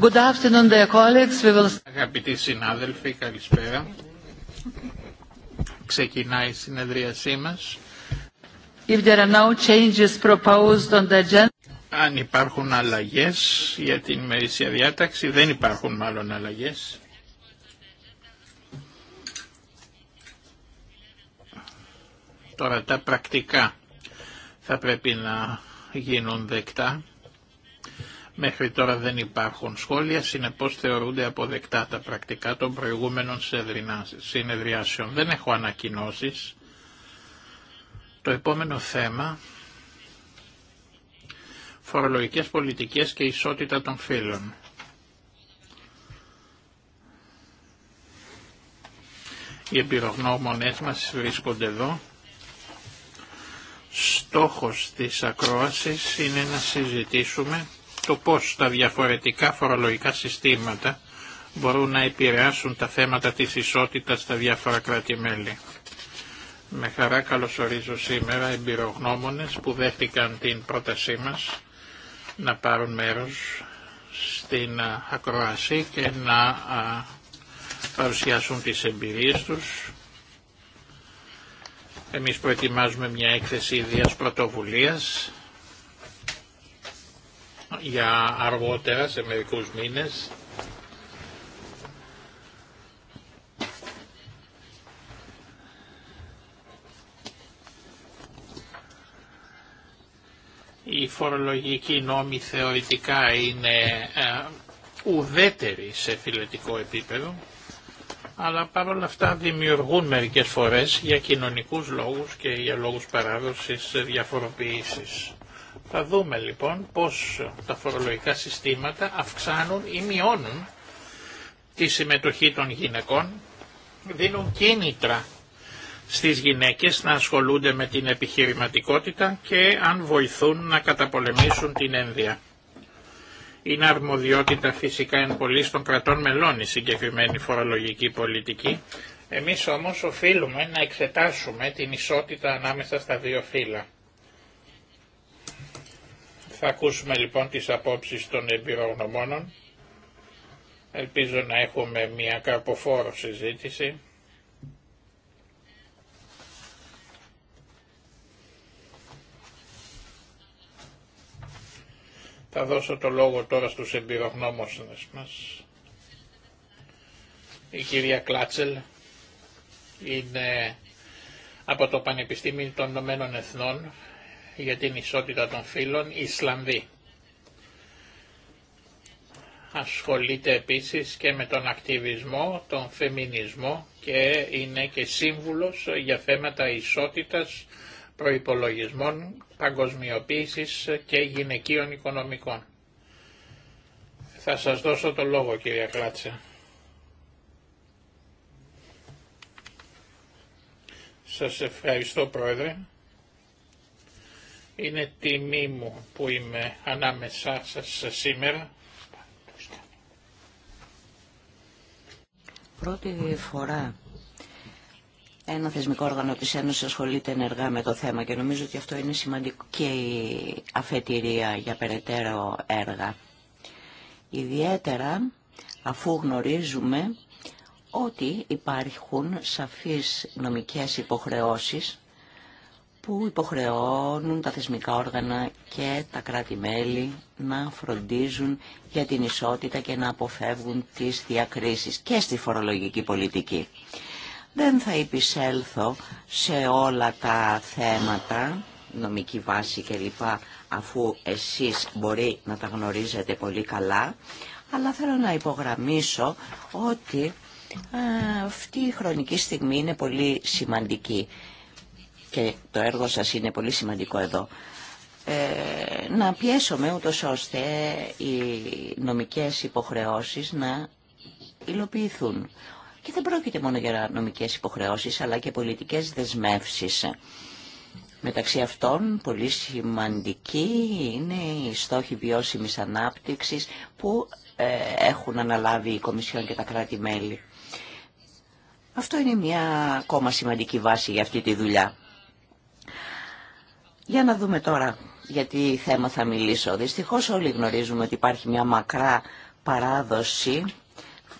Good afternoon, colleagues. We will... Αγαπητοί συνάδελφοι, καλησπέρα. Ξεκινάει η συνεδρίασή μας. there changes proposed on the agenda... Αν υπάρχουν αλλαγές για την ημερήσια διάταξη, δεν υπάρχουν μάλλον αλλαγές. Τώρα τα πρακτικά θα πρέπει να γίνουν δεκτά. Μέχρι τώρα δεν υπάρχουν σχόλια, συνεπώς θεωρούνται αποδεκτά τα πρακτικά των προηγούμενων συνεδριάσεων. Δεν έχω ανακοινώσεις. Το επόμενο θέμα, φορολογικές πολιτικές και ισότητα των φύλων. Οι εμπειρογνώμονές μας βρίσκονται εδώ. Στόχος της ακρόασης είναι να συζητήσουμε το πώς τα διαφορετικά φορολογικά συστήματα μπορούν να επηρεάσουν τα θέματα της ισότητας στα διάφορα κράτη-μέλη. Με χαρά καλωσορίζω σήμερα εμπειρογνώμονες που δέχτηκαν την πρότασή μας να πάρουν μέρος στην ακροασή και να παρουσιάσουν τις εμπειρίες τους. Εμείς προετοιμάζουμε μια έκθεση ιδίας πρωτοβουλίας για αργότερα, σε μερικούς μήνες. Οι φορολογικοί νόμοι θεωρητικά είναι ε, ουδέτεροι σε φιλετικό επίπεδο, αλλά παρόλα αυτά δημιουργούν μερικές φορές για κοινωνικούς λόγους και για λόγους παράδοσης διαφοροποίησης. Θα δούμε λοιπόν πώς τα φορολογικά συστήματα αυξάνουν ή μειώνουν τη συμμετοχή των γυναικών, δίνουν κίνητρα στις γυναίκες να ασχολούνται με την επιχειρηματικότητα και αν βοηθούν να καταπολεμήσουν την ένδια. Είναι αρμοδιότητα φυσικά εν πολύ των κρατών μελών η συγκεκριμένη φορολογική πολιτική. Εμείς όμως οφείλουμε να εξετάσουμε την ισότητα ανάμεσα στα δύο φύλλα. Θα ακούσουμε λοιπόν τις απόψεις των εμπειρογνωμόνων. Ελπίζω να έχουμε μια καρποφόρο συζήτηση. Θα δώσω το λόγο τώρα στους εμπειρογνώμονες μας. Η κυρία Κλάτσελ είναι από το Πανεπιστήμιο των Ηνωμένων Εθνών για την ισότητα των φύλων Ισλανδοί. Ασχολείται επίσης και με τον ακτιβισμό, τον φεμινισμό και είναι και σύμβουλος για θέματα ισότητας προϋπολογισμών, παγκοσμιοποίησης και γυναικείων οικονομικών. Θα σας δώσω το λόγο κυρία Κλάτσα. Σας ευχαριστώ πρόεδρε. Είναι τιμή μου που είμαι ανάμεσά σας σήμερα. Πρώτη φορά ένα θεσμικό όργανο της Ένωσης ασχολείται ενεργά με το θέμα και νομίζω ότι αυτό είναι σημαντικό και η αφετηρία για περαιτέρω έργα. Ιδιαίτερα αφού γνωρίζουμε ότι υπάρχουν σαφείς νομικές υποχρεώσεις που υποχρεώνουν τα θεσμικά όργανα και τα κράτη-μέλη να φροντίζουν για την ισότητα και να αποφεύγουν τις διακρίσεις και στη φορολογική πολιτική. Δεν θα υπησέλθω σε όλα τα θέματα, νομική βάση κλπ, αφού εσείς μπορεί να τα γνωρίζετε πολύ καλά, αλλά θέλω να υπογραμμίσω ότι ε, αυτή η χρονική στιγμή είναι πολύ σημαντική και το έργο σας είναι πολύ σημαντικό εδώ, ε, να πιέσουμε ούτως ώστε οι νομικές υποχρεώσεις να υλοποιηθούν. Και δεν πρόκειται μόνο για νομικές υποχρεώσεις, αλλά και πολιτικές δεσμεύσεις. Μεταξύ αυτών, πολύ σημαντική είναι η στόχη βιώσιμης ανάπτυξης που ε, έχουν αναλάβει η Κομισιόν και τα κράτη-μέλη. Αυτό είναι μια ακόμα σημαντική βάση για αυτή τη δουλειά. Για να δούμε τώρα για τι θέμα θα μιλήσω. Δυστυχώς όλοι γνωρίζουμε ότι υπάρχει μια μακρά παράδοση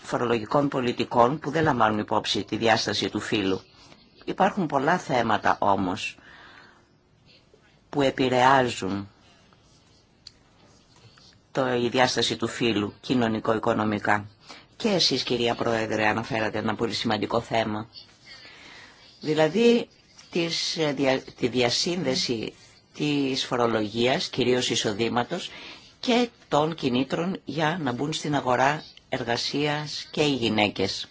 φορολογικών πολιτικών που δεν λαμβάνουν υπόψη τη διάσταση του φύλου. Υπάρχουν πολλά θέματα όμως που επηρεάζουν το, η διάσταση του φύλου κοινωνικο-οικονομικά. Και εσείς κυρία Πρόεδρε αναφέρατε ένα πολύ σημαντικό θέμα. Δηλαδή της, τη διασύνδεση της φορολογίας, κυρίως εισοδήματο και των κινήτρων για να μπουν στην αγορά εργασίας και οι γυναίκες.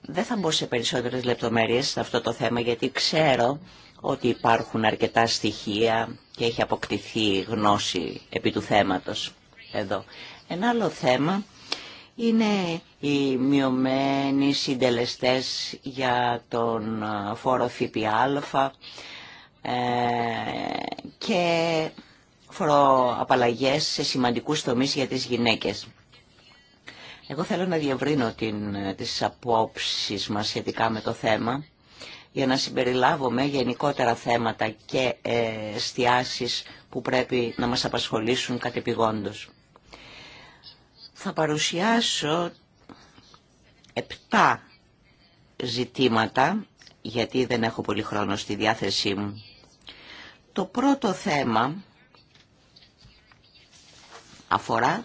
Δεν θα μπω σε περισσότερες λεπτομέρειες σε αυτό το θέμα γιατί ξέρω ότι υπάρχουν αρκετά στοιχεία και έχει αποκτηθεί γνώση επί του θέματος εδώ. Ένα άλλο θέμα είναι οι μειωμένοι συντελεστές για τον ε, φόρο ΦΠΑ ε, και φοροαπαλλαγές σε σημαντικούς τομείς για τις γυναίκες. Εγώ θέλω να διευρύνω την, ε, τις απόψεις μας σχετικά με το θέμα για να συμπεριλάβουμε γενικότερα θέματα και εστιάσεις που πρέπει να μας απασχολήσουν κατεπηγόντως θα παρουσιάσω επτά ζητήματα, γιατί δεν έχω πολύ χρόνο στη διάθεσή μου. Το πρώτο θέμα αφορά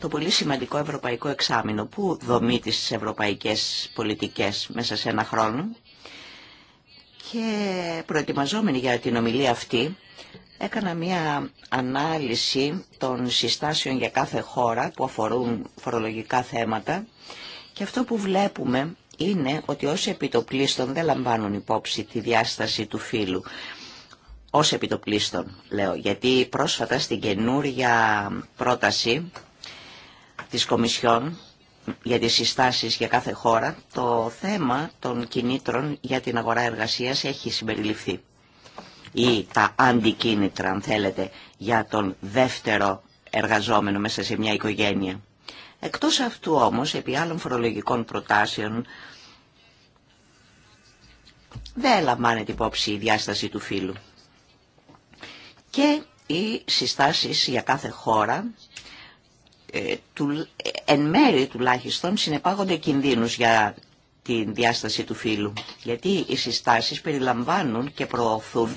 το πολύ σημαντικό ευρωπαϊκό εξάμεινο που δομεί τις ευρωπαϊκές πολιτικές μέσα σε ένα χρόνο και προετοιμαζόμενοι για την ομιλία αυτή Έκανα μία ανάλυση των συστάσεων για κάθε χώρα που αφορούν φορολογικά θέματα και αυτό που βλέπουμε είναι ότι όσοι επιτοπλίστων δεν λαμβάνουν υπόψη τη διάσταση του φύλου. Ως επιτοπλίστων λέω, γιατί πρόσφατα στην καινούρια πρόταση της Κομισιόν για τις συστάσεις για κάθε χώρα, το θέμα των κινήτρων για την αγορά εργασίας έχει συμπεριληφθεί ή τα αντικίνητρα, αν θέλετε, για τον δεύτερο εργαζόμενο μέσα σε μια οικογένεια. Εκτός αυτού όμως, επί άλλων φορολογικών προτάσεων, δεν λαμβάνεται υπόψη η διάσταση του φύλου. Και οι συστάσεις για κάθε χώρα, ε, ε, εν μέρη τουλάχιστον, συνεπάγονται κινδύνους για την διάσταση του φύλου. Γιατί οι συστάσεις περιλαμβάνουν και προωθούν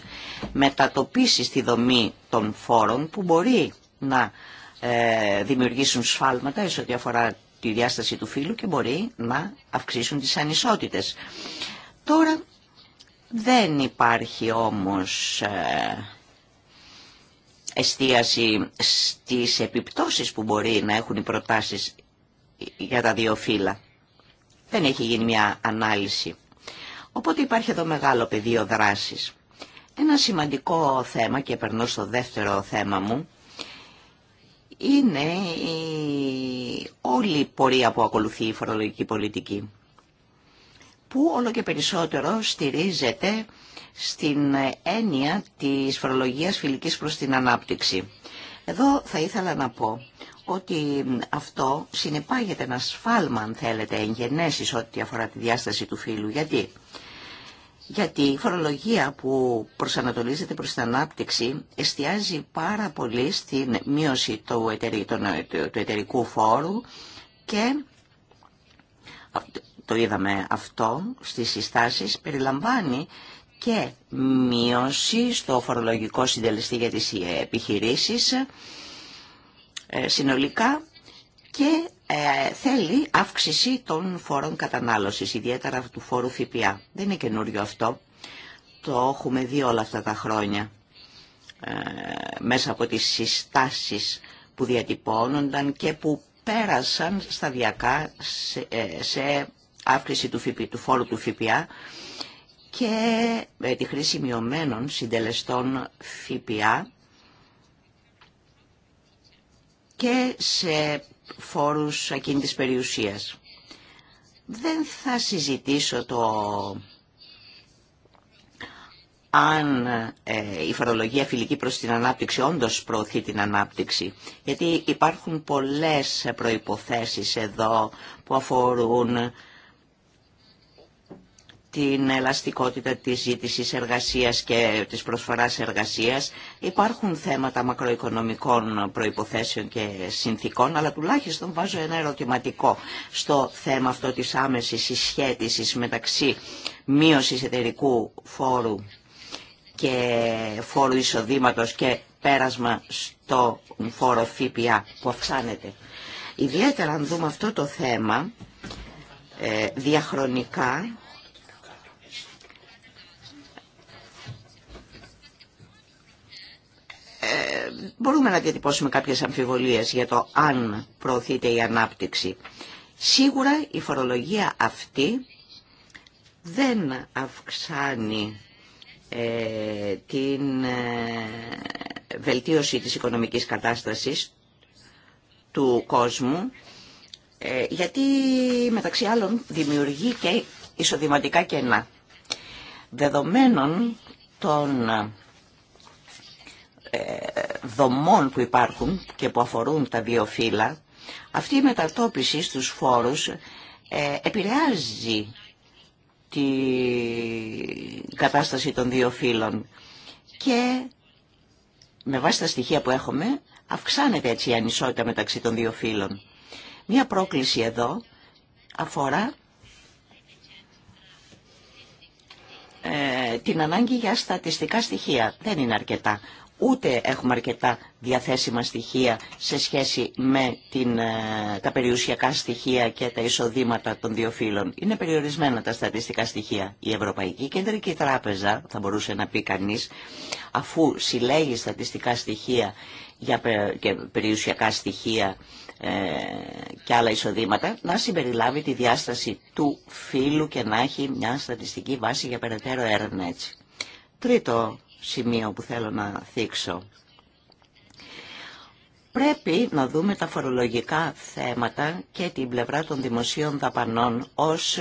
μετατοπίσεις στη δομή των φόρων που μπορεί να ε, δημιουργήσουν σφάλματα σε ό,τι αφορά τη διάσταση του φύλου και μπορεί να αυξήσουν τις ανισότητες. Τώρα δεν υπάρχει όμως ε, εστίαση στις επιπτώσεις που μπορεί να έχουν οι προτάσεις για τα δύο φύλλα. Δεν έχει γίνει μια ανάλυση. Οπότε υπάρχει εδώ μεγάλο πεδίο δράσης. Ένα σημαντικό θέμα και περνώ στο δεύτερο θέμα μου είναι όλη η πορεία που ακολουθεί η φορολογική πολιτική που όλο και περισσότερο στηρίζεται στην έννοια της φορολογίας φιλικής προς την ανάπτυξη. Εδώ θα ήθελα να πω ότι αυτό συνεπάγεται ένα σφάλμα, αν θέλετε, γενέσεις ό,τι αφορά τη διάσταση του φύλου. Γιατί? Γιατί η φορολογία που προσανατολίζεται προς την ανάπτυξη εστιάζει πάρα πολύ στην μείωση του, εταιρι, του εταιρικού φόρου και το είδαμε αυτό στις συστάσεις, περιλαμβάνει και μείωση στο φορολογικό συντελεστή για τις επιχειρήσεις ε, συνολικά και ε, θέλει αύξηση των φόρων κατανάλωσης, ιδιαίτερα του φόρου ΦΠΑ. Δεν είναι καινούριο αυτό. Το έχουμε δει όλα αυτά τα χρόνια ε, μέσα από τις συστάσεις που διατυπώνονταν και που πέρασαν σταδιακά σε αύξηση του, του φόρου του ΦΠΑ και τη χρήση μειωμένων συντελεστών ΦΠΑ και σε φόρους ακίνητης περιουσίας. Δεν θα συζητήσω το αν ε, η φορολογία φιλική προς την ανάπτυξη όντως προωθεί την ανάπτυξη. Γιατί υπάρχουν πολλές προϋποθέσεις εδώ που αφορούν την ελαστικότητα της ζήτησης εργασίας και της προσφοράς εργασίας. Υπάρχουν θέματα μακροοικονομικών προϋποθέσεων και συνθήκων, αλλά τουλάχιστον βάζω ένα ερωτηματικό στο θέμα αυτό της άμεσης συσχέτισης μεταξύ μείωσης εταιρικού φόρου και φόρου εισοδήματος και πέρασμα στο φόρο ΦΠΑ που αυξάνεται. Ιδιαίτερα αν δούμε αυτό το θέμα ε, διαχρονικά Ε, μπορούμε να διατυπώσουμε κάποιες αμφιβολίες για το αν προωθείται η ανάπτυξη. Σίγουρα η φορολογία αυτή δεν αυξάνει ε, την ε, βελτίωση της οικονομικής κατάστασης του κόσμου, γιατί μεταξύ άλλων δημιουργεί και εισοδηματικά κενά. Δεδομένων των ε, δομών που υπάρχουν και που αφορούν τα δύο φύλλα, αυτή η μετατόπιση στους φόρους ε, επηρεάζει την κατάσταση των δύο φύλων και με βάση τα στοιχεία που έχουμε αυξάνεται έτσι η ανισότητα μεταξύ των δύο φύλων. Μία πρόκληση εδώ αφορά την ανάγκη για στατιστικά στοιχεία. Δεν είναι αρκετά. Ούτε έχουμε αρκετά διαθέσιμα στοιχεία σε σχέση με την, ε, τα περιουσιακά στοιχεία και τα εισοδήματα των δύο φύλων. Είναι περιορισμένα τα στατιστικά στοιχεία. Η Ευρωπαϊκή Κεντρική Τράπεζα, θα μπορούσε να πει κανείς, αφού συλλέγει στατιστικά στοιχεία για και περιουσιακά στοιχεία ε, και άλλα εισοδήματα, να συμπεριλάβει τη διάσταση του φύλου και να έχει μια στατιστική βάση για περαιτέρω έρευνα έτσι. Τρίτο σημείο που θέλω να θίξω. Πρέπει να δούμε τα φορολογικά θέματα και την πλευρά των δημοσίων δαπανών ως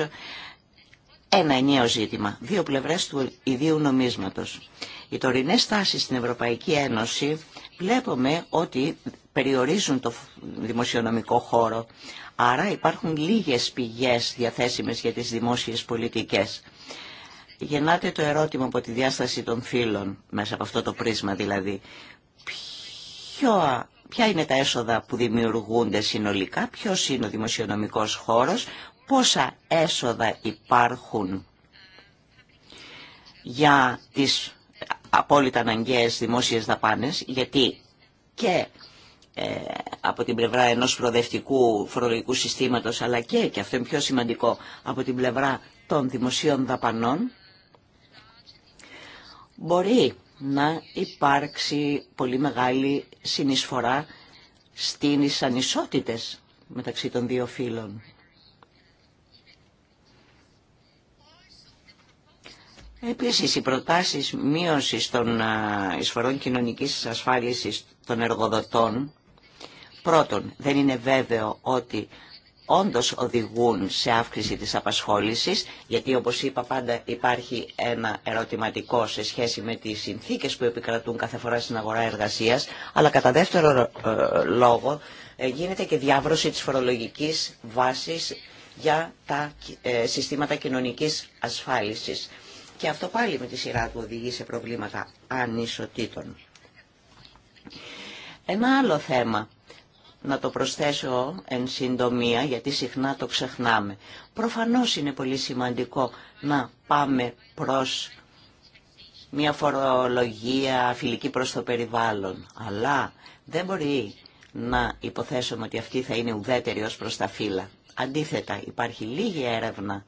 ένα ενιαίο ζήτημα. Δύο πλευρές του ιδίου νομίσματος. Οι τωρινές τάσεις στην Ευρωπαϊκή Ένωση βλέπουμε ότι περιορίζουν το δημοσιονομικό χώρο. Άρα υπάρχουν λίγες πηγές διαθέσιμες για τις δημόσιες πολιτικές. Γεννάται το ερώτημα από τη διάσταση των φύλων, μέσα από αυτό το πρίσμα δηλαδή. ποια είναι τα έσοδα που δημιουργούνται συνολικά, ποιος είναι ο δημοσιονομικός χώρος, πόσα έσοδα υπάρχουν για τις απόλυτα αναγκαίες δημόσιες δαπάνες, γιατί και ε, από την πλευρά ενός προοδευτικού φορολογικού συστήματος, αλλά και, και αυτό είναι πιο σημαντικό, από την πλευρά των δημοσίων δαπανών, μπορεί να υπάρξει πολύ μεγάλη συνεισφορά στις ανισότητες μεταξύ των δύο φύλων. Επίσης, οι προτάσεις μείωσης των εισφορών κοινωνικής ασφάλισης των εργοδοτών, πρώτον, δεν είναι βέβαιο ότι όντως οδηγούν σε αύξηση της απασχόλησης, γιατί όπως είπα πάντα υπάρχει ένα ερωτηματικό σε σχέση με τις συνθήκες που επικρατούν κάθε φορά στην αγορά εργασίας, αλλά κατά δεύτερο ε, λόγο ε, γίνεται και διάβρωση της φορολογικής βάσης για τα ε, συστήματα κοινωνικής ασφάλισης. Και αυτό πάλι με τη σειρά του οδηγεί σε προβλήματα ανισοτήτων. Ένα άλλο θέμα, να το προσθέσω εν συντομία, γιατί συχνά το ξεχνάμε. Προφανώς είναι πολύ σημαντικό να πάμε προς μια φορολογία φιλική προς το περιβάλλον. Αλλά δεν μπορεί να υποθέσουμε ότι αυτή θα είναι ουδέτερη ως προς τα φύλλα. Αντίθετα, υπάρχει λίγη έρευνα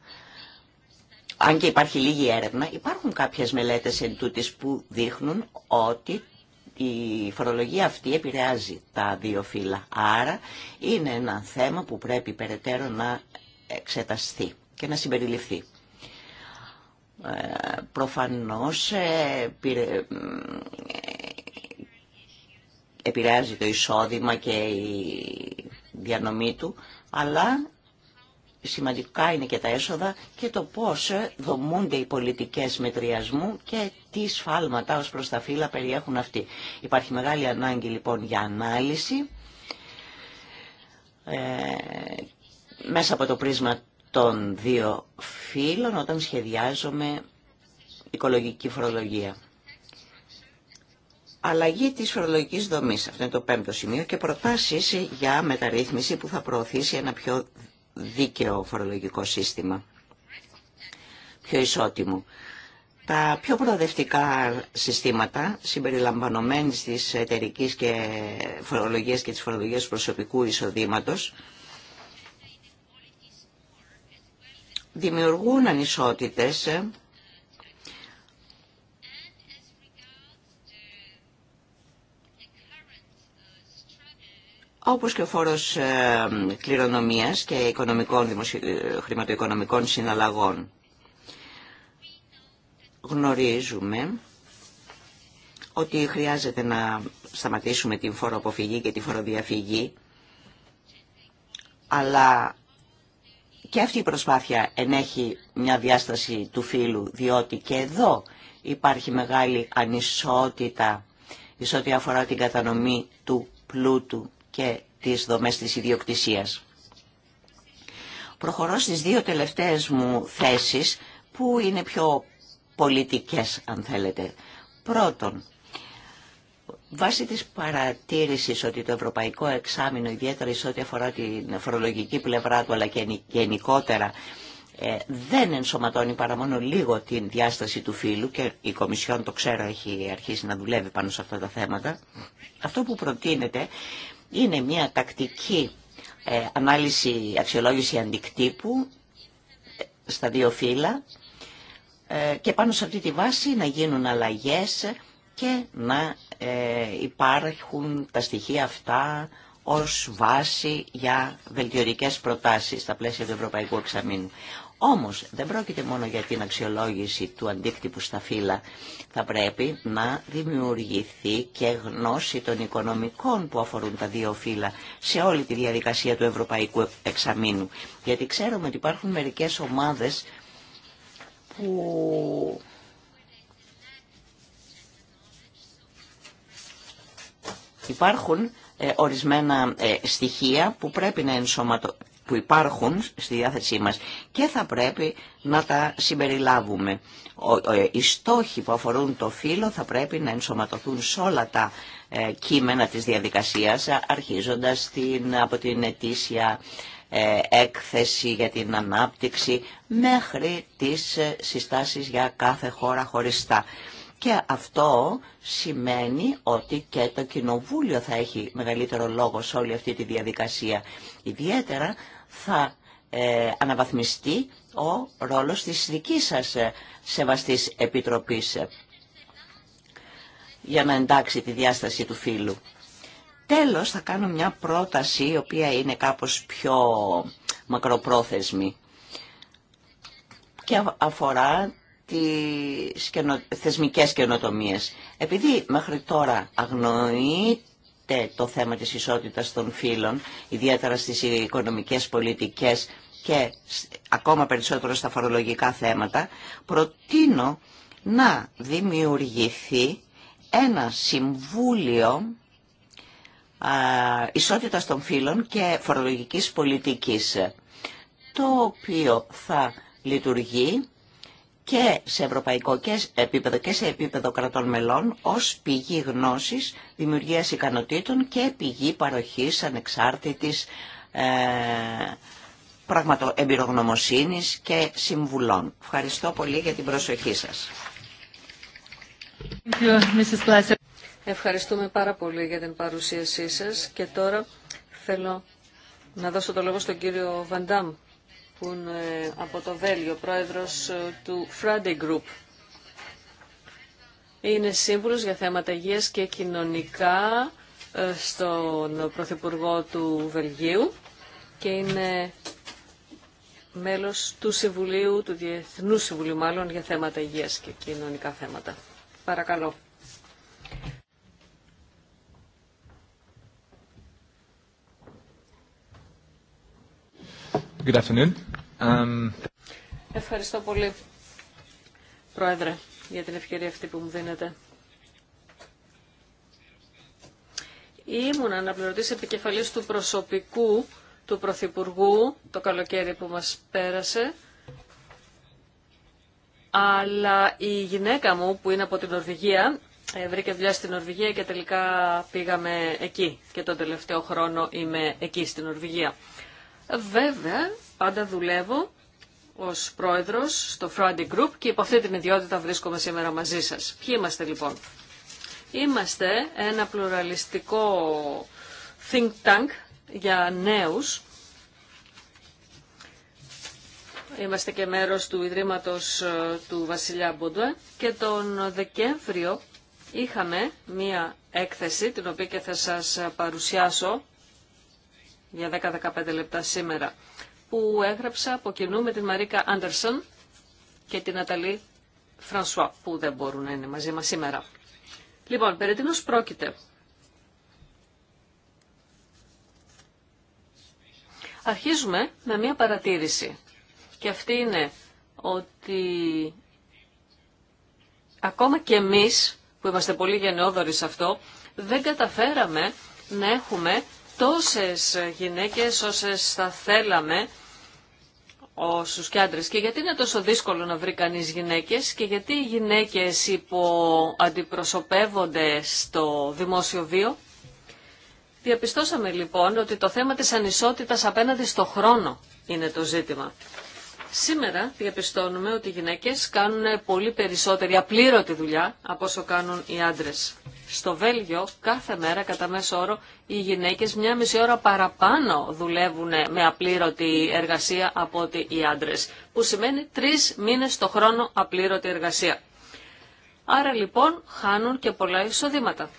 αν και υπάρχει λίγη έρευνα, υπάρχουν κάποιες μελέτες εν που δείχνουν ότι η φορολογία αυτή επηρεάζει τα δύο φύλλα. Άρα είναι ένα θέμα που πρέπει περαιτέρω να εξεταστεί και να συμπεριληφθεί. Ε, προφανώς ε, ε, επηρεάζει το εισόδημα και η διανομή του, αλλά σημαντικά είναι και τα έσοδα και το πώς δομούνται οι πολιτικές μετριασμού και τι σφάλματα ως προς τα φύλλα περιέχουν αυτοί. Υπάρχει μεγάλη ανάγκη λοιπόν για ανάλυση ε, μέσα από το πρίσμα των δύο φύλων όταν σχεδιάζομαι οικολογική φορολογία. Αλλαγή της φορολογικής δομής, αυτό είναι το πέμπτο σημείο, και προτάσεις για μεταρρύθμιση που θα προωθήσει ένα πιο δίκαιο φορολογικό σύστημα, πιο ισότιμο. Τα πιο προοδευτικά συστήματα, συμπεριλαμβανομένης της εταιρική και φορολογίας και της φορολογίας προσωπικού εισοδήματος, δημιουργούν ανισότητες ε, όπως και ο φόρος ε, κληρονομίας και οικονομικών, δημοσιο... Ε, χρηματοοικονομικών συναλλαγών. Γνωρίζουμε ότι χρειάζεται να σταματήσουμε την φοροαποφυγή και τη φοροδιαφυγή, αλλά και αυτή η προσπάθεια ενέχει μια διάσταση του φύλου, διότι και εδώ υπάρχει μεγάλη ανισότητα σε ό,τι αφορά την κατανομή του πλούτου και τις δομές της ιδιοκτησίας. Προχωρώ στις δύο τελευταίες μου θέσεις που είναι πιο πολιτικές αν θέλετε. Πρώτον, βάσει της παρατήρησης ότι το Ευρωπαϊκό Εξάμεινο, ιδιαίτερα σε ό,τι αφορά την φορολογική πλευρά του αλλά και γενικότερα, ε, δεν ενσωματώνει παρά μόνο λίγο την διάσταση του φύλου και η Κομισιόν το ξέρω έχει αρχίσει να δουλεύει πάνω σε αυτά τα θέματα. Αυτό που προτείνεται είναι μια τακτική ε, ανάλυση αξιολόγηση αντικτύπου ε, στα δύο φύλλα ε, και πάνω σε αυτή τη βάση να γίνουν αλλαγές και να υπάρχουν τα στοιχεία αυτά ως βάση για βελτιωτικές προτάσεις στα πλαίσια του Ευρωπαϊκού Εξαμήνου. Όμως δεν πρόκειται μόνο για την αξιολόγηση του αντίκτυπου στα φύλλα. Θα πρέπει να δημιουργηθεί και γνώση των οικονομικών που αφορούν τα δύο φύλλα σε όλη τη διαδικασία του Ευρωπαϊκού Εξαμήνου. Γιατί ξέρουμε ότι υπάρχουν μερικές ομάδες που υπάρχουν ε, ορισμένα ε, στοιχεία που πρέπει να ενσωματω που υπάρχουν στη διάθεσή μας και θα πρέπει να τα συμπεριλάβουμε. Οι στόχοι που αφορούν το φύλλο θα πρέπει να ενσωματωθούν σε όλα τα ε, κείμενα της διαδικασίας, αρχίζοντας από την ετήσια ε, έκθεση για την ανάπτυξη μέχρι τις ε, συστάσεις για κάθε χώρα χωριστά. Και αυτό σημαίνει ότι και το Κοινοβούλιο θα έχει μεγαλύτερο λόγο σε όλη αυτή τη διαδικασία. Ιδιαίτερα θα ε, αναβαθμιστεί ο ρόλος της δικής σας ε, σεβαστής επιτροπής ε, για να εντάξει τη διάσταση του φύλου. Τέλος θα κάνω μια πρόταση η οποία είναι κάπως πιο μακροπρόθεσμη και αφορά τις θεσμικές καινοτομίες. Επειδή μέχρι τώρα αγνοεί το θέμα της ισότητας των φύλων, ιδιαίτερα στις οικονομικές πολιτικές και ακόμα περισσότερο στα φορολογικά θέματα, προτείνω να δημιουργηθεί ένα συμβούλιο α, ισότητας των φύλων και φορολογικής πολιτικής, το οποίο θα λειτουργεί και σε ευρωπαϊκό επίπεδο και σε επίπεδο κρατών μελών ως πηγή γνώσης, δημιουργίας ικανοτήτων και πηγή παροχής ανεξάρτητης ε, εμπειρογνωμοσύνης και συμβουλών. Ευχαριστώ πολύ για την προσοχή σας. Ευχαριστούμε πάρα πολύ για την παρουσίασή σας και τώρα θέλω να δώσω το λόγο στον κύριο Βαντάμ που είναι από το Βέλγιο, πρόεδρος ε, του Friday Group. Είναι σύμβουλος για θέματα υγείας και κοινωνικά ε, στον Πρωθυπουργό του Βελγίου και είναι μέλος του Συμβουλίου, του Διεθνού Συμβουλίου μάλλον, για θέματα υγείας και κοινωνικά θέματα. Παρακαλώ. Good Ευχαριστώ πολύ, Πρόεδρε, για την ευκαιρία αυτή που μου δίνετε. Ήμουν αναπληρωτής επικεφαλής του προσωπικού του Πρωθυπουργού το καλοκαίρι που μας πέρασε. Αλλά η γυναίκα μου που είναι από την Νορβηγία ε, βρήκε δουλειά στην Νορβηγία και τελικά πήγαμε εκεί. Και τον τελευταίο χρόνο είμαι εκεί στην Νορβηγία. Βέβαια πάντα δουλεύω ως πρόεδρος στο Friday Group και υπό αυτή την ιδιότητα βρίσκομαι σήμερα μαζί σας. Ποιοι είμαστε λοιπόν. Είμαστε ένα πλουραλιστικό think tank για νέους. Είμαστε και μέρος του Ιδρύματος ε, του Βασιλιά Μπούντουε και τον Δεκέμβριο είχαμε μία έκθεση την οποία και θα σας παρουσιάσω για 10-15 λεπτά σήμερα που έγραψα από κοινού με την Μαρίκα Άντερσον και την Αταλή Φρανσουά, που δεν μπορούν να είναι μαζί μας σήμερα. Λοιπόν, περί τίνος πρόκειται. Αρχίζουμε με μία παρατήρηση. Και αυτή είναι ότι ακόμα και εμείς, που είμαστε πολύ γενναιόδοροι σε αυτό, δεν καταφέραμε να έχουμε τόσες γυναίκες όσες θα θέλαμε όσους και άντρες. Και γιατί είναι τόσο δύσκολο να βρει κανείς γυναίκες και γιατί οι γυναίκες υποαντιπροσωπεύονται στο δημόσιο βίο. Διαπιστώσαμε λοιπόν ότι το θέμα της ανισότητας απέναντι στο χρόνο είναι το ζήτημα. Σήμερα διαπιστώνουμε ότι οι γυναίκες κάνουν πολύ περισσότερη απλήρωτη δουλειά από όσο κάνουν οι άντρες. Στο Βέλγιο κάθε μέρα κατά μέσο όρο οι γυναίκες μια μισή ώρα παραπάνω δουλεύουν με απλήρωτη εργασία από ότι οι άντρες, που σημαίνει τρεις μήνες το χρόνο απλήρωτη εργασία. Άρα λοιπόν χάνουν και πολλά εισοδήματα.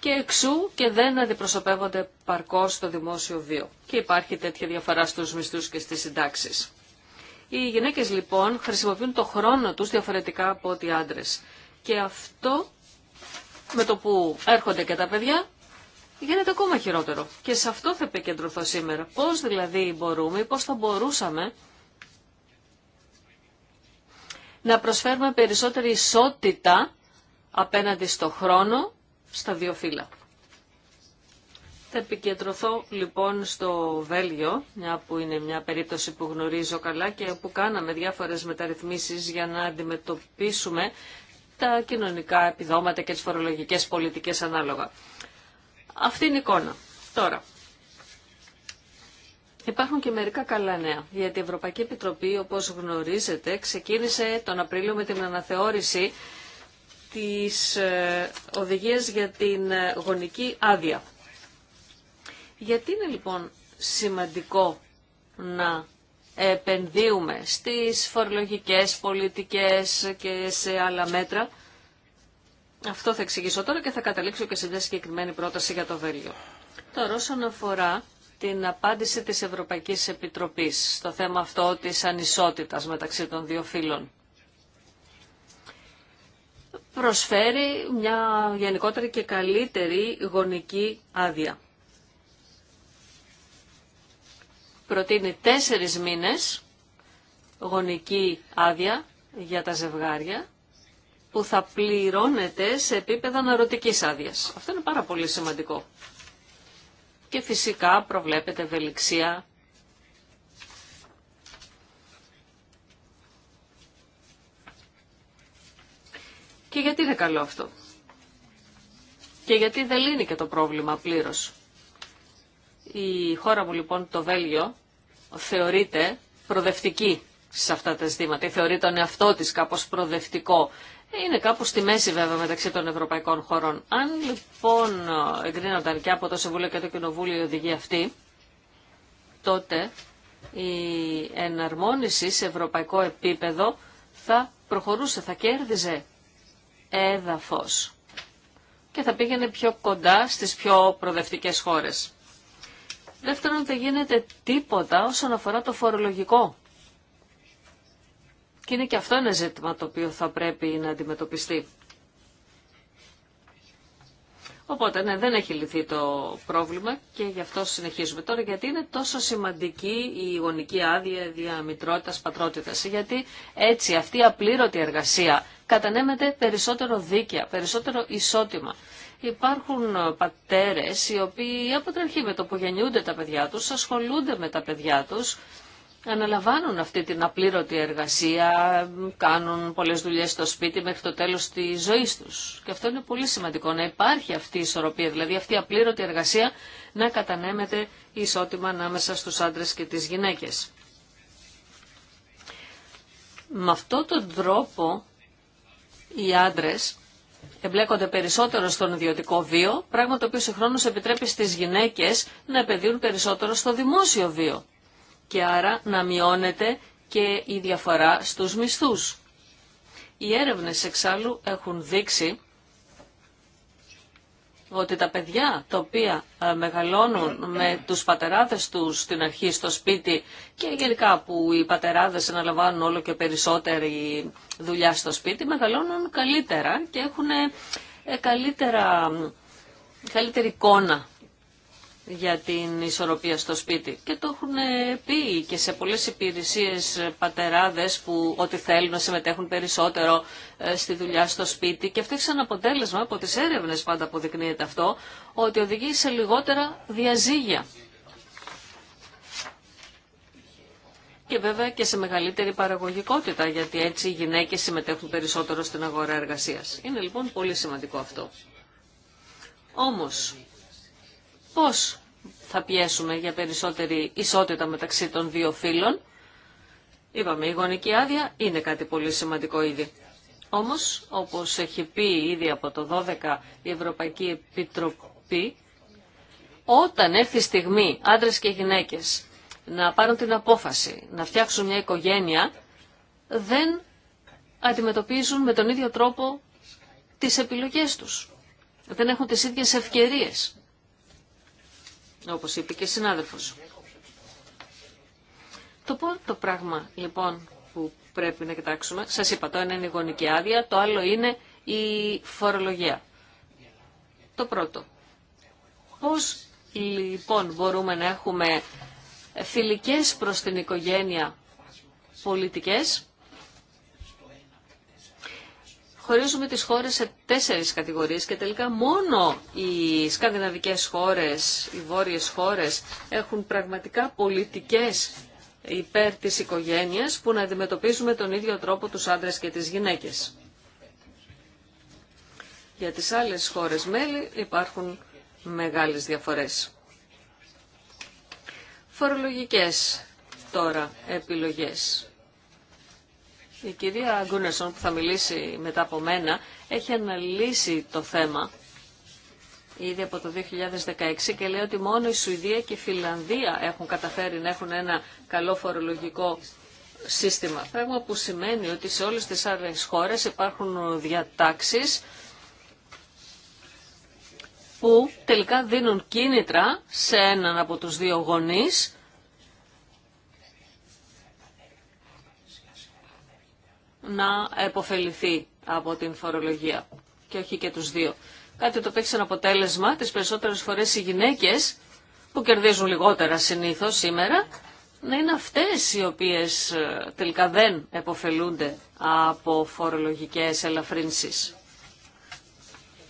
Και εξού και δεν αντιπροσωπεύονται παρκώς στο δημόσιο βίο. Και υπάρχει τέτοια διαφορά στους μισθούς και στις συντάξει. Οι γυναίκες λοιπόν χρησιμοποιούν το χρόνο τους διαφορετικά από ό,τι άντρες. Και αυτό με το που έρχονται και τα παιδιά γίνεται ακόμα χειρότερο. Και σε αυτό θα επικεντρωθώ σήμερα. Πώς δηλαδή μπορούμε, πώς θα μπορούσαμε να προσφέρουμε περισσότερη ισότητα απέναντι στο χρόνο στα δύο φύλλα. Θα επικεντρωθώ λοιπόν στο Βέλγιο, μια που είναι μια περίπτωση που γνωρίζω καλά και που κάναμε διάφορες μεταρρυθμίσεις για να αντιμετωπίσουμε τα κοινωνικά επιδόματα και τις φορολογικές πολιτικές ανάλογα. Αυτή είναι η εικόνα. Τώρα, Υπάρχουν και μερικά καλά νέα, γιατί η Ευρωπαϊκή Επιτροπή, όπως γνωρίζετε, ξεκίνησε τον Απρίλιο με την αναθεώρηση της ε, οδηγίας για την ε, γονική άδεια. Γιατί είναι λοιπόν σημαντικό να επενδύουμε στις φορολογικές πολιτικές και σε άλλα μέτρα. Αυτό θα εξηγήσω τώρα και θα καταλήξω και σε μια συγκεκριμένη πρόταση για το Βέλγιο. Τώρα όσον αφορά την απάντηση της Ευρωπαϊκής Επιτροπής στο θέμα αυτό της ανισότητας μεταξύ των δύο φύλων. Προσφέρει μια γενικότερη και καλύτερη γονική άδεια. προτείνει τέσσερις μήνες γονική άδεια για τα ζευγάρια που θα πληρώνεται σε επίπεδο αναρωτικής άδεια. Αυτό είναι πάρα πολύ σημαντικό. Και φυσικά προβλέπεται ευελιξία Και γιατί είναι καλό αυτό. Και γιατί δεν λύνει και το πρόβλημα πλήρως. Η χώρα μου λοιπόν, το Βέλγιο, θεωρείται προδευτική σε αυτά τα ζητήματα. Θεωρεί τον εαυτό της κάπως προδευτικό. Είναι κάπου στη μέση βέβαια μεταξύ των ευρωπαϊκών χωρών. Αν λοιπόν εγκρίνονταν και από το Συμβούλιο και το Κοινοβούλιο η οδηγία αυτή, τότε η εναρμόνιση σε ευρωπαϊκό επίπεδο θα προχωρούσε, θα κέρδιζε έδαφος και θα πήγαινε πιο κοντά στις πιο προδευτικές χώρες. Δεύτερον, δεν γίνεται τίποτα όσον αφορά το φορολογικό. Και είναι και αυτό ένα ζήτημα το οποίο θα πρέπει να αντιμετωπιστεί. Οπότε, ναι, δεν έχει λυθεί το πρόβλημα και γι' αυτό συνεχίζουμε τώρα. Γιατί είναι τόσο σημαντική η γονική άδεια διαμητρότητα πατρότητα. Γιατί έτσι αυτή η απλήρωτη εργασία κατανέμεται περισσότερο δίκαια, περισσότερο ισότιμα υπάρχουν ε, πατέρες οι οποίοι από την αρχή με το που γεννιούνται τα παιδιά τους, ασχολούνται με τα παιδιά τους, αναλαμβάνουν αυτή την απλήρωτη εργασία, κάνουν πολλές δουλειές στο σπίτι μέχρι το τέλος της ζωής τους. Και αυτό είναι πολύ σημαντικό, να υπάρχει αυτή η ισορροπία, δηλαδή αυτή η απλήρωτη εργασία να κατανέμεται ισότιμα ανάμεσα στους άντρες και τις γυναίκες. Με αυτόν τον τρόπο οι άντρες εμπλέκονται περισσότερο στον ιδιωτικό βίο, πράγμα το οποίο συγχρόνως επιτρέπει στις γυναίκες να επενδύουν περισσότερο στο δημόσιο βίο και άρα να μειώνεται και η διαφορά στους μισθούς. Οι έρευνες εξάλλου έχουν δείξει ότι τα παιδιά τα οποία ε, μεγαλώνουν με τους πατεράδες τους στην αρχή στο σπίτι και γενικά που οι πατεράδες αναλαμβάνουν όλο και περισσότερη δουλειά στο σπίτι, μεγαλώνουν καλύτερα και έχουν ε, καλύτερα, καλύτερη εικόνα για την ισορροπία στο σπίτι. Και το έχουν πει και σε πολλές υπηρεσίες πατεράδες που ό,τι θέλουν να συμμετέχουν περισσότερο ε, στη δουλειά στο σπίτι και αυτό έχει σαν αποτέλεσμα από τις έρευνες πάντα αποδεικνύεται αυτό ότι οδηγεί σε λιγότερα διαζύγια. Και βέβαια και σε μεγαλύτερη παραγωγικότητα, γιατί έτσι οι γυναίκες συμμετέχουν περισσότερο στην αγορά εργασίας. Είναι λοιπόν πολύ σημαντικό αυτό. Όμως, πώς θα πιέσουμε για περισσότερη ισότητα μεταξύ των δύο φύλων. Είπαμε, η γονική άδεια είναι κάτι πολύ σημαντικό ήδη. Όμως, όπως έχει πει ήδη από το 12 η Ευρωπαϊκή Επιτροπή, όταν έρθει η στιγμή άντρες και γυναίκες να πάρουν την απόφαση να φτιάξουν μια οικογένεια, δεν αντιμετωπίζουν με τον ίδιο τρόπο τις επιλογές τους. Δεν έχουν τις ίδιες ευκαιρίες όπως είπε και συνάδελφος. Το πρώτο πράγμα λοιπόν που πρέπει να κοιτάξουμε, σας είπα το ένα είναι η γονική άδεια, το άλλο είναι η φορολογία. Το πρώτο. Πώς λοιπόν μπορούμε να έχουμε φιλικές προς την οικογένεια πολιτικές χωρίζουμε τις χώρες σε τέσσερις κατηγορίες και τελικά μόνο οι σκανδιναβικές χώρες, οι βόρειες χώρες έχουν πραγματικά πολιτικές υπέρ της οικογένειας που να αντιμετωπίζουμε τον ίδιο τρόπο τους άντρες και τις γυναίκες. Για τις άλλες χώρες μέλη υπάρχουν μεγάλες διαφορές. Φορολογικές τώρα επιλογές. Η κυρία Γκούνεσον που θα μιλήσει μετά από μένα έχει αναλύσει το θέμα ήδη από το 2016 και λέει ότι μόνο η Σουηδία και η Φιλανδία έχουν καταφέρει να έχουν ένα καλό φορολογικό σύστημα. Πράγμα που σημαίνει ότι σε όλες τις άλλες χώρες υπάρχουν διατάξεις που τελικά δίνουν κίνητρα σε έναν από τους δύο γονείς να επωφεληθεί από την φορολογία και όχι και τους δύο. Κάτι το οποίο έχει σαν αποτέλεσμα τις περισσότερες φορές οι γυναίκες που κερδίζουν λιγότερα συνήθως σήμερα να είναι αυτές οι οποίες ε, τελικά δεν επωφελούνται από φορολογικές ελαφρύνσεις.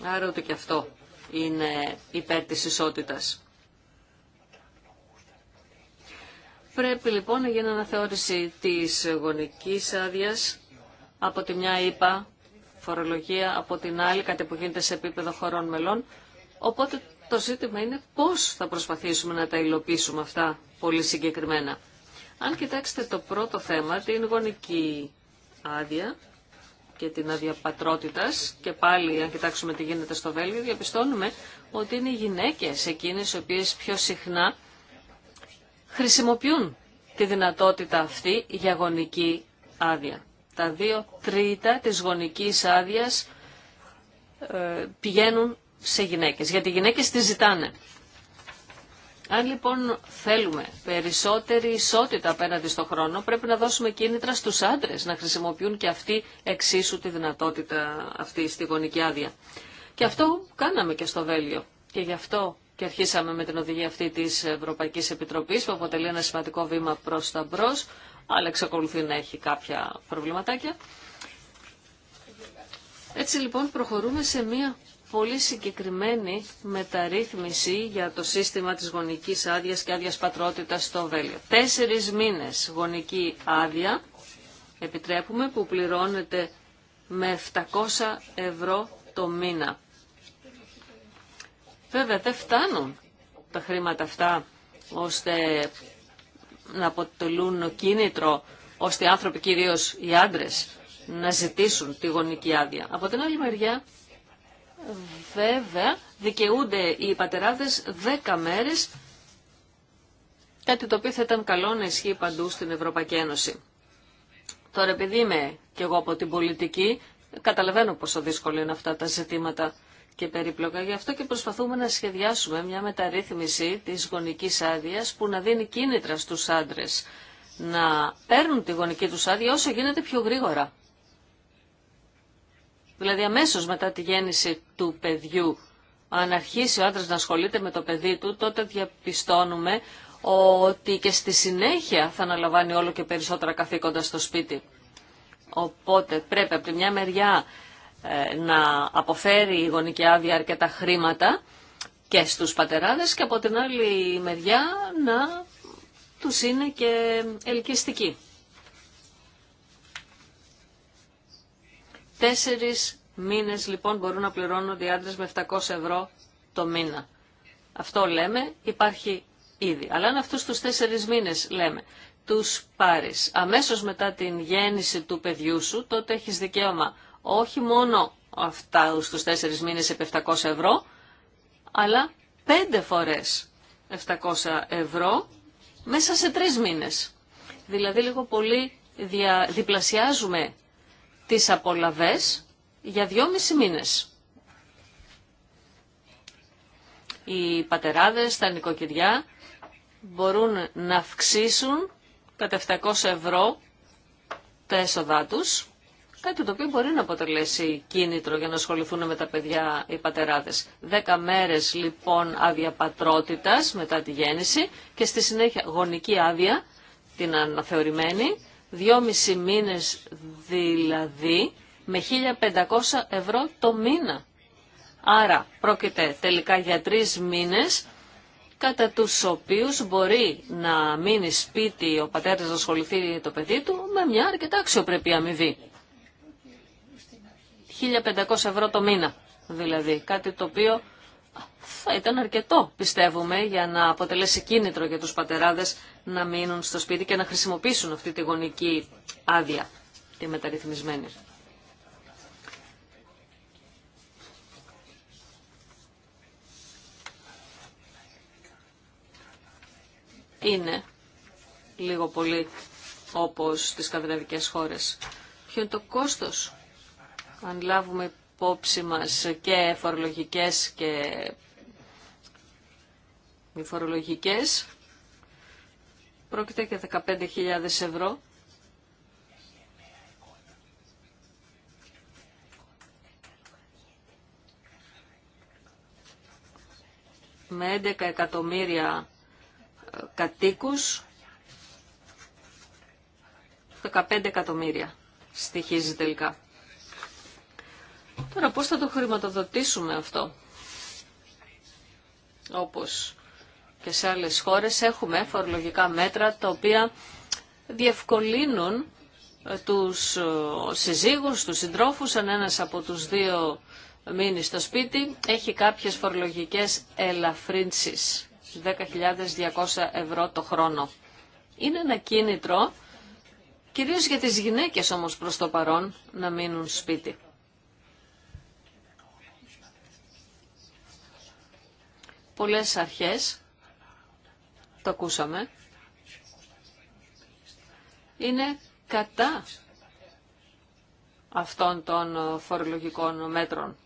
Άρα ότι και αυτό είναι υπέρ της ισότητας. Πρέπει λοιπόν να γίνει αναθεώρηση της γονικής άδειας από τη μια είπα φορολογία, από την άλλη κάτι που γίνεται σε επίπεδο χωρών μελών. Οπότε το ζήτημα είναι πώς θα προσπαθήσουμε να τα υλοποιήσουμε αυτά πολύ συγκεκριμένα. Αν κοιτάξετε το πρώτο θέμα, την γονική άδεια και την άδεια και πάλι αν κοιτάξουμε τι γίνεται στο Βέλγιο, διαπιστώνουμε ότι είναι οι γυναίκες εκείνες οι οποίες πιο συχνά χρησιμοποιούν τη δυνατότητα αυτή για γονική άδεια τα δύο τρίτα της γονικής άδεια ε, πηγαίνουν σε γυναίκες, γιατί οι γυναίκες τις ζητάνε. Αν λοιπόν θέλουμε περισσότερη ισότητα απέναντι στον χρόνο, πρέπει να δώσουμε κίνητρα στους άντρες να χρησιμοποιούν και αυτοί εξίσου τη δυνατότητα αυτή στη γονική άδεια. Και αυτό κάναμε και στο Βέλιο. Και γι' αυτό και αρχίσαμε με την οδηγία αυτή της Ευρωπαϊκής Επιτροπής που αποτελεί ένα σημαντικό βήμα προς τα μπρος, αλλά εξακολουθεί να έχει κάποια προβληματάκια. Έτσι λοιπόν προχωρούμε σε μία πολύ συγκεκριμένη μεταρρύθμιση για το σύστημα της γονικής άδειας και άδειας πατρότητας στο Βέλιο. Τέσσερις μήνες γονική άδεια επιτρέπουμε που πληρώνεται με 700 ευρώ το μήνα. Βέβαια δεν φτάνουν τα χρήματα αυτά ώστε να αποτελούν κίνητρο ώστε οι άνθρωποι, κυρίω οι άντρε να ζητήσουν τη γονική άδεια. Από την άλλη μεριά, βέβαια, δικαιούνται οι πατεράδε 10 μέρε κάτι το οποίο θα ήταν καλό να ισχύει παντού στην Ευρωπαϊκή Ένωση. Τώρα, επειδή είμαι και εγώ από την πολιτική, Καταλαβαίνω πόσο δύσκολο είναι αυτά τα ζητήματα και περίπλοκα. Γι' αυτό και προσπαθούμε να σχεδιάσουμε μια μεταρρύθμιση της γονικής άδεια που να δίνει κίνητρα στους άντρες να παίρνουν τη γονική τους άδεια όσο γίνεται πιο γρήγορα. Δηλαδή αμέσως μετά τη γέννηση του παιδιού, αν αρχίσει ο άντρας να ασχολείται με το παιδί του, τότε διαπιστώνουμε ότι και στη συνέχεια θα αναλαμβάνει όλο και περισσότερα καθήκοντα στο σπίτι. Οπότε πρέπει από τη μια μεριά ε, να αποφέρει η γονική άδεια αρκετά χρήματα και στους πατεράδες και από την άλλη μεριά να τους είναι και ελκυστική. Τέσσερις μήνες λοιπόν μπορούν να πληρώνονται οι άντρες με 700 ευρώ το μήνα. Αυτό λέμε υπάρχει ήδη. Αλλά αν αυτούς τους τέσσερις μήνες λέμε τους πάρεις αμέσως μετά την γέννηση του παιδιού σου, τότε έχεις δικαίωμα όχι μόνο αυτά στους τέσσερις μήνες επί 700 ευρώ, αλλά πέντε φορές 700 ευρώ μέσα σε τρεις μήνες. Δηλαδή λίγο πολύ δια, διπλασιάζουμε τις απολαβές για δυόμιση μήνες. Οι πατεράδες, τα νοικοκυριά μπορούν να αυξήσουν κατά 700 ευρώ τα έσοδά τους, κάτι το οποίο μπορεί να αποτελέσει κίνητρο για να ασχοληθούν με τα παιδιά οι πατεράδες. Δέκα μέρες λοιπόν άδεια μετά τη γέννηση και στη συνέχεια γονική άδεια, την αναθεωρημένη, δυόμισι μήνες δηλαδή με 1500 ευρώ το μήνα. Άρα πρόκειται τελικά για τρεις μήνες κατά τους οποίους μπορεί να μείνει σπίτι ο πατέρας να ασχοληθεί το παιδί του με μια αρκετά αξιοπρεπή αμοιβή. 1500 ευρώ το μήνα δηλαδή, κάτι το οποίο θα ήταν αρκετό πιστεύουμε για να αποτελέσει κίνητρο για τους πατεράδες να μείνουν στο σπίτι και να χρησιμοποιήσουν αυτή τη γονική άδεια, τη μεταρρυθμισμένη. είναι λίγο πολύ όπως στις σκανδιναβικές χώρες. Ποιο είναι το κόστος αν λάβουμε υπόψη μας και φορολογικές και μη φορολογικές. Πρόκειται για 15.000 ευρώ. Με 11 εκατομμύρια κατοίκους 15 εκατομμύρια στοιχίζει τελικά. Τώρα πώς θα το χρηματοδοτήσουμε αυτό. Όπως και σε άλλες χώρες έχουμε φορολογικά μέτρα τα οποία διευκολύνουν ε, τους ε, συζύγους, τους συντρόφους, αν ένας από τους δύο μείνει στο σπίτι, έχει κάποιες φορολογικές ελαφρύνσεις. 10.200 ευρώ το χρόνο. Είναι ένα κίνητρο, κυρίως για τις γυναίκες όμως προς το παρόν, να μείνουν σπίτι. Πολλές αρχές, το ακούσαμε, είναι κατά αυτών των φορολογικών μέτρων.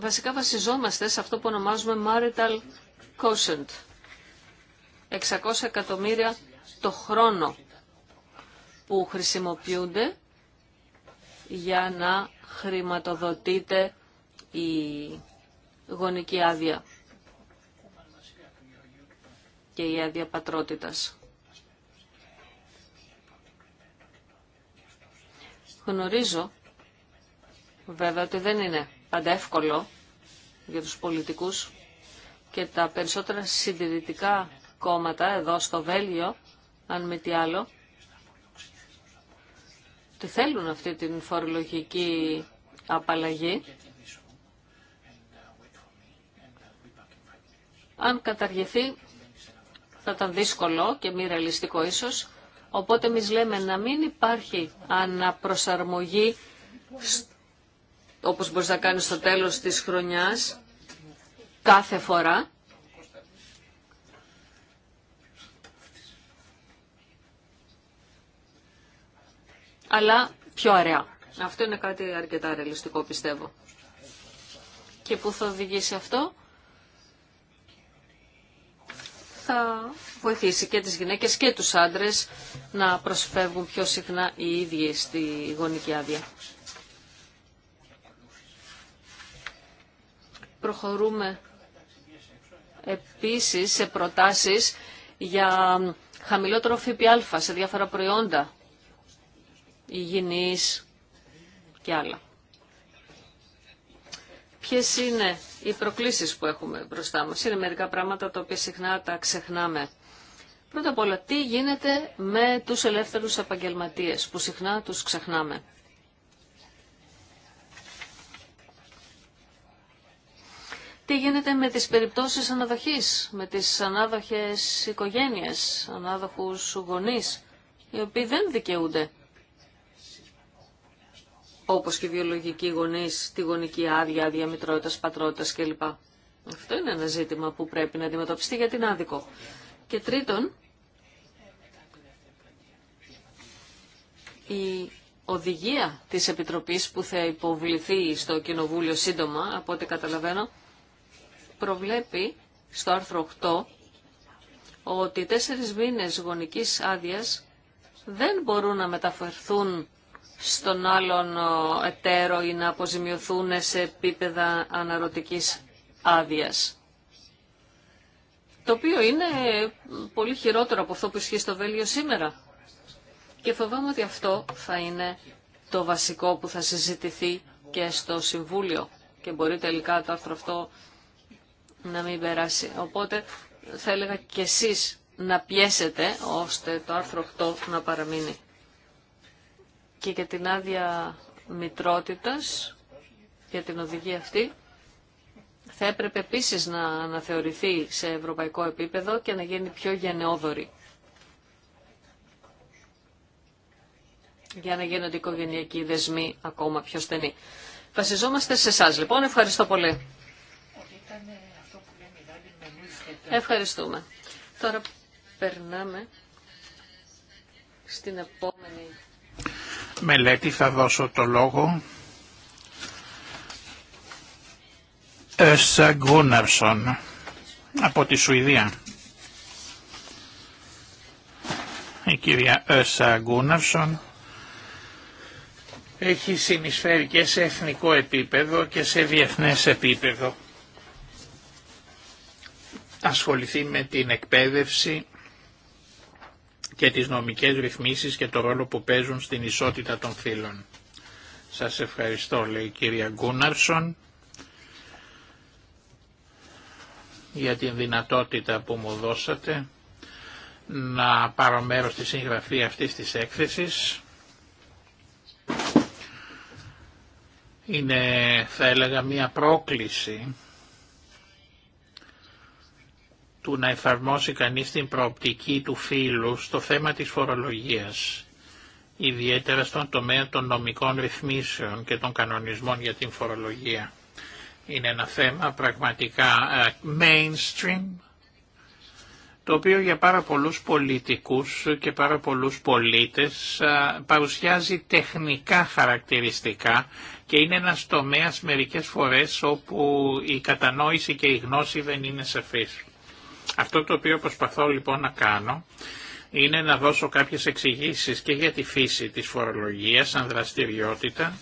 βασικά βασιζόμαστε σε αυτό που ονομάζουμε marital quotient. 600 εκατομμύρια το χρόνο που χρησιμοποιούνται για να χρηματοδοτείται η γονική άδεια και η άδεια πατρότητας. Γνωρίζω βέβαια ότι δεν είναι πάντα εύκολο για τους πολιτικούς και τα περισσότερα συντηρητικά κόμματα εδώ στο Βέλγιο, αν με τι άλλο, Τι θέλουν αυτή την φορολογική απαλλαγή. Αν καταργηθεί θα ήταν δύσκολο και μη ρεαλιστικό ίσως, οπότε εμεί λέμε να μην υπάρχει αναπροσαρμογή όπως μπορείς να κάνεις στο τέλος της χρονιάς κάθε φορά. Αλλά πιο αρεά. Αυτό είναι κάτι αρκετά ρεαλιστικό πιστεύω. Και που θα οδηγήσει αυτό θα βοηθήσει και τις γυναίκες και τους άντρες να προσφεύγουν πιο συχνά οι ίδιοι στη γονική άδεια. Προχωρούμε επίσης σε προτάσεις για χαμηλότερο ΦΠΑ σε διάφορα προϊόντα, υγιεινής και άλλα. Ποιες είναι οι προκλήσεις που έχουμε μπροστά μας. Είναι μερικά πράγματα τα οποία συχνά τα ξεχνάμε. Πρώτα απ' όλα, τι γίνεται με τους ελεύθερους επαγγελματίες, που συχνά τους ξεχνάμε. Τι γίνεται με τις περιπτώσεις αναδοχής, με τις ανάδοχες οικογένειες, ανάδοχους γονείς, οι οποίοι δεν δικαιούνται όπως και οι βιολογικοί γονείς, τη γονική άδεια, άδεια μητρότητας, πατρότητας κλπ. Αυτό είναι ένα ζήτημα που πρέπει να αντιμετωπιστεί για την άδικο. Και τρίτον, η οδηγία της Επιτροπής που θα υποβληθεί στο Κοινοβούλιο σύντομα, από ό,τι καταλαβαίνω, προβλέπει στο άρθρο 8 ότι τέσσερις μήνες γονικής άδειας δεν μπορούν να μεταφερθούν στον άλλον ε, εταίρο ή να αποζημιωθούν σε επίπεδα αναρωτικής άδειας. Το οποίο είναι πολύ χειρότερο από αυτό που ισχύει στο Βέλγιο σήμερα. Και φοβάμαι ότι αυτό θα είναι το βασικό που θα συζητηθεί και στο Συμβούλιο. Και μπορεί τελικά το άρθρο αυτό να μην περάσει. Οπότε θα έλεγα και εσείς να πιέσετε ώστε το άρθρο 8 να παραμείνει. Και για την άδεια μητρότητας, για την οδηγία αυτή, θα έπρεπε επίσης να αναθεωρηθεί σε ευρωπαϊκό επίπεδο και να γίνει πιο γενναιόδορη. για να γίνονται οικογενειακοί δεσμοί ακόμα πιο στενοί. Βασιζόμαστε σε εσά λοιπόν. Ευχαριστώ πολύ. Ευχαριστούμε. Τώρα περνάμε στην επόμενη μελέτη. Θα δώσω το λόγο. Εσσα Γκούναρσον από τη Σουηδία. Η κυρία Εσσα Γκούναρσον έχει συνεισφέρει και σε εθνικό επίπεδο και σε διεθνές επίπεδο ασχοληθεί με την εκπαίδευση και τις νομικές ρυθμίσεις και το ρόλο που παίζουν στην ισότητα των φύλων. Σας ευχαριστώ, λέει η κυρία Γκούναρσον, για την δυνατότητα που μου δώσατε να πάρω μέρος στη συγγραφή αυτής της έκθεσης. Είναι, θα έλεγα, μία πρόκληση του να εφαρμόσει κανείς την προοπτική του φύλου στο θέμα της φορολογίας, ιδιαίτερα στον τομέα των νομικών ρυθμίσεων και των κανονισμών για την φορολογία. Είναι ένα θέμα πραγματικά ε, mainstream, το οποίο για πάρα πολλούς πολιτικούς και πάρα πολλούς πολίτες ε, παρουσιάζει τεχνικά χαρακτηριστικά και είναι ένας τομέας μερικές φορές όπου η κατανόηση και η γνώση δεν είναι σαφής. Αυτό το οποίο προσπαθώ λοιπόν να κάνω είναι να δώσω κάποιες εξηγήσει και για τη φύση της φορολογίας σαν δραστηριότητα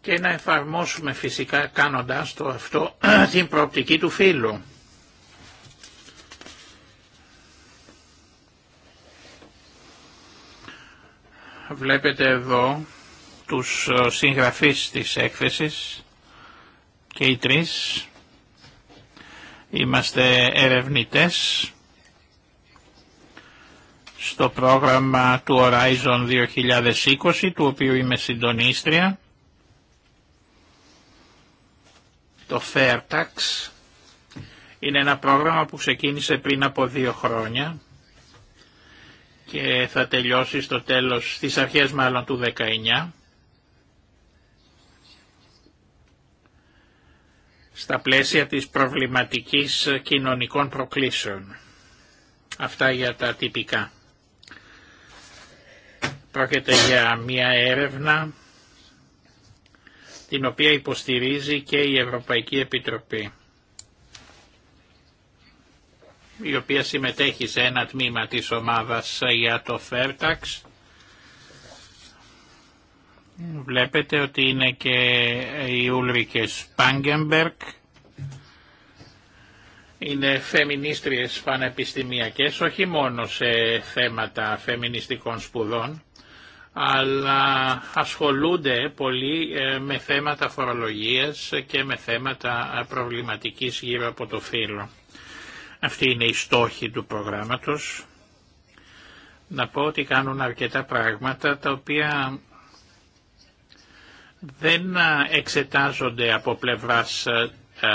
και να εφαρμόσουμε φυσικά κάνοντας το αυτό την προοπτική του φύλου. Βλέπετε εδώ τους ε, συγγραφείς της έκθεσης και οι τρεις Είμαστε ερευνητές στο πρόγραμμα του Horizon 2020, του οποίου είμαι συντονίστρια, το Fairtax. Είναι ένα πρόγραμμα που ξεκίνησε πριν από δύο χρόνια και θα τελειώσει στο τέλος, στις αρχές μάλλον του 19 στα πλαίσια της προβληματικής κοινωνικών προκλήσεων. Αυτά για τα τυπικά. Πρόκειται για μια έρευνα την οποία υποστηρίζει και η Ευρωπαϊκή Επιτροπή η οποία συμμετέχει σε ένα τμήμα της ομάδας για το Fairtax Βλέπετε ότι είναι και η Ούλρικε Σπάγκεμπερκ. Είναι φεμινίστριες πανεπιστημιακές, όχι μόνο σε θέματα φεμινιστικών σπουδών, αλλά ασχολούνται πολύ ε, με θέματα φορολογίας και με θέματα ε, προβληματικής γύρω από το φύλλο. Αυτή είναι η στόχη του προγράμματος. Να πω ότι κάνουν αρκετά πράγματα τα οποία δεν ε, εξετάζονται από πλευράς ε, ε,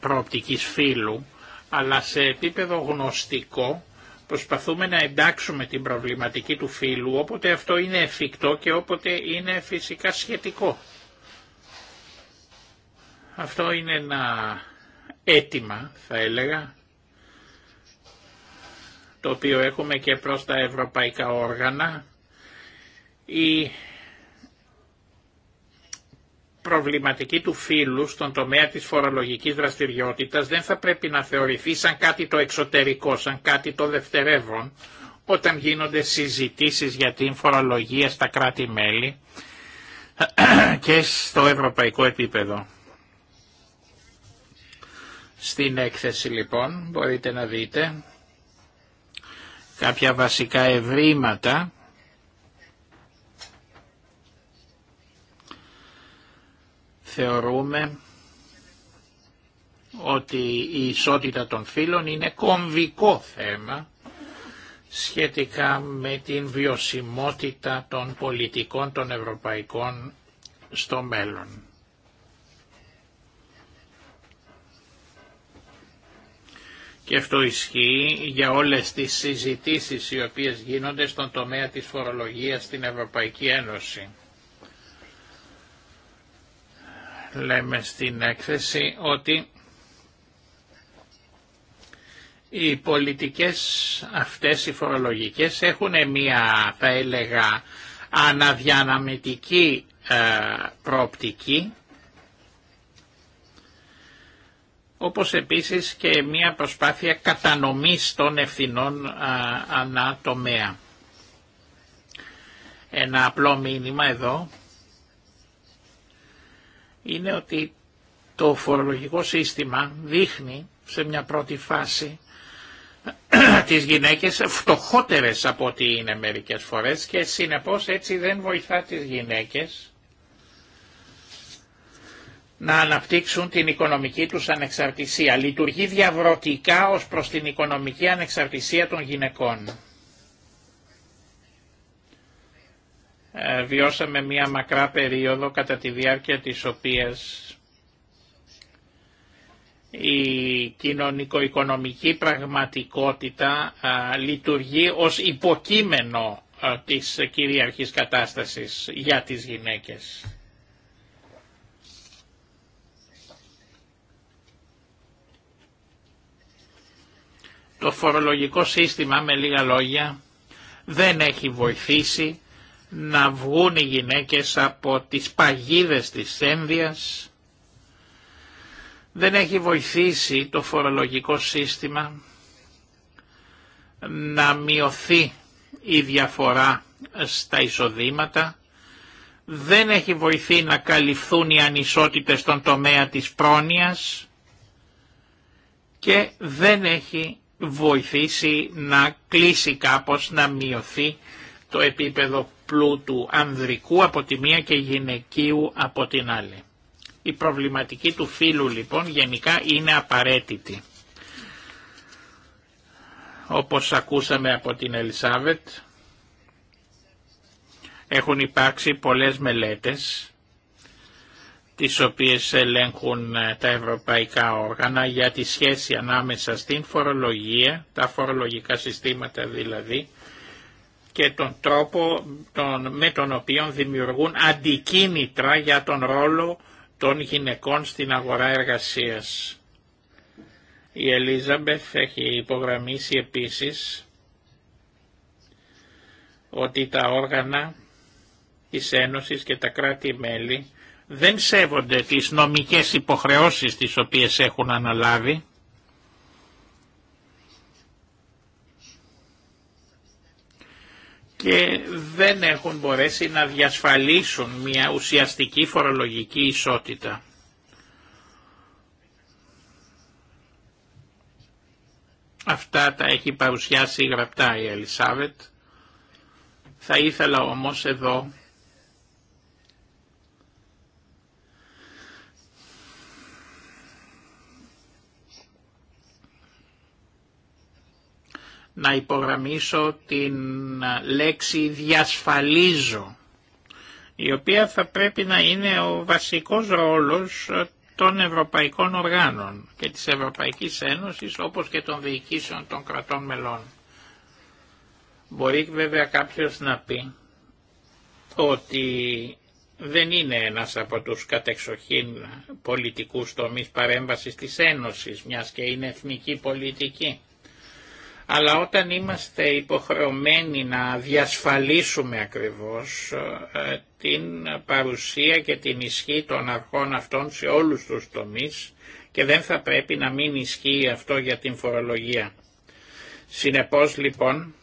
προοπτικής φύλου, αλλά σε επίπεδο γνωστικό προσπαθούμε να εντάξουμε την προβληματική του φύλου όποτε αυτό είναι εφικτό και όποτε είναι φυσικά σχετικό. Αυτό είναι ένα αίτημα θα έλεγα το οποίο έχουμε και προς τα ευρωπαϊκά όργανα η προβληματική του φύλου στον τομέα της φορολογικής δραστηριότητας δεν θα πρέπει να θεωρηθεί σαν κάτι το εξωτερικό, σαν κάτι το δευτερεύον, όταν γίνονται συζητήσεις για την φορολογία στα κράτη-μέλη και στο ευρωπαϊκό επίπεδο. Στην έκθεση λοιπόν μπορείτε να δείτε κάποια βασικά ευρήματα θεωρούμε ότι η ισότητα των φύλων είναι κομβικό θέμα σχετικά με την βιωσιμότητα των πολιτικών των ευρωπαϊκών στο μέλλον. Και αυτό ισχύει για όλες τις συζητήσεις οι οποίες γίνονται στον τομέα της φορολογίας στην Ευρωπαϊκή Ένωση. λέμε στην έκθεση ότι οι πολιτικές αυτές οι φορολογικές έχουν μία θα έλεγα αναδιαναμετική ε, προοπτική όπως επίσης και μία προσπάθεια κατανομής των ευθυνών ε, ανά τομέα. Ένα απλό μήνυμα εδώ είναι ότι το φορολογικό σύστημα δείχνει σε μια πρώτη φάση τις γυναίκες φτωχότερες από ό,τι είναι μερικές φορές και συνεπώς έτσι δεν βοηθά τις γυναίκες να αναπτύξουν την οικονομική τους ανεξαρτησία. Λειτουργεί διαβρωτικά ως προς την οικονομική ανεξαρτησία των γυναικών. Ε, βιώσαμε μία μακρά περίοδο κατά τη διάρκεια της οποίας η κοινωνικο-οικονομική πραγματικότητα λειτουργεί ως υποκείμενο της κυριαρχής κατάστασης για τις γυναίκες. Το φορολογικό σύστημα, με λίγα λόγια, δεν έχει βοηθήσει να βγουν οι γυναίκες από τις παγίδες της ένδυας. Δεν έχει βοηθήσει το φορολογικό σύστημα να μειωθεί η διαφορά στα εισοδήματα. Δεν έχει βοηθεί να καλυφθούν οι ανισότητες στον τομέα της πρόνοιας και δεν έχει βοηθήσει να κλείσει κάπως, να μειωθεί το επίπεδο πλούτου ανδρικού από τη μία και γυναικείου από την άλλη. Η προβληματική του φίλου λοιπόν γενικά είναι απαραίτητη. Όπως ακούσαμε από την Ελισάβετ, έχουν υπάρξει πολλές μελέτες τις οποίες ελέγχουν ε, τα ευρωπαϊκά όργανα για τη σχέση ανάμεσα στην φορολογία, τα φορολογικά συστήματα δηλαδή, και τον τρόπο με τον οποίο δημιουργούν αντικίνητρα για τον ρόλο των γυναικών στην αγορά εργασίας. Η Ελίζαμπεθ έχει υπογραμμίσει επίσης ότι τα όργανα της Ένωσης και τα κράτη-μέλη δεν σέβονται τις νομικές υποχρεώσεις τις οποίες έχουν αναλάβει και δεν έχουν μπορέσει να διασφαλίσουν μια ουσιαστική φορολογική ισότητα. Αυτά τα έχει παρουσιάσει γραπτά η Ελισάβετ. Θα ήθελα όμως εδώ να υπογραμμίσω την λέξη διασφαλίζω, η οποία θα πρέπει να είναι ο βασικός ρόλος των ευρωπαϊκών οργάνων και της Ευρωπαϊκής Ένωσης όπως και των διοικήσεων των κρατών μελών. Μπορεί βέβαια κάποιος να πει ότι δεν είναι ένας από τους κατεξοχήν πολιτικούς τομείς παρέμβασης της Ένωσης, μιας και είναι εθνική πολιτική αλλά όταν είμαστε υποχρεωμένοι να διασφαλίσουμε ακριβώς ε, την παρουσία και την ισχύ των αρχών αυτών σε όλους τους τομείς και δεν θα πρέπει να μην ισχύει αυτό για την φορολογία. Συνεπώς λοιπόν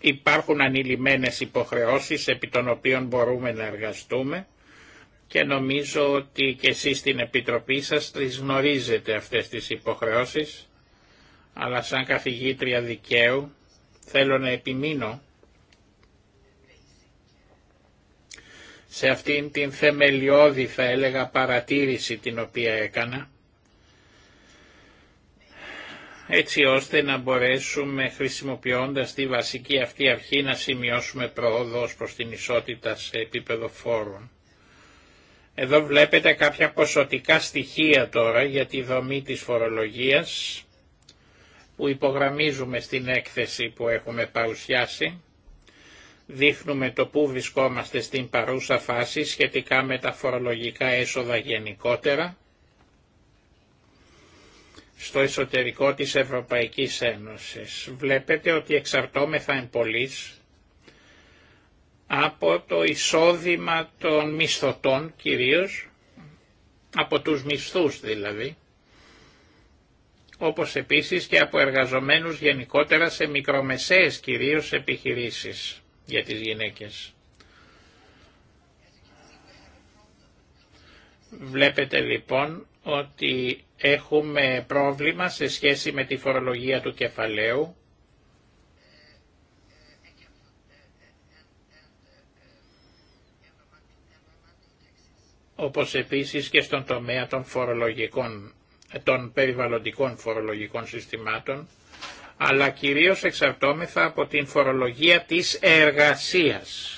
υπάρχουν ανηλυμένες υποχρεώσεις επί των οποίων μπορούμε να εργαστούμε και νομίζω ότι και εσείς στην Επιτροπή σας τις γνωρίζετε αυτές τις υποχρεώσεις, αλλά σαν καθηγήτρια δικαίου θέλω να επιμείνω σε αυτήν την θεμελιώδη θα έλεγα παρατήρηση την οποία έκανα, έτσι ώστε να μπορέσουμε χρησιμοποιώντας τη βασική αυτή αρχή να σημειώσουμε προόδο προς την ισότητα σε επίπεδο φόρων. Εδώ βλέπετε κάποια ποσοτικά στοιχεία τώρα για τη δομή της φορολογίας που υπογραμμίζουμε στην έκθεση που έχουμε παρουσιάσει. Δείχνουμε το πού βρισκόμαστε στην παρούσα φάση σχετικά με τα φορολογικά έσοδα γενικότερα στο εσωτερικό της Ευρωπαϊκής Ένωσης. Βλέπετε ότι εξαρτώμεθα εμπολής από το εισόδημα των μισθωτών κυρίως, από τους μισθούς δηλαδή, όπως επίσης και από εργαζομένους γενικότερα σε μικρομεσαίες κυρίως επιχειρήσεις για τις γυναίκες. Βλέπετε λοιπόν ότι έχουμε πρόβλημα σε σχέση με τη φορολογία του κεφαλαίου όπως επίσης και στον τομέα των φορολογικών, των περιβαλλοντικών φορολογικών συστημάτων, αλλά κυρίως εξαρτώμεθα από την φορολογία της εργασίας.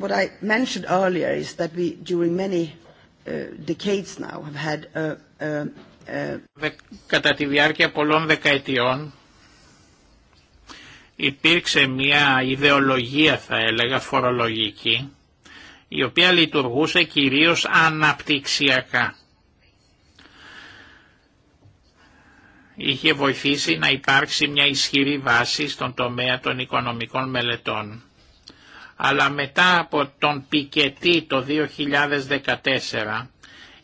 What I mentioned earlier is that we, during many uh, decades now, have had a, a, a... Κατά τη διάρκεια πολλών δεκαετιών υπήρξε μια ιδεολογία θα έλεγα φορολογική η οποία λειτουργούσε κυρίως αναπτυξιακά. Είχε βοηθήσει να υπάρξει μια ισχυρή βάση στον τομέα των οικονομικών μελετών. Αλλά μετά από τον Πικετή το 2014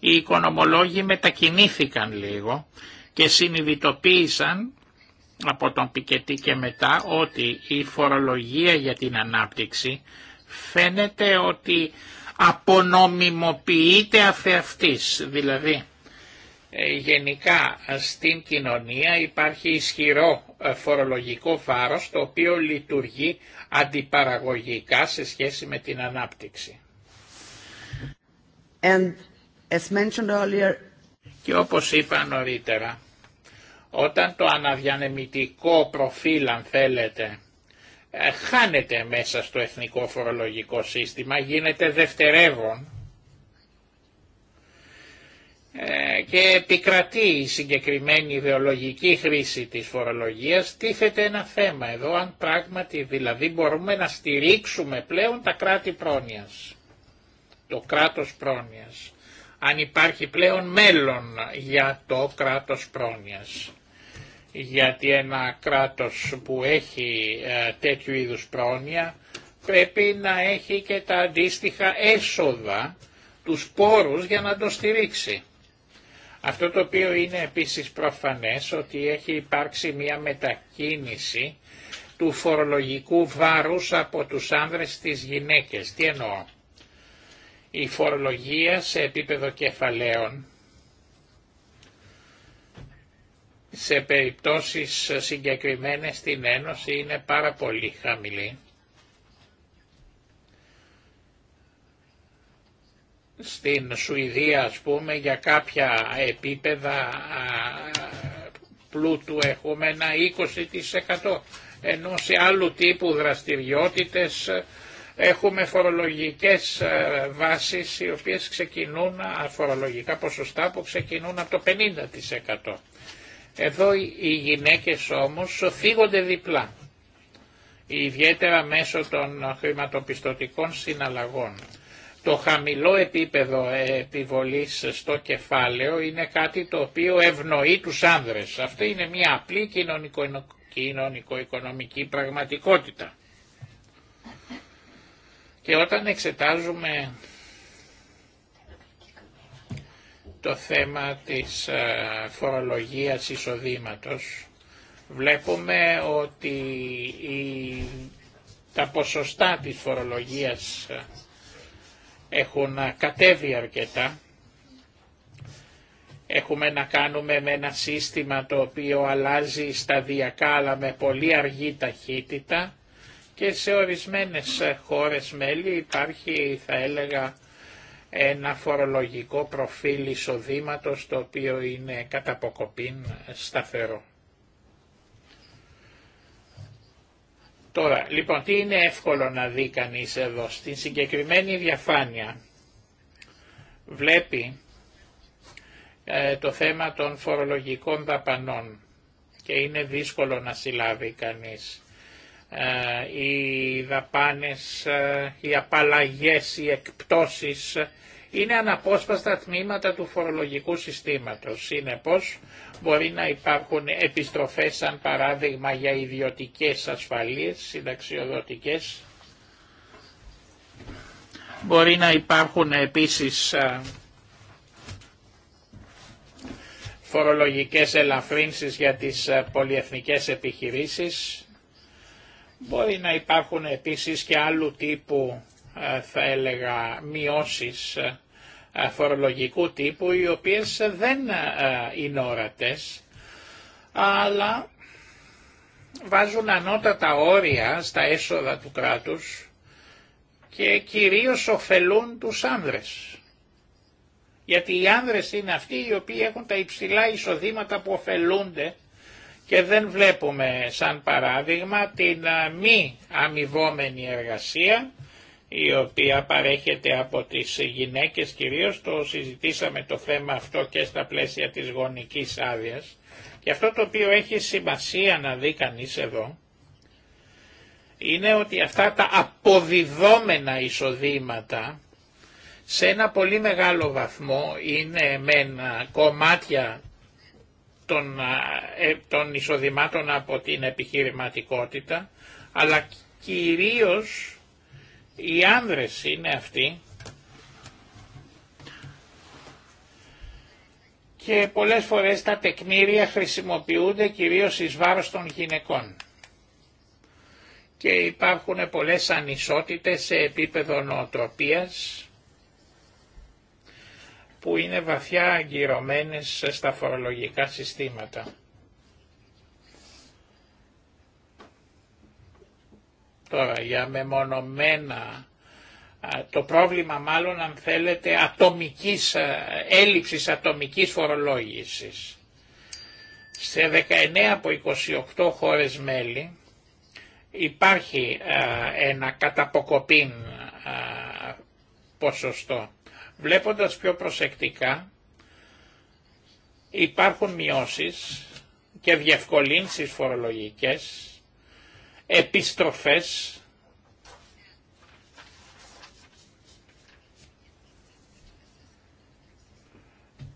οι οικονομολόγοι μετακινήθηκαν λίγο και συνειδητοποίησαν από τον Πικετή και μετά ότι η φορολογία για την ανάπτυξη φαίνεται ότι απονομιμοποιείται αφεαυτής. Δηλαδή ε, γενικά στην κοινωνία υπάρχει ισχυρό ε, φορολογικό φάρος το οποίο λειτουργεί αντιπαραγωγικά σε σχέση με την ανάπτυξη. And as Και όπως είπα νωρίτερα, όταν το αναδιανεμητικό προφίλ αν θέλετε ε, χάνεται μέσα στο εθνικό φορολογικό σύστημα, γίνεται δευτερεύον ε, και επικρατεί η συγκεκριμένη ιδεολογική χρήση της φορολογίας, τίθεται ένα θέμα εδώ, αν πράγματι δηλαδή μπορούμε να στηρίξουμε πλέον τα κράτη πρόνοιας, το κράτος πρόνοιας, αν υπάρχει πλέον μέλλον για το κράτος πρόνοιας γιατί ένα κράτος που έχει ε, τέτοιου είδους πρόνοια πρέπει να έχει και τα αντίστοιχα έσοδα, τους πόρους για να το στηρίξει. Αυτό το οποίο είναι επίσης προφανές ότι έχει υπάρξει μια μετακίνηση του φορολογικού βάρους από τους άνδρες στις γυναίκες. Τι εννοώ. Η φορολογία σε επίπεδο κεφαλαίων σε περιπτώσεις συγκεκριμένες στην Ένωση είναι πάρα πολύ χαμηλή. Στην Σουηδία ας πούμε για κάποια επίπεδα πλούτου έχουμε ένα 20% ενώ σε άλλου τύπου δραστηριότητες έχουμε φορολογικές βάσεις οι οποίες ξεκινούν, φορολογικά ποσοστά που ξεκινούν από το 50%. Εδώ οι γυναίκες όμως φύγονται διπλά, ιδιαίτερα μέσω των χρηματοπιστωτικών συναλλαγών. Το χαμηλό επίπεδο επιβολής στο κεφάλαιο είναι κάτι το οποίο ευνοεί τους άνδρες. Αυτή είναι μια απλή κοινωνικο κοινωνικο-οικονομική πραγματικότητα. Και όταν εξετάζουμε το θέμα της ε, φορολογίας εισοδήματος βλέπουμε ότι η, τα ποσοστά της φορολογίας ε, έχουν ε, κατέβει αρκετά. Έχουμε να κάνουμε με ένα σύστημα το οποίο αλλάζει σταδιακά αλλά με πολύ αργή ταχύτητα και σε ορισμένες χώρες μέλη υπάρχει θα έλεγα ένα φορολογικό προφίλ εισοδήματο το οποίο είναι κατά αποκοπήν σταθερό. Τώρα, λοιπόν, τι είναι εύκολο να δει κανείς εδώ. Στην συγκεκριμένη διαφάνεια βλέπει ε, το θέμα των φορολογικών δαπανών και είναι δύσκολο να συλλάβει κανείς. Ε, οι δαπάνες, ε, οι απαλλαγές, οι εκπτώσεις είναι αναπόσπαστα τμήματα του φορολογικού συστήματος. Συνεπώς μπορεί να υπάρχουν επιστροφές σαν παράδειγμα για ιδιωτικές ασφαλείες, συνταξιοδοτικές. Μπορεί να υπάρχουν επίσης ε, φορολογικές ελαφρύνσεις για τις πολυεθνικές επιχειρήσεις Μπορεί να υπάρχουν επίσης και άλλου τύπου ε, θα έλεγα μειώσεις ε, ε, φορολογικού τύπου οι οποίες δεν είναι όρατες αλλά βάζουν ανώτατα όρια στα έσοδα του κράτους και κυρίως ωφελούν τους άνδρες. Γιατί οι άνδρες είναι αυτοί οι οποίοι έχουν τα υψηλά εισοδήματα που ωφελούνται και δεν βλέπουμε σαν παράδειγμα την μη αμοιβόμενη εργασία η οποία παρέχεται από τις γυναίκες κυρίως, το συζητήσαμε το θέμα αυτό και στα πλαίσια της γονικής άδειας και αυτό το οποίο έχει σημασία να δει κανείς εδώ είναι ότι αυτά τα αποδιδόμενα εισοδήματα σε ένα πολύ μεγάλο βαθμό είναι μεν κομμάτια των, ε, των εισοδημάτων από την επιχειρηματικότητα, αλλά κυρίως οι άνδρες είναι αυτοί και πολλές φορές τα τεκμήρια χρησιμοποιούνται κυρίως εις βάρος των γυναικών. Και υπάρχουν πολλές ανισότητες σε επίπεδο νοοτροπίας που είναι βαθιά αγκυρωμένες στα φορολογικά συστήματα. Τώρα για μεμονωμένα, το πρόβλημα μάλλον αν θέλετε ατομικής, έλλειψης ατομικής φορολόγησης. Σε 19 από 28 χώρες μέλη υπάρχει ένα καταποκοπήν ποσοστό. Βλέποντας πιο προσεκτικά υπάρχουν μειώσεις και διευκολύνσεις φορολογικές, επιστροφές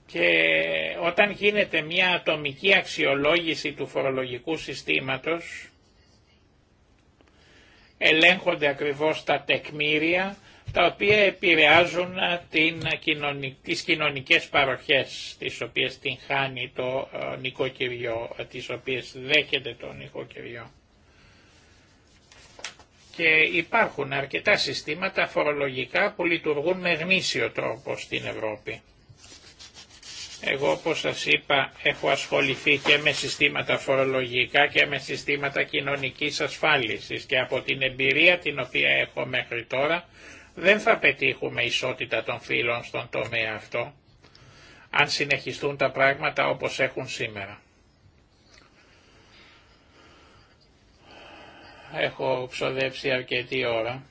και όταν γίνεται μια ατομική αξιολόγηση του φορολογικού συστήματος ελέγχονται ακριβώς τα τεκμήρια τα οποία επηρεάζουν την, τις κοινωνικές παροχές τις οποίες την χάνει το νοικοκυριό, τις οποίες δέχεται το νοικοκυριό. Και υπάρχουν αρκετά συστήματα φορολογικά που λειτουργούν με γνήσιο τρόπο στην Ευρώπη. Εγώ όπως σας είπα έχω ασχοληθεί και με συστήματα φορολογικά και με συστήματα κοινωνικής ασφάλισης και από την εμπειρία την οποία έχω μέχρι τώρα δεν θα πετύχουμε ισότητα των φύλων στον τομέα αυτό, αν συνεχιστούν τα πράγματα όπως έχουν σήμερα. Έχω ξοδέψει αρκετή ώρα.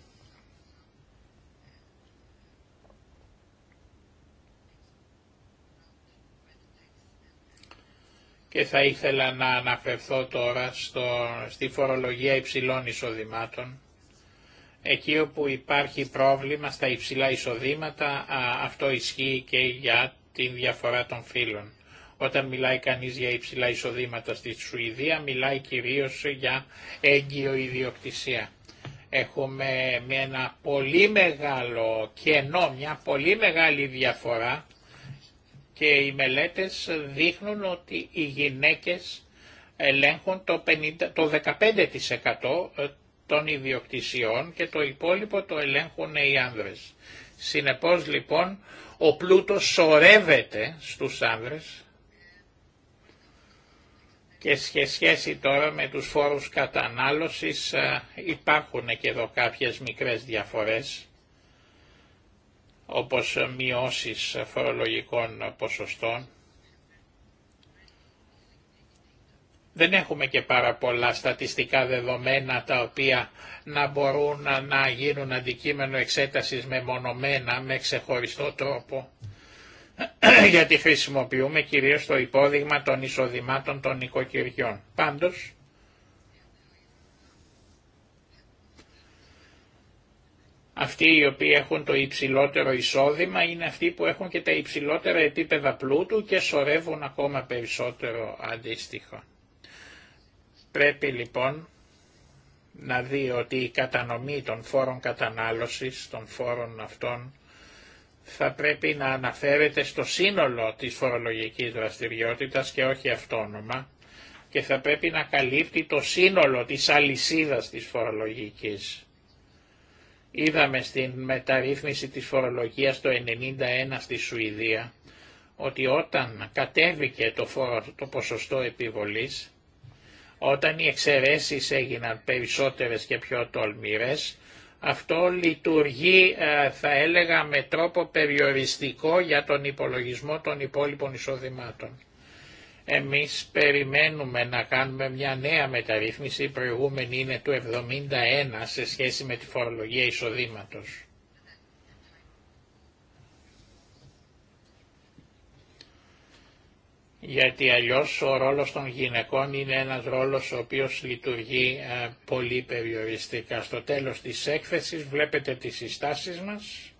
και θα ήθελα να αναφερθώ τώρα στο, στη φορολογία υψηλών εισοδημάτων Εκεί όπου υπάρχει πρόβλημα στα υψηλά εισοδήματα, αυτό ισχύει και για τη διαφορά των φύλων. Όταν μιλάει κανείς για υψηλά εισοδήματα στη Σουηδία, μιλάει κυρίως για έγκυο ιδιοκτησία. Έχουμε με ένα πολύ μεγάλο κενό, μια πολύ μεγάλη διαφορά και οι μελέτες δείχνουν ότι οι γυναίκες ελέγχουν το, 50, το 15% των ιδιοκτησιών και το υπόλοιπο το ελέγχουν οι άνδρες. Συνεπώς λοιπόν ο πλούτος σορεύεται στους άνδρες και σε σχέση τώρα με τους φόρους κατανάλωσης ε, υπάρχουν και εδώ κάποιες μικρές διαφορές όπως μειώσεις φορολογικών ποσοστών Δεν έχουμε και πάρα πολλά στατιστικά δεδομένα τα οποία να μπορούν να γίνουν αντικείμενο εξέτασης μεμονωμένα με ξεχωριστό τρόπο γιατί χρησιμοποιούμε κυρίως το υπόδειγμα των εισοδημάτων των οικοκυριών. Πάντως, αυτοί οι οποίοι έχουν το υψηλότερο εισόδημα είναι αυτοί που έχουν και τα υψηλότερα επίπεδα πλούτου και σωρεύουν ακόμα περισσότερο αντίστοιχα. Πρέπει λοιπόν να δει ότι η κατανομή των φόρων κατανάλωσης, των φόρων αυτών, θα πρέπει να αναφέρεται στο σύνολο της φορολογικής δραστηριότητας και όχι αυτόνομα και θα πρέπει να καλύπτει το σύνολο της αλυσίδας της φορολογικής. Είδαμε στην μεταρρύθμιση της φορολογίας το 1991 στη Σουηδία ότι όταν κατέβηκε το, φορο, το ποσοστό επιβολής όταν οι εξαιρέσεις έγιναν περισσότερες και πιο τολμηρές, αυτό λειτουργεί ε, θα έλεγα με τρόπο περιοριστικό για τον υπολογισμό των υπόλοιπων εισοδημάτων. Εμείς περιμένουμε να κάνουμε μια νέα μεταρρύθμιση, η προηγούμενη είναι του 71 σε σχέση με τη φορολογία εισοδήματος. γιατί αλλιώς ο ρόλος των γυναικών είναι ένας ρόλος ο οποίος λειτουργεί ε, πολύ περιοριστικά. Στο τέλος της έκθεσης βλέπετε τις συστάσεις μας.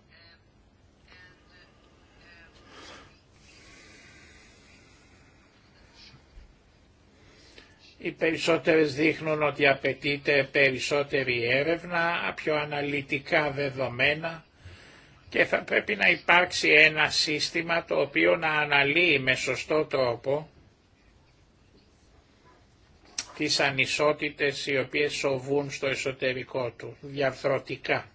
Οι περισσότερες δείχνουν ότι απαιτείται περισσότερη έρευνα, πιο αναλυτικά δεδομένα, και θα πρέπει να υπάρξει ένα σύστημα το οποίο να αναλύει με σωστό τρόπο τις ανισότητες οι οποίες σοβούν στο εσωτερικό του, διαρθρωτικά.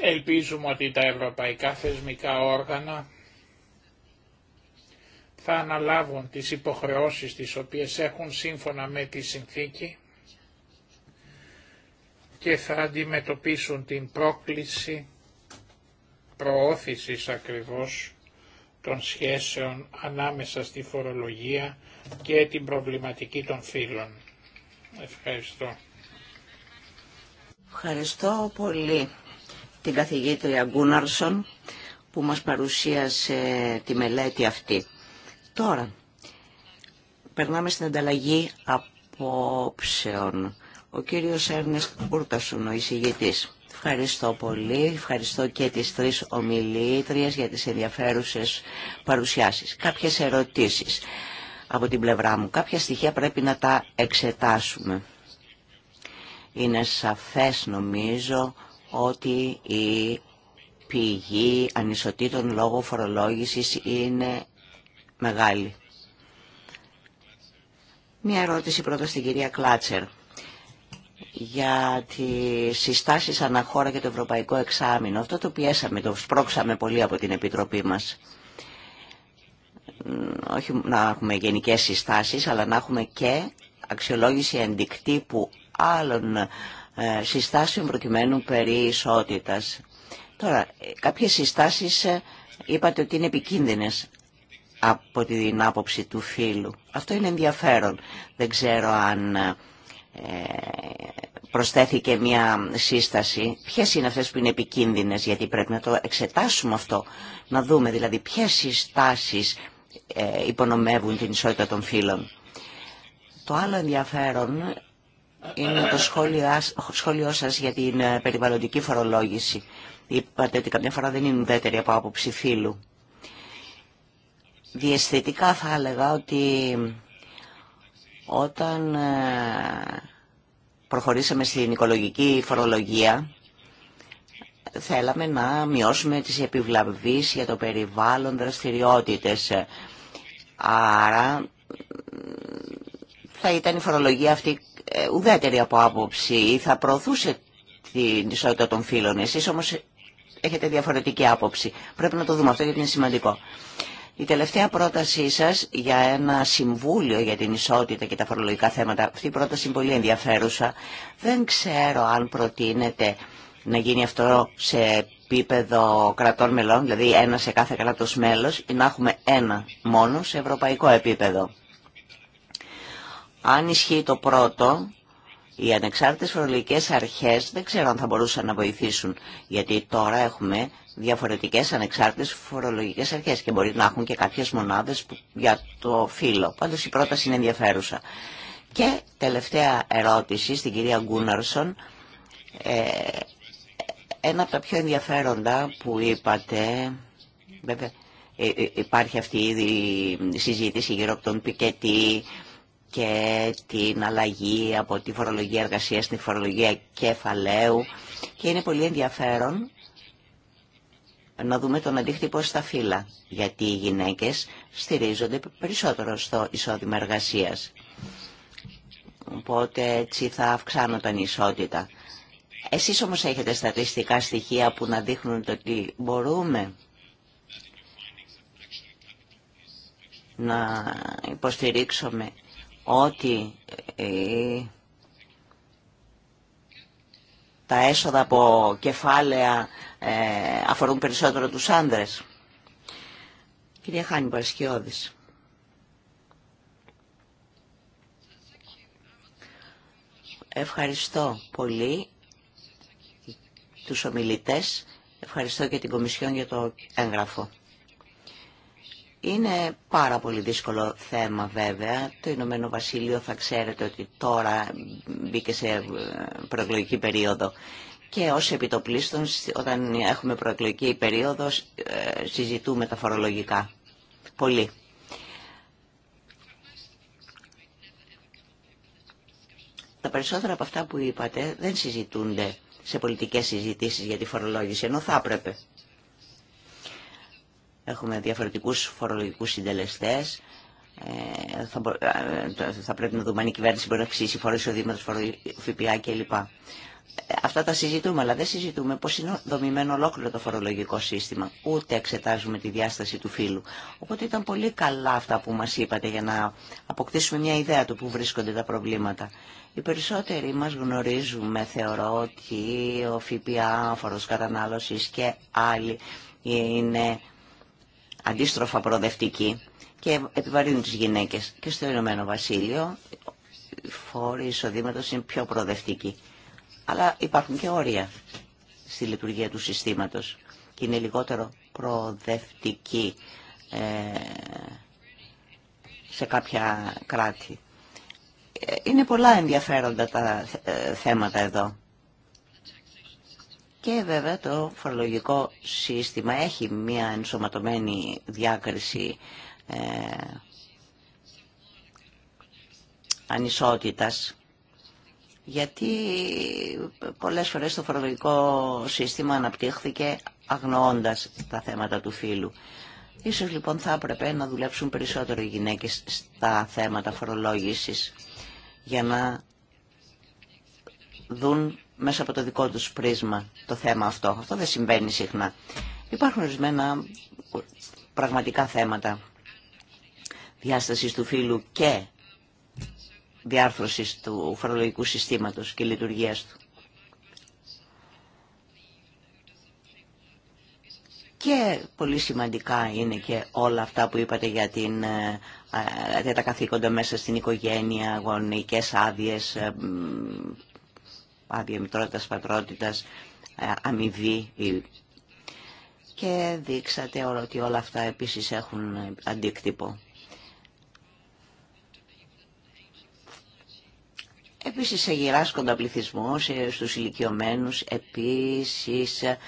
Ελπίζουμε ότι τα ευρωπαϊκά θεσμικά όργανα θα αναλάβουν τις υποχρεώσεις τις οποίες έχουν σύμφωνα με τη συνθήκη και θα αντιμετωπίσουν την πρόκληση προώθησης ακριβώς των σχέσεων ανάμεσα στη φορολογία και την προβληματική των φύλων. Ευχαριστώ. Ευχαριστώ πολύ την καθηγήτρια Γκούναρσον που μας παρουσίασε τη μελέτη αυτή. Τώρα, περνάμε στην ανταλλαγή απόψεων. Ο κύριος Έρνες Κούρτασουν, ο εισηγητής. Ευχαριστώ πολύ. Ευχαριστώ και τις τρεις ομιλήτριες για τις ενδιαφέρουσες παρουσιάσεις. Κάποιες ερωτήσεις από την πλευρά μου. Κάποια στοιχεία πρέπει να τα εξετάσουμε. Είναι σαφές νομίζω ότι η πηγή ανισοτήτων λόγω φορολόγησης είναι μεγάλη. Μία ερώτηση πρώτα στην κυρία Κλάτσερ για τις συστάσεις αναχώρα και το Ευρωπαϊκό Εξάμεινο. Αυτό το πιέσαμε, το σπρώξαμε πολύ από την Επιτροπή μας. Όχι να έχουμε γενικές συστάσεις, αλλά να έχουμε και αξιολόγηση που άλλων ε, συστάσεων προκειμένου περί ισότητας. Τώρα, κάποιες συστάσεις ε, είπατε ότι είναι επικίνδυνες από την άποψη του φίλου. Αυτό είναι ενδιαφέρον. Δεν ξέρω αν ε, προσθέθηκε μια σύσταση. Ποιες είναι αυτές που είναι επικίνδυνες, γιατί πρέπει να το εξετάσουμε αυτό. Να δούμε δηλαδή ποιες συστάσεις ε, υπονομεύουν την ισότητα των φίλων; Το άλλο ενδιαφέρον είναι το σχόλιο σας για την ε, περιβαλλοντική φορολόγηση. Είπατε ότι καμιά φορά δεν είναι ουδέτερη από άποψη φύλου. Διαισθητικά θα έλεγα ότι όταν ε, προχωρήσαμε στην οικολογική φορολογία θέλαμε να μειώσουμε τις επιβλαβείς για το περιβάλλον δραστηριότητες. Άρα θα ήταν η φορολογία αυτή ε, ουδέτερη από άποψη ή θα προωθούσε την ισότητα των φύλων. Εσείς όμως έχετε διαφορετική άποψη. Πρέπει να το δούμε αυτό γιατί είναι σημαντικό. Η τελευταία πρότασή σας για ένα συμβούλιο για την ισότητα και τα φορολογικά θέματα, αυτή η πρόταση είναι πολύ ενδιαφέρουσα. Δεν ξέρω αν προτείνεται να γίνει αυτό σε επίπεδο κρατών μελών, δηλαδή ένα σε κάθε κράτος μέλος, ή να έχουμε ένα μόνο σε ευρωπαϊκό επίπεδο. Αν ισχύει το πρώτο, οι ανεξάρτητες φορολογικές αρχές δεν ξέρω αν θα μπορούσαν να βοηθήσουν, γιατί τώρα έχουμε διαφορετικές ανεξάρτητες φορολογικές αρχές και μπορεί να έχουν και κάποιες μονάδες για το φύλλο. Πάντως η πρόταση είναι ενδιαφέρουσα. Και τελευταία ερώτηση στην κυρία Γκούναρσον. Ε, ένα από τα πιο ενδιαφέροντα που είπατε, βέβαια ε, ε, υπάρχει αυτή η συζήτηση γύρω από τον Πικέτη και την αλλαγή από τη φορολογία εργασίας στην φορολογία κεφαλαίου και είναι πολύ ενδιαφέρον να δούμε τον αντίκτυπο στα φύλλα, γιατί οι γυναίκες στηρίζονται περισσότερο στο εισόδημα εργασίας. Οπότε έτσι θα αυξάνονταν η ισότητα. Εσείς όμως έχετε στατιστικά στοιχεία που να δείχνουν ότι μπορούμε να υποστηρίξουμε ότι ε, τα έσοδα από κεφάλαια ε, αφορούν περισσότερο τους άνδρες. Κυρία Χάνη Παρασκιώδης. Ευχαριστώ πολύ τους ομιλητές. Ευχαριστώ και την Κομισιόν για το έγγραφο. Είναι πάρα πολύ δύσκολο θέμα βέβαια. Το Ηνωμένο Βασίλειο θα ξέρετε ότι τώρα μπήκε σε προεκλογική περίοδο και ως επιτοπλίστων όταν έχουμε προεκλογική περίοδο ε, συζητούμε τα φορολογικά. Πολύ. Τα περισσότερα από αυτά που είπατε δεν συζητούνται σε πολιτικές συζητήσεις για τη φορολόγηση, ενώ θα έπρεπε. Έχουμε διαφορετικούς φορολογικούς συντελεστές. Ε, ε, θα, πρέπει να δούμε αν η κυβέρνηση μπορεί να αυξήσει οδήματος, ΦΠΑ κλπ. Αυτά τα συζητούμε, αλλά δεν συζητούμε πώς είναι δομημένο ολόκληρο το φορολογικό σύστημα, ούτε εξετάζουμε τη διάσταση του φύλου. Οπότε ήταν πολύ καλά αυτά που μας είπατε για να αποκτήσουμε μια ιδέα του που βρίσκονται τα προβλήματα. Οι περισσότεροι μας γνωρίζουμε, θεωρώ, ότι ο ΦΠΑ, ο φορός κατανάλωσης και άλλοι είναι αντίστροφα προοδευτικοί και επιβαρύνουν τις γυναίκες. Και στο Ηνωμένο Βασίλειο οι φόροι εισοδήματος είναι πιο προοδευτικοί αλλά υπάρχουν και όρια στη λειτουργία του συστήματος και είναι λιγότερο προοδευτική ε, σε κάποια κράτη. Ε, είναι πολλά ενδιαφέροντα τα ε, θέματα εδώ. Και βέβαια το φορολογικό σύστημα έχει μια ενσωματωμένη διάκριση ανισότητας γιατί πολλές φορές το φορολογικό σύστημα αναπτύχθηκε αγνοώντας τα θέματα του φύλου. Ίσως λοιπόν θα έπρεπε να δουλέψουν περισσότερο οι γυναίκες στα θέματα φορολόγησης για να δουν μέσα από το δικό τους πρίσμα το θέμα αυτό. Αυτό δεν συμβαίνει συχνά. Υπάρχουν ορισμένα πραγματικά θέματα διάστασης του φύλου και διάρθρωσης του φορολογικού συστήματος και λειτουργίας του. Και πολύ σημαντικά είναι και όλα αυτά που είπατε για, την, ε, ε, τα καθήκοντα μέσα στην οικογένεια, γονικές άδειες, ε, άδεια μητρότητας, πατρότητας, αμοιβή. Και δείξατε ότι όλα αυτά επίσης έχουν αντίκτυπο. Επίσης σε γυράσκοντα πληθυσμό, ε, στους ηλικιωμένους, επίσης ε,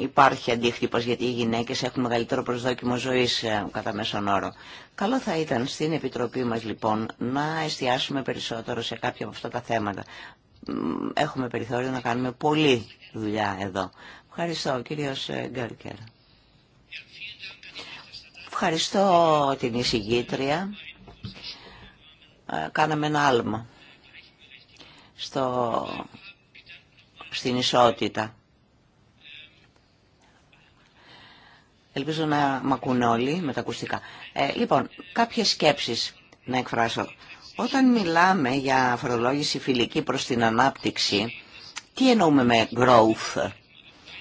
υπάρχει αντίχτυπος γιατί οι γυναίκες έχουν μεγαλύτερο προσδόκιμο ζωής ε, κατά μέσον όρο. Καλό θα ήταν στην Επιτροπή μας λοιπόν να εστιάσουμε περισσότερο σε κάποια από αυτά τα θέματα. Έχουμε περιθώριο να κάνουμε πολλή δουλειά εδώ. Ευχαριστώ κύριος Γκέρκερ. Ευχαριστώ την εισηγήτρια. Κάναμε ένα άλμα στο, στην ισότητα. Ελπίζω να μ' ακούνε όλοι με τα ακουστικά. Ε, λοιπόν, κάποιες σκέψεις να εκφράσω. Όταν μιλάμε για φορολόγηση φιλική προς την ανάπτυξη, τι εννοούμε με growth,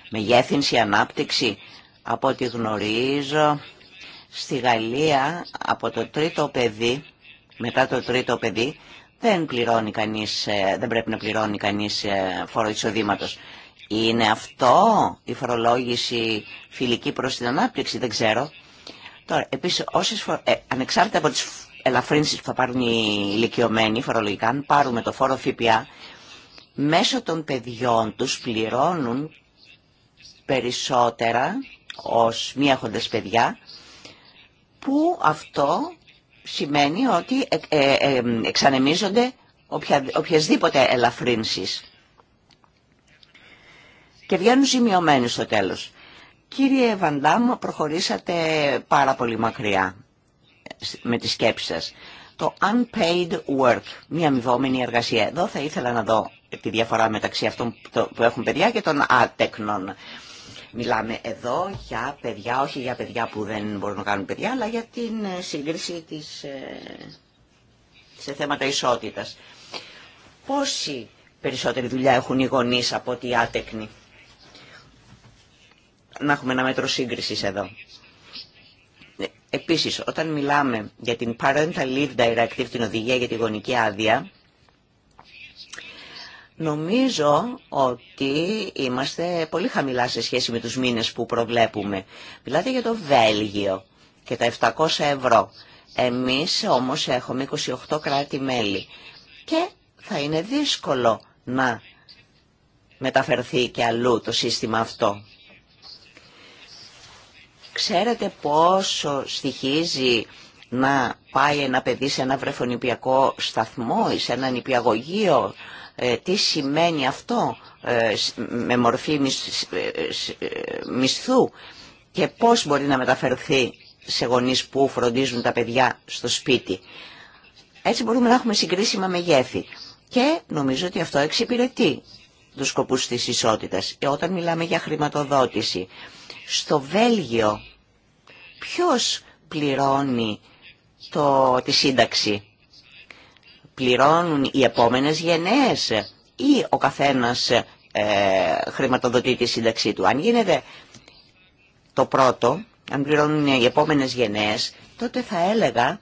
μεγέθυνση, ανάπτυξη. Από ό,τι γνωρίζω, στη Γαλλία από το τρίτο παιδί, μετά το τρίτο παιδί, δεν, πληρώνει κανείς, ε, δεν πρέπει να πληρώνει κανείς ε, φόρο εισοδήματος. Είναι αυτό η φορολόγηση φιλική προς την ανάπτυξη, δεν ξέρω. Τώρα, επίσης, ε, ανεξάρτητα από τις ελαφρύνσεις που θα πάρουν οι ηλικιωμένοι φορολογικά, αν πάρουμε το φόρο ΦΠΑ, μέσω των παιδιών τους πληρώνουν περισσότερα ως μη έχοντες παιδιά, που αυτό σημαίνει ότι ε, ε, ε, εξανεμίζονται οποιασδήποτε ελαφρύνσεις και βγαίνουν ζημιωμένοι στο τέλος. Κύριε Βαντάμ, προχωρήσατε πάρα πολύ μακριά με τη σκέψη σας. Το unpaid work, μια αμοιβόμενη εργασία. Εδώ θα ήθελα να δω τη διαφορά μεταξύ αυτών που έχουν παιδιά και των άτεκνων. Μιλάμε εδώ για παιδιά, όχι για παιδιά που δεν μπορούν να κάνουν παιδιά, αλλά για την ε, σύγκριση της, ε, σε θέματα ισότητας. Πόση περισσότερη δουλειά έχουν οι γονείς από ότι οι άτεκνοι. Να έχουμε ένα μέτρο σύγκρισης εδώ. Ε, επίσης, όταν μιλάμε για την Parental Leave Directive, την οδηγία για τη γονική άδεια, Νομίζω ότι είμαστε πολύ χαμηλά σε σχέση με τους μήνες που προβλέπουμε. Μιλάτε για το Βέλγιο και τα 700 ευρώ. Εμείς όμως έχουμε 28 κράτη-μέλη και θα είναι δύσκολο να μεταφερθεί και αλλού το σύστημα αυτό. Ξέρετε πόσο στοιχίζει να πάει ένα παιδί σε ένα βρεφονιπιακό σταθμό ή σε ένα νηπιαγωγείο ε, τι σημαίνει αυτό ε, με μορφή ε, μισθού και πώς μπορεί να μεταφερθεί σε γονείς που φροντίζουν τα παιδιά στο σπίτι. Έτσι μπορούμε να έχουμε συγκρίσιμα μεγέθη. Και νομίζω ότι αυτό εξυπηρετεί τους σκοπούς της ισότητας. Όταν μιλάμε για χρηματοδότηση, στο Βέλγιο ποιος πληρώνει το, τη σύνταξη πληρώνουν οι επόμενες γενναίες ή ο καθένας ε, χρηματοδοτεί τη σύνταξή του. Αν γίνεται το πρώτο, αν πληρώνουν οι επόμενες γενναίες, τότε θα έλεγα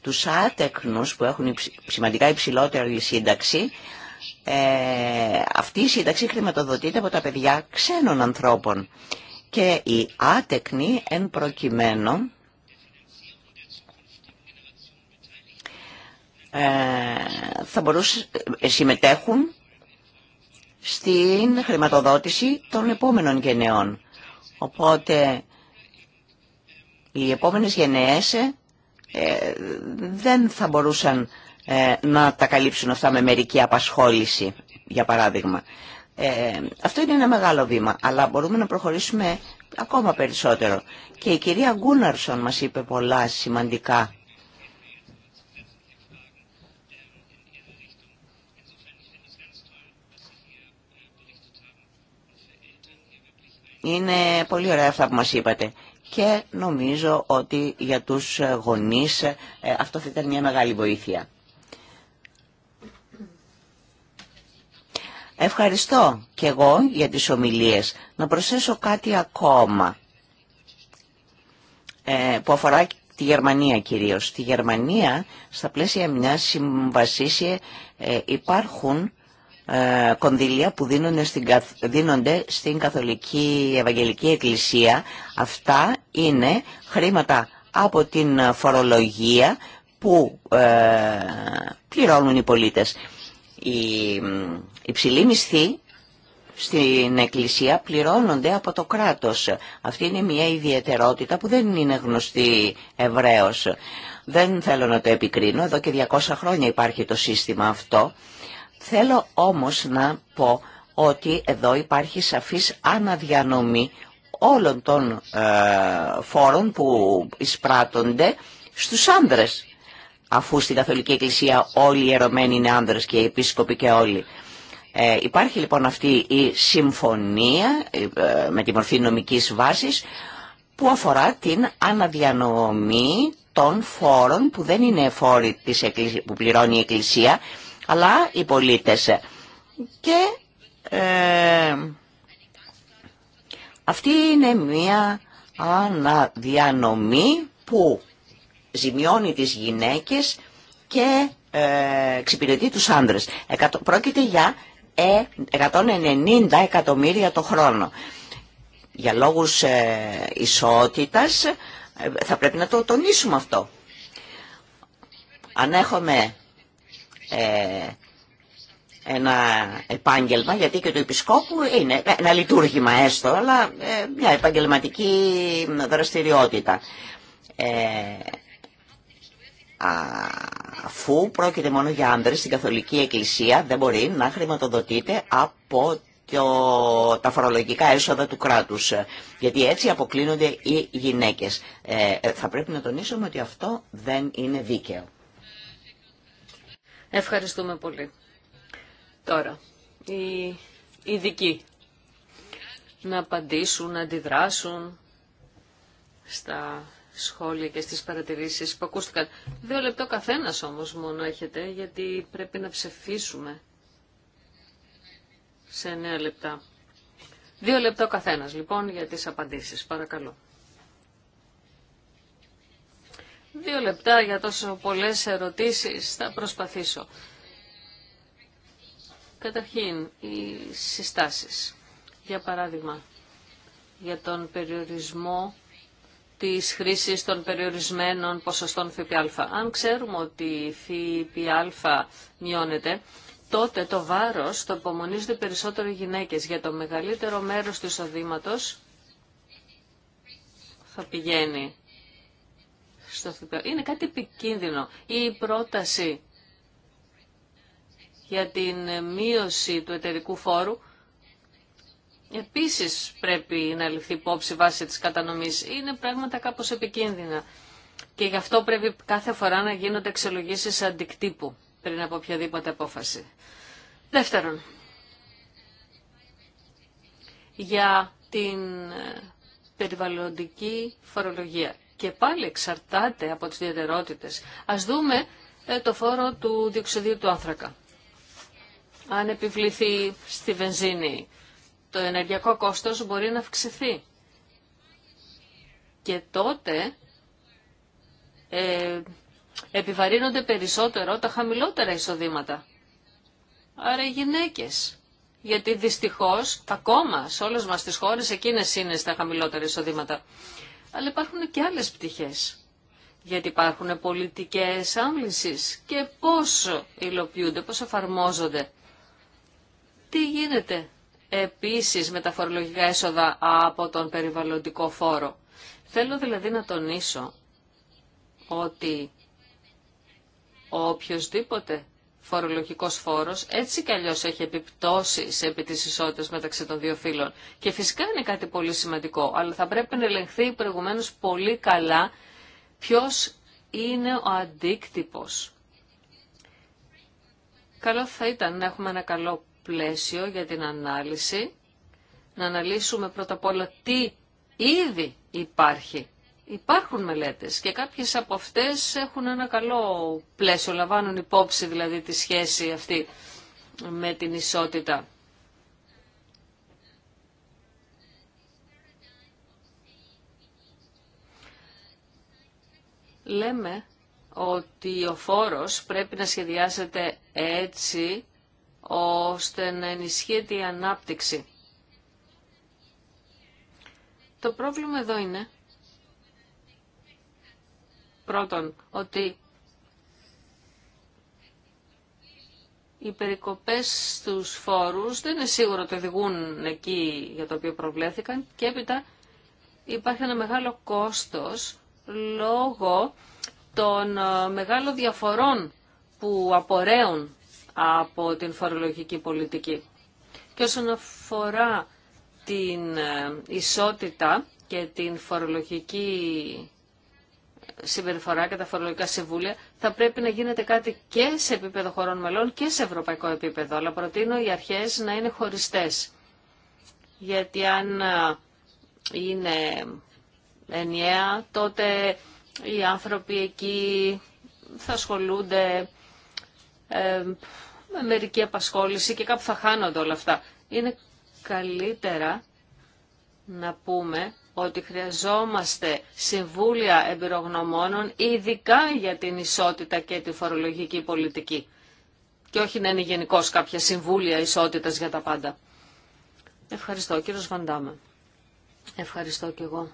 τους άτεκνους που έχουν σημαντικά υψηλότερη σύνταξη, ε, αυτή η σύνταξη χρηματοδοτείται από τα παιδιά ξένων ανθρώπων. Και οι άτεκνοι εν προκειμένου Ε, θα μπορούσαν ε, συμμετέχουν στην χρηματοδότηση των επόμενων γενεών. Οπότε οι επόμενες γενναίες ε, δεν θα μπορούσαν να τα καλύψουν αυτά με μερική απασχόληση, για παράδειγμα. Αυτό είναι ένα μεγάλο βήμα, αλλά μπορούμε να προχωρήσουμε ακόμα περισσότερο. Και η κυρία Γκούναρσον μας είπε πολλά σημαντικά Είναι πολύ ωραία αυτά που μας είπατε. Και νομίζω ότι για τους γονείς ε, αυτό θα ήταν μια μεγάλη βοήθεια. Ευχαριστώ και εγώ για τις ομιλίες. Να προσθέσω κάτι ακόμα ε, που αφορά τη Γερμανία κυρίως. Στη Γερμανία, στα πλαίσια μιας συμβασίση, ε, υπάρχουν ε, κονδύλια που δίνονται στην Καθολική Ευαγγελική Εκκλησία. Αυτά είναι χρήματα από την φορολογία που ε, πληρώνουν οι πολίτες. Η υψηλή μισθή στην Εκκλησία πληρώνονται από το κράτος. Αυτή είναι μια ιδιαιτερότητα που δεν είναι γνωστή ευρέως. Δεν θέλω να το επικρίνω, εδώ και 200 χρόνια υπάρχει το σύστημα αυτό. Θέλω όμως να πω ότι εδώ υπάρχει σαφής αναδιανομή όλων των ε, φόρων που εισπράττονται στους άνδρες. Αφού στην Καθολική Εκκλησία όλοι οι ερωμένοι είναι άνδρες και οι επίσκοποι και όλοι. Ε, υπάρχει λοιπόν αυτή η συμφωνία ε, με τη μορφή νομικής βάσης που αφορά την αναδιανομή των φόρων που δεν είναι φόροι της που πληρώνει η Εκκλησία αλλά οι πολίτες. Και ε, αυτή είναι μια αναδιανομή που ζημιώνει τις γυναίκες και ε, εξυπηρετεί τους άντρες. Εκατο, πρόκειται για ε, 190 εκατομμύρια το χρόνο. Για λόγους ε, ισότητας ε, θα πρέπει να το τονίσουμε αυτό. Αν έχουμε ε, ένα επάγγελμα, γιατί και το επισκόπου είναι ένα λειτουργήμα έστω, αλλά ε, μια επαγγελματική δραστηριότητα. Ε, αφού πρόκειται μόνο για άνδρες στην Καθολική Εκκλησία δεν μπορεί να χρηματοδοτείται από το, τα φορολογικά έσοδα του κράτους γιατί έτσι αποκλίνονται οι γυναίκες θα πρέπει να τονίσουμε ότι αυτό δεν είναι δίκαιο Ευχαριστούμε πολύ. Τώρα, οι ειδικοί να απαντήσουν, να αντιδράσουν στα σχόλια και στις παρατηρήσεις που ακούστηκαν. Δύο λεπτό καθένας όμως μόνο έχετε, γιατί πρέπει να ψηφίσουμε σε νέα λεπτά. Δύο λεπτό καθένας λοιπόν για τις απαντήσεις. Παρακαλώ. Δύο λεπτά για τόσο πολλές ερωτήσεις. Θα προσπαθήσω. Καταρχήν, οι συστάσεις. Για παράδειγμα, για τον περιορισμό της χρήσης των περιορισμένων ποσοστών ΦΠΑ. Αν ξέρουμε ότι η ΦΠΑ μειώνεται, τότε το βάρος το απομονίζονται περισσότερο οι γυναίκες. Για το μεγαλύτερο μέρος του εισοδήματο θα πηγαίνει είναι κάτι επικίνδυνο. Η πρόταση για την μείωση του εταιρικού φόρου επίσης πρέπει να ληφθεί υπόψη βάσει της κατανομής. Είναι πράγματα κάπως επικίνδυνα. Και γι' αυτό πρέπει κάθε φορά να γίνονται εξελογήσει αντικτύπου πριν από οποιαδήποτε απόφαση. Δεύτερον, για την περιβαλλοντική φορολογία και πάλι εξαρτάται από τις ιδιαιτερότητες. Ας δούμε ε, το φόρο του διοξιδίου του άνθρακα. Αν επιβληθεί στη βενζίνη, το ενεργειακό κόστος μπορεί να αυξηθεί. Και τότε ε, επιβαρύνονται περισσότερο τα χαμηλότερα εισοδήματα. Άρα οι γυναίκες. Γιατί δυστυχώς ακόμα σε όλες μας τις χώρες εκείνες είναι στα χαμηλότερα εισοδήματα αλλά υπάρχουν και άλλες πτυχές. Γιατί υπάρχουν πολιτικές άμβλησης και πώς υλοποιούνται, πώς εφαρμόζονται. Τι γίνεται επίσης με τα φορολογικά έσοδα από τον περιβαλλοντικό φόρο. Θέλω δηλαδή να τονίσω ότι οποιοδήποτε φορολογικό φόρος, έτσι κι αλλιώ έχει επιπτώσεις επί της ισότητας μεταξύ των δύο φύλων. Και φυσικά είναι κάτι πολύ σημαντικό, αλλά θα πρέπει να ελεγχθεί προηγουμένω πολύ καλά ποιο είναι ο αντίκτυπο. Καλό θα ήταν να έχουμε ένα καλό πλαίσιο για την ανάλυση, να αναλύσουμε πρώτα απ' όλα τι ήδη υπάρχει Υπάρχουν μελέτες και κάποιες από αυτές έχουν ένα καλό πλαίσιο, λαμβάνουν υπόψη δηλαδή τη σχέση αυτή με την ισότητα. Λέμε ότι ο φόρος πρέπει να σχεδιάζεται έτσι ώστε να ενισχύεται η ανάπτυξη. Το πρόβλημα εδώ είναι Πρώτον, ότι οι περικοπές στους φόρους δεν είναι σίγουρο ότι οδηγούν εκεί για το οποίο προβλέθηκαν και έπειτα υπάρχει ένα μεγάλο κόστος λόγω των ε, μεγάλων διαφορών που απορρέουν από την φορολογική πολιτική. Και όσον αφορά την ε, ισότητα και την φορολογική συμπεριφορά και τα φορολογικά συμβούλια, θα πρέπει να γίνεται κάτι και σε επίπεδο χωρών μελών και σε ευρωπαϊκό επίπεδο. Αλλά προτείνω οι αρχές να είναι χωριστές. Γιατί αν ε, είναι ενιαία, τότε οι άνθρωποι εκεί θα ασχολούνται ε, με μερική απασχόληση και κάπου θα χάνονται όλα αυτά. Είναι καλύτερα να πούμε ότι χρειαζόμαστε συμβούλια εμπειρογνωμόνων ειδικά για την ισότητα και τη φορολογική πολιτική και όχι να είναι γενικώ κάποια συμβούλια ισότητα για τα πάντα. Ευχαριστώ κύριο Βαντάμε. Ευχαριστώ και εγώ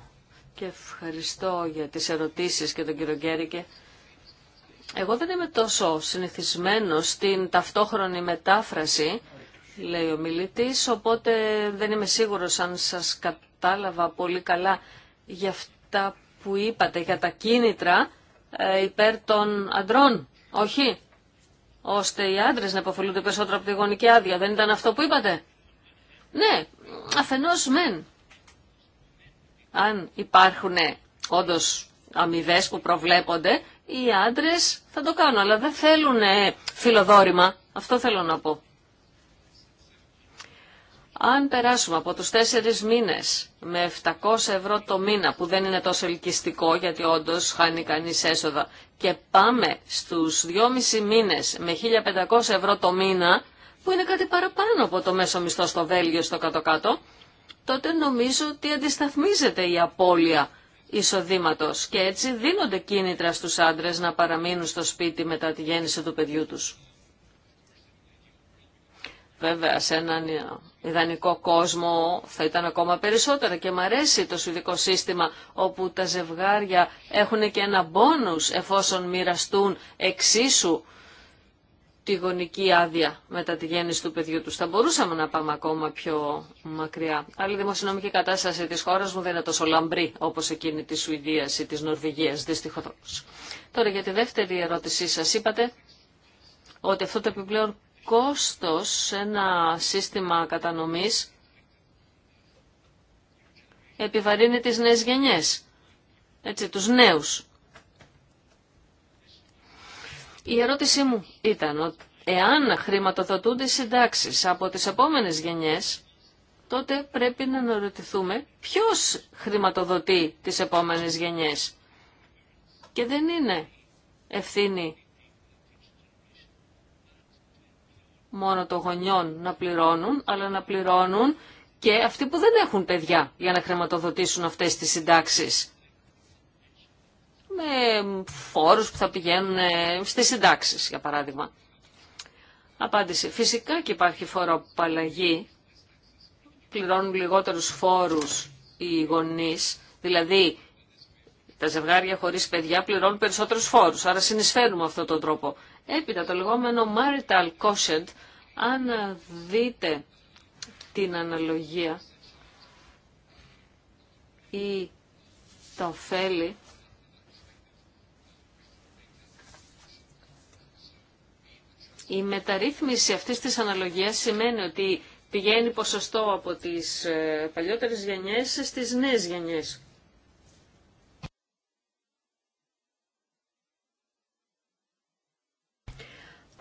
και ευχαριστώ για τις ερωτήσεις και τον κύριο Γκέρικε. Εγώ δεν είμαι τόσο συνηθισμένος στην ταυτόχρονη μετάφραση, λέει ο μιλητής, οπότε δεν είμαι σίγουρος αν σας κατάλαβα κατάλαβα πολύ καλά για αυτά που είπατε, για τα κίνητρα ε, υπέρ των αντρών, όχι, ώστε οι άντρες να υποφελούνται περισσότερο από τη γονική άδεια. Δεν ήταν αυτό που είπατε. Ναι, αφενός μεν. Αν υπάρχουν ε, όντως αμοιβέ που προβλέπονται, οι άντρες θα το κάνουν, αλλά δεν θέλουν φιλοδόρημα. Αυτό θέλω να πω. Αν περάσουμε από τους τέσσερις μήνες με 700 ευρώ το μήνα, που δεν είναι τόσο ελκυστικό γιατί όντως χάνει κανείς έσοδα, και πάμε στους δυόμισι μήνες με 1.500 ευρώ το μήνα, που είναι κάτι παραπάνω από το μέσο μισθό στο Βέλγιο στο κάτω-κάτω, τότε νομίζω ότι αντισταθμίζεται η απώλεια εισοδήματος και έτσι δίνονται κίνητρα στους άντρες να παραμείνουν στο σπίτι μετά τη γέννηση του παιδιού τους. Βέβαια, σε έναν ιδανικό κόσμο θα ήταν ακόμα περισσότερο και μου αρέσει το σουηδικό σύστημα όπου τα ζευγάρια έχουν και ένα μπόνους εφόσον μοιραστούν εξίσου τη γονική άδεια μετά τη γέννηση του παιδιού τους. Θα μπορούσαμε να πάμε ακόμα πιο μακριά. Αλλά η δημοσιονομική κατάσταση της χώρας μου δεν είναι τόσο λαμπρή όπως εκείνη της Σουηδίας ή της Νορβηγίας, δυστυχώς. Τώρα για τη δεύτερη ερώτησή σας είπατε ότι αυτό το επιπλέον κόστος σε ένα σύστημα κατανομής επιβαρύνει τις νέες γενιές, έτσι, τους νέους. Η ερώτησή μου ήταν ότι εάν χρηματοδοτούνται οι συντάξεις από τις επόμενες γενιές, τότε πρέπει να αναρωτηθούμε ποιος χρηματοδοτεί τις επόμενες γενιές. Και δεν είναι ευθύνη μόνο των γονιών να πληρώνουν, αλλά να πληρώνουν και αυτοί που δεν έχουν παιδιά για να χρηματοδοτήσουν αυτές τις συντάξεις. Με φόρους που θα πηγαίνουν ε, στις συντάξεις, για παράδειγμα. Απάντηση. Φυσικά και υπάρχει φοροπαλλαγή. Πληρώνουν λιγότερους φόρους οι γονείς, δηλαδή τα ζευγάρια χωρίς παιδιά πληρώνουν περισσότερου φόρου. άρα συνεισφέρουμε με αυτόν τον τρόπο. Έπειτα το λεγόμενο marital quotient, αν δείτε την αναλογία ή τα ωφέλη, Η μεταρρύθμιση αυτής της αναλογίας σημαίνει ότι πηγαίνει ποσοστό από τις ε, παλιότερες γενιές στις νέες γενιές.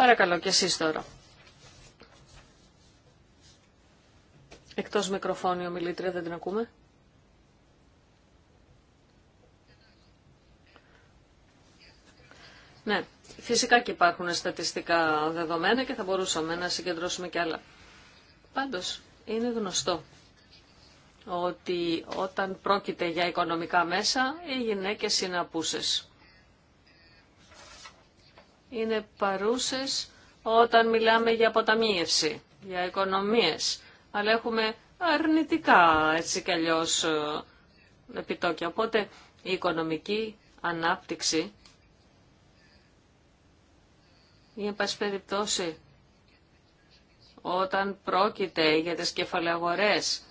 Παρακαλώ και εσείς τώρα. Εκτός μικροφώνου ομιλήτρια, δεν την ακούμε. Ναι, φυσικά και υπάρχουν στατιστικά δεδομένα και θα μπορούσαμε να συγκεντρώσουμε κι άλλα. Πάντως, είναι γνωστό ότι όταν πρόκειται για οικονομικά μέσα, οι γυναίκες είναι απούσες είναι παρούσες όταν μιλάμε για αποταμίευση, για οικονομίες. Αλλά έχουμε αρνητικά έτσι κι αλλιώς ε, επιτόκια. Οπότε η οικονομική ανάπτυξη ή εν πάση περιπτώσει όταν πρόκειται για τις κεφαλαγορές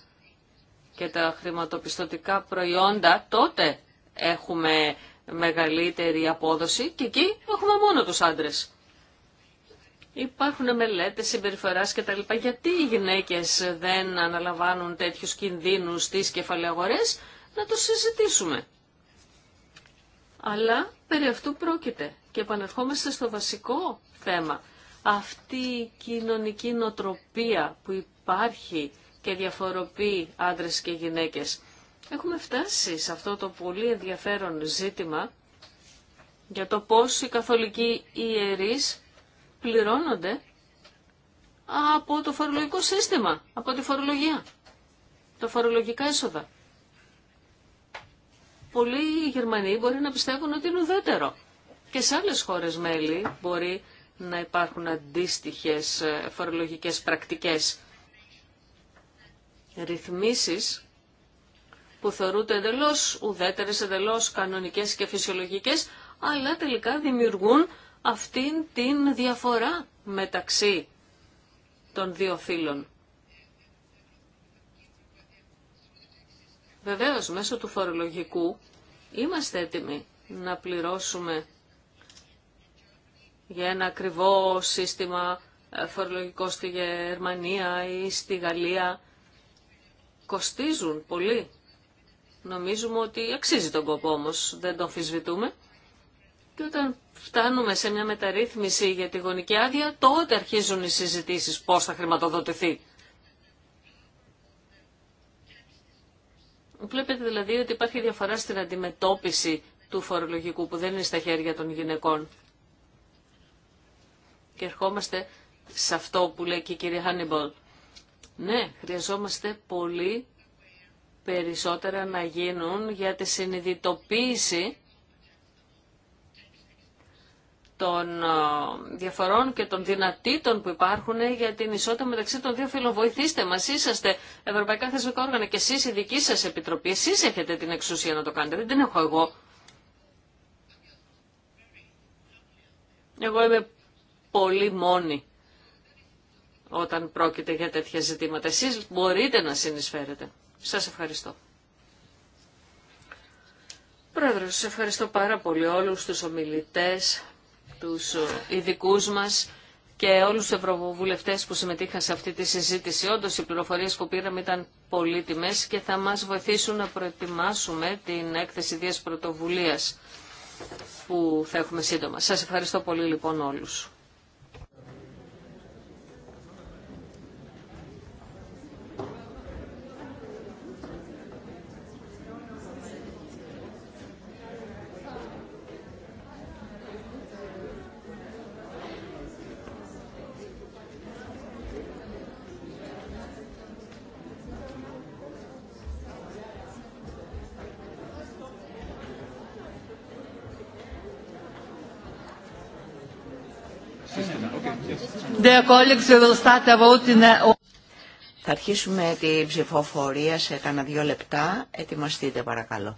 και τα χρηματοπιστωτικά προϊόντα, τότε έχουμε μεγαλύτερη απόδοση και εκεί έχουμε μόνο τους άντρες. Υπάρχουν μελέτες συμπεριφορά και τα λοιπά. Γιατί οι γυναίκες δεν αναλαμβάνουν τέτοιους κινδύνους στις κεφαλαιαγορές, να το συζητήσουμε. Αλλά περί αυτού πρόκειται και επανερχόμαστε στο βασικό θέμα. Αυτή η κοινωνική νοτροπία που υπάρχει και διαφοροποιεί άντρες και γυναίκες. Έχουμε φτάσει σε αυτό το πολύ ενδιαφέρον ζήτημα για το πώς οι καθολικοί ιερείς πληρώνονται από το φορολογικό σύστημα, από τη φορολογία, τα φορολογικά έσοδα. Πολλοί Γερμανοί μπορεί να πιστεύουν ότι είναι ουδέτερο. Και σε άλλες χώρες μέλη μπορεί να υπάρχουν αντίστοιχες ε, φορολογικές πρακτικές. Ρυθμίσεις που θεωρούνται εντελώ ουδέτερες, εντελώ κανονικές και φυσιολογικές, αλλά τελικά δημιουργούν αυτήν την διαφορά μεταξύ των δύο φύλων. Βεβαίως, μέσω του φορολογικού είμαστε έτοιμοι να πληρώσουμε για ένα ακριβό σύστημα ε, φορολογικό στη Γερμανία ή στη Γαλλία. Κοστίζουν πολύ Νομίζουμε ότι αξίζει τον κόπο όμως, δεν τον φυσβητούμε. Και όταν φτάνουμε σε μια μεταρρύθμιση για τη γονική άδεια, τότε αρχίζουν οι συζητήσεις πώς θα χρηματοδοτηθεί. Βλέπετε δηλαδή ότι υπάρχει διαφορά στην αντιμετώπιση του φορολογικού που δεν είναι στα χέρια των γυναικών. Και ερχόμαστε σε αυτό που λέει και η κυρία Χάνιμπολ. Ναι, χρειαζόμαστε πολύ περισσότερα να γίνουν για τη συνειδητοποίηση των ε, διαφορών και των δυνατήτων που υπάρχουν για την ισότητα μεταξύ των δύο φύλων. Βοηθήστε μας, είσαστε ευρωπαϊκά θεσμικά όργανα και εσείς η δική σας επιτροπή, εσείς έχετε την εξουσία να το κάνετε, δεν την έχω εγώ. Εγώ είμαι πολύ μόνη όταν πρόκειται για τέτοια ζητήματα. Εσείς μπορείτε να συνεισφέρετε. Σας ευχαριστώ. Πρόεδρος, σας ευχαριστώ πάρα πολύ όλους τους ομιλητές, τους ειδικού μας και όλους τους ευρωβουλευτές που συμμετείχαν σε αυτή τη συζήτηση. Όντως οι πληροφορίες που πήραμε ήταν πολύτιμες και θα μας βοηθήσουν να προετοιμάσουμε την έκθεση Δίας Πρωτοβουλίας που θα έχουμε σύντομα. Σας ευχαριστώ πολύ λοιπόν όλους. Θα αρχίσουμε την ψηφοφορία σε κάνα δύο λεπτά. Ετοιμαστείτε παρακαλώ.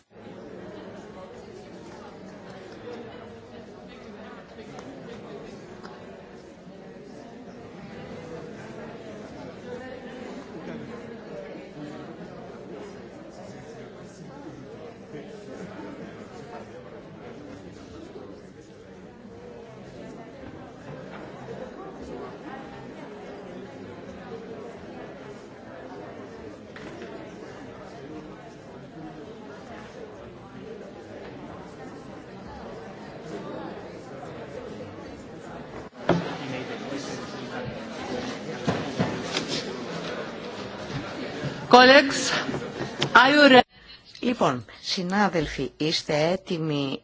Λοιπόν, συνάδελφοι, είστε έτοιμοι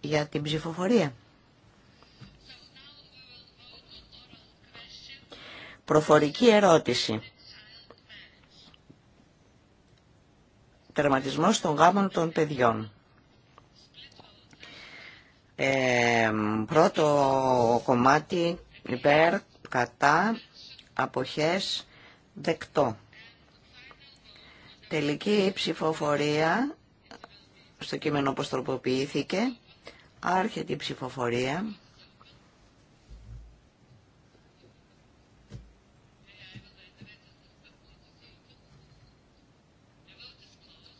για την ψηφοφορία. Προφορική ερώτηση. Τερματισμός των γάμων των παιδιών. Ε, πρώτο κομμάτι υπέρ, κατά, αποχές, δεκτό. Τελική ψηφοφορία στο κείμενο όπως τροποποιήθηκε. Άρχεται η ψηφοφορία.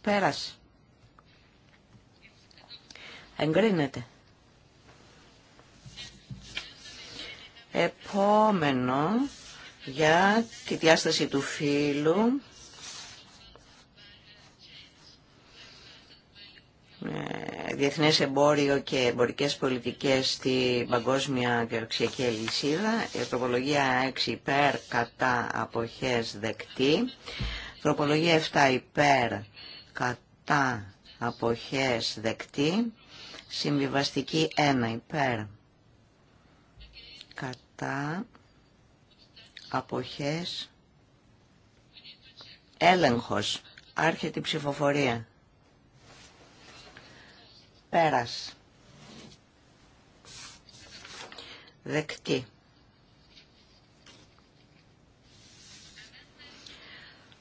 Πέρασε. Εγκρίνεται. Επόμενο για τη διάσταση του φύλου Ε, διεθνές εμπόριο και εμπορικές πολιτικές στη παγκόσμια διαρξιακή αλυσίδα. Η τροπολογία 6 υπέρ κατά αποχές δεκτή. Τροπολογία 7 υπέρ κατά αποχές δεκτή. Συμβιβαστική 1 υπέρ κατά αποχές έλεγχος. Άρχεται η ψηφοφορία. Πέρας. Δεκτή.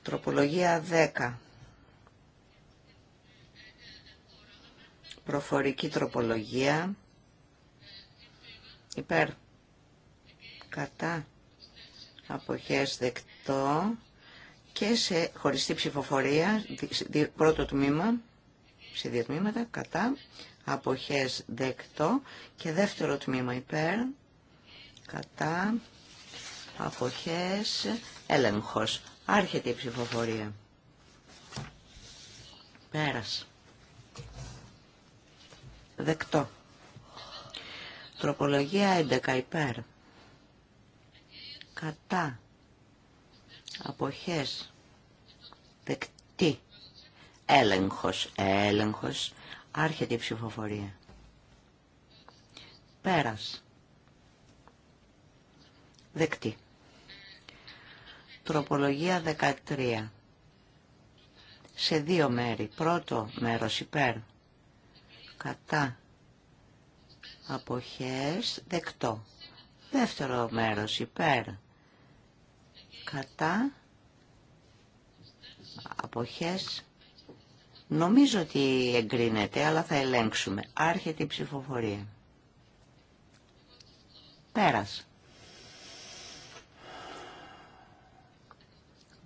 Τροπολογία 10. Προφορική τροπολογία. Υπέρ. Κατά. Αποχές δεκτό. Και σε χωριστή ψηφοφορία, πρώτο τμήμα σε τμήματα, κατά, αποχές δεκτό και δεύτερο τμήμα υπέρ, κατά, αποχές, έλεγχος. Άρχεται η ψηφοφορία. Πέρας. Δεκτό. Τροπολογία 11 υπέρ. Κατά. Αποχές. Δεκτή. Έλεγχος, έλεγχος. Άρχεται η ψηφοφορία. Πέρας. Δεκτή. Τροπολογία 13. Σε δύο μέρη. Πρώτο μέρος υπέρ. Κατά. Αποχές. Δεκτό. Δεύτερο μέρος υπέρ. Κατά. Αποχές. Νομίζω ότι εγκρίνεται, αλλά θα ελέγξουμε. Άρχεται η ψηφοφορία. Πέρας.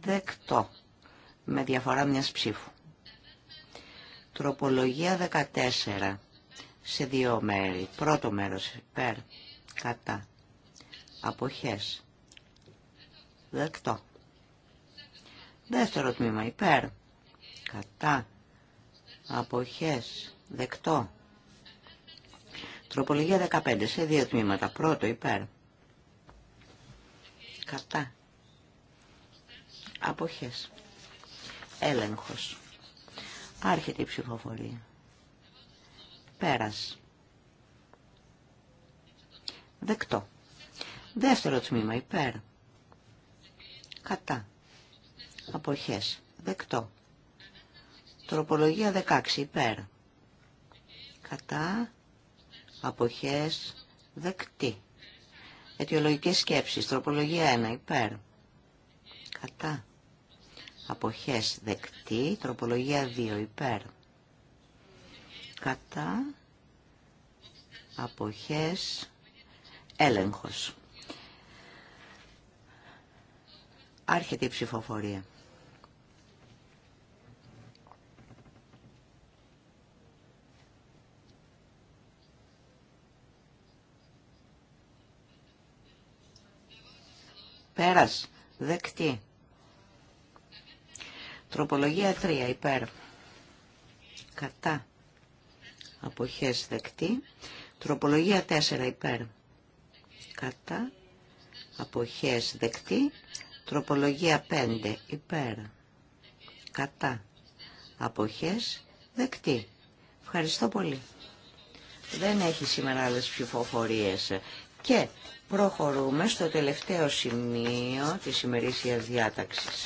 Δεκτό. Με διαφορά μιας ψήφου. Τροπολογία 14. Σε δύο μέρη. Πρώτο μέρος. Πέρ. Κατά. Αποχές. Δεκτό. Δεύτερο τμήμα. Υπέρ. Κατά αποχές, δεκτό. Τροπολογία 15 σε δύο τμήματα. Πρώτο υπέρ. Κατά. Αποχές. Έλεγχος. Άρχεται η ψηφοφορία. Πέρας. Δεκτό. Δεύτερο τμήμα υπέρ. Κατά. Αποχές. Δεκτό. Τροπολογία 16 υπέρ. Κατά αποχές δεκτή. Αιτιολογικές σκέψεις. Τροπολογία 1 υπέρ. Κατά αποχές δεκτή. Τροπολογία 2 υπέρ. Κατά αποχές έλεγχος. Άρχεται η ψηφοφορία. Πέρας. Δεκτή. Τροπολογία 3. Υπέρ. Κατά. Αποχές δεκτή. Τροπολογία 4. Υπέρ. Κατά. Αποχές δεκτή. Τροπολογία 5. Υπέρ. Κατά. Αποχές δεκτή. Ευχαριστώ πολύ. Δεν έχει σήμερα άλλες ψηφοφορίες. Και Προχωρούμε στο τελευταίο σημείο της ημερήσιας διάταξης.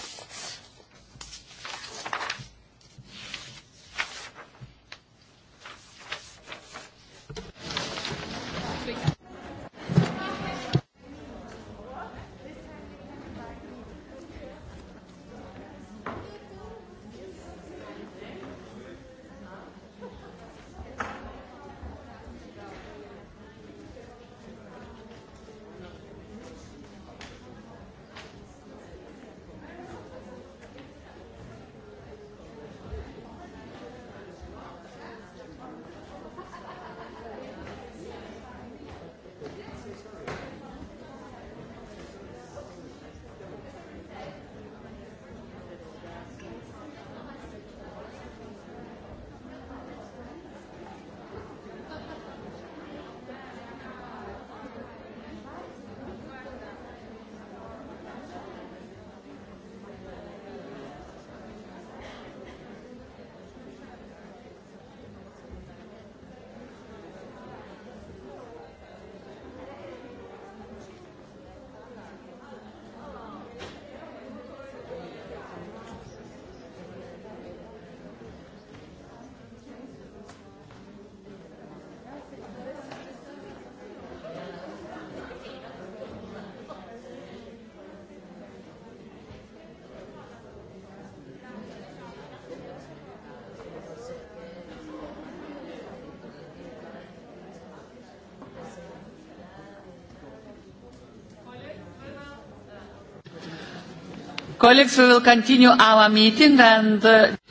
will uh,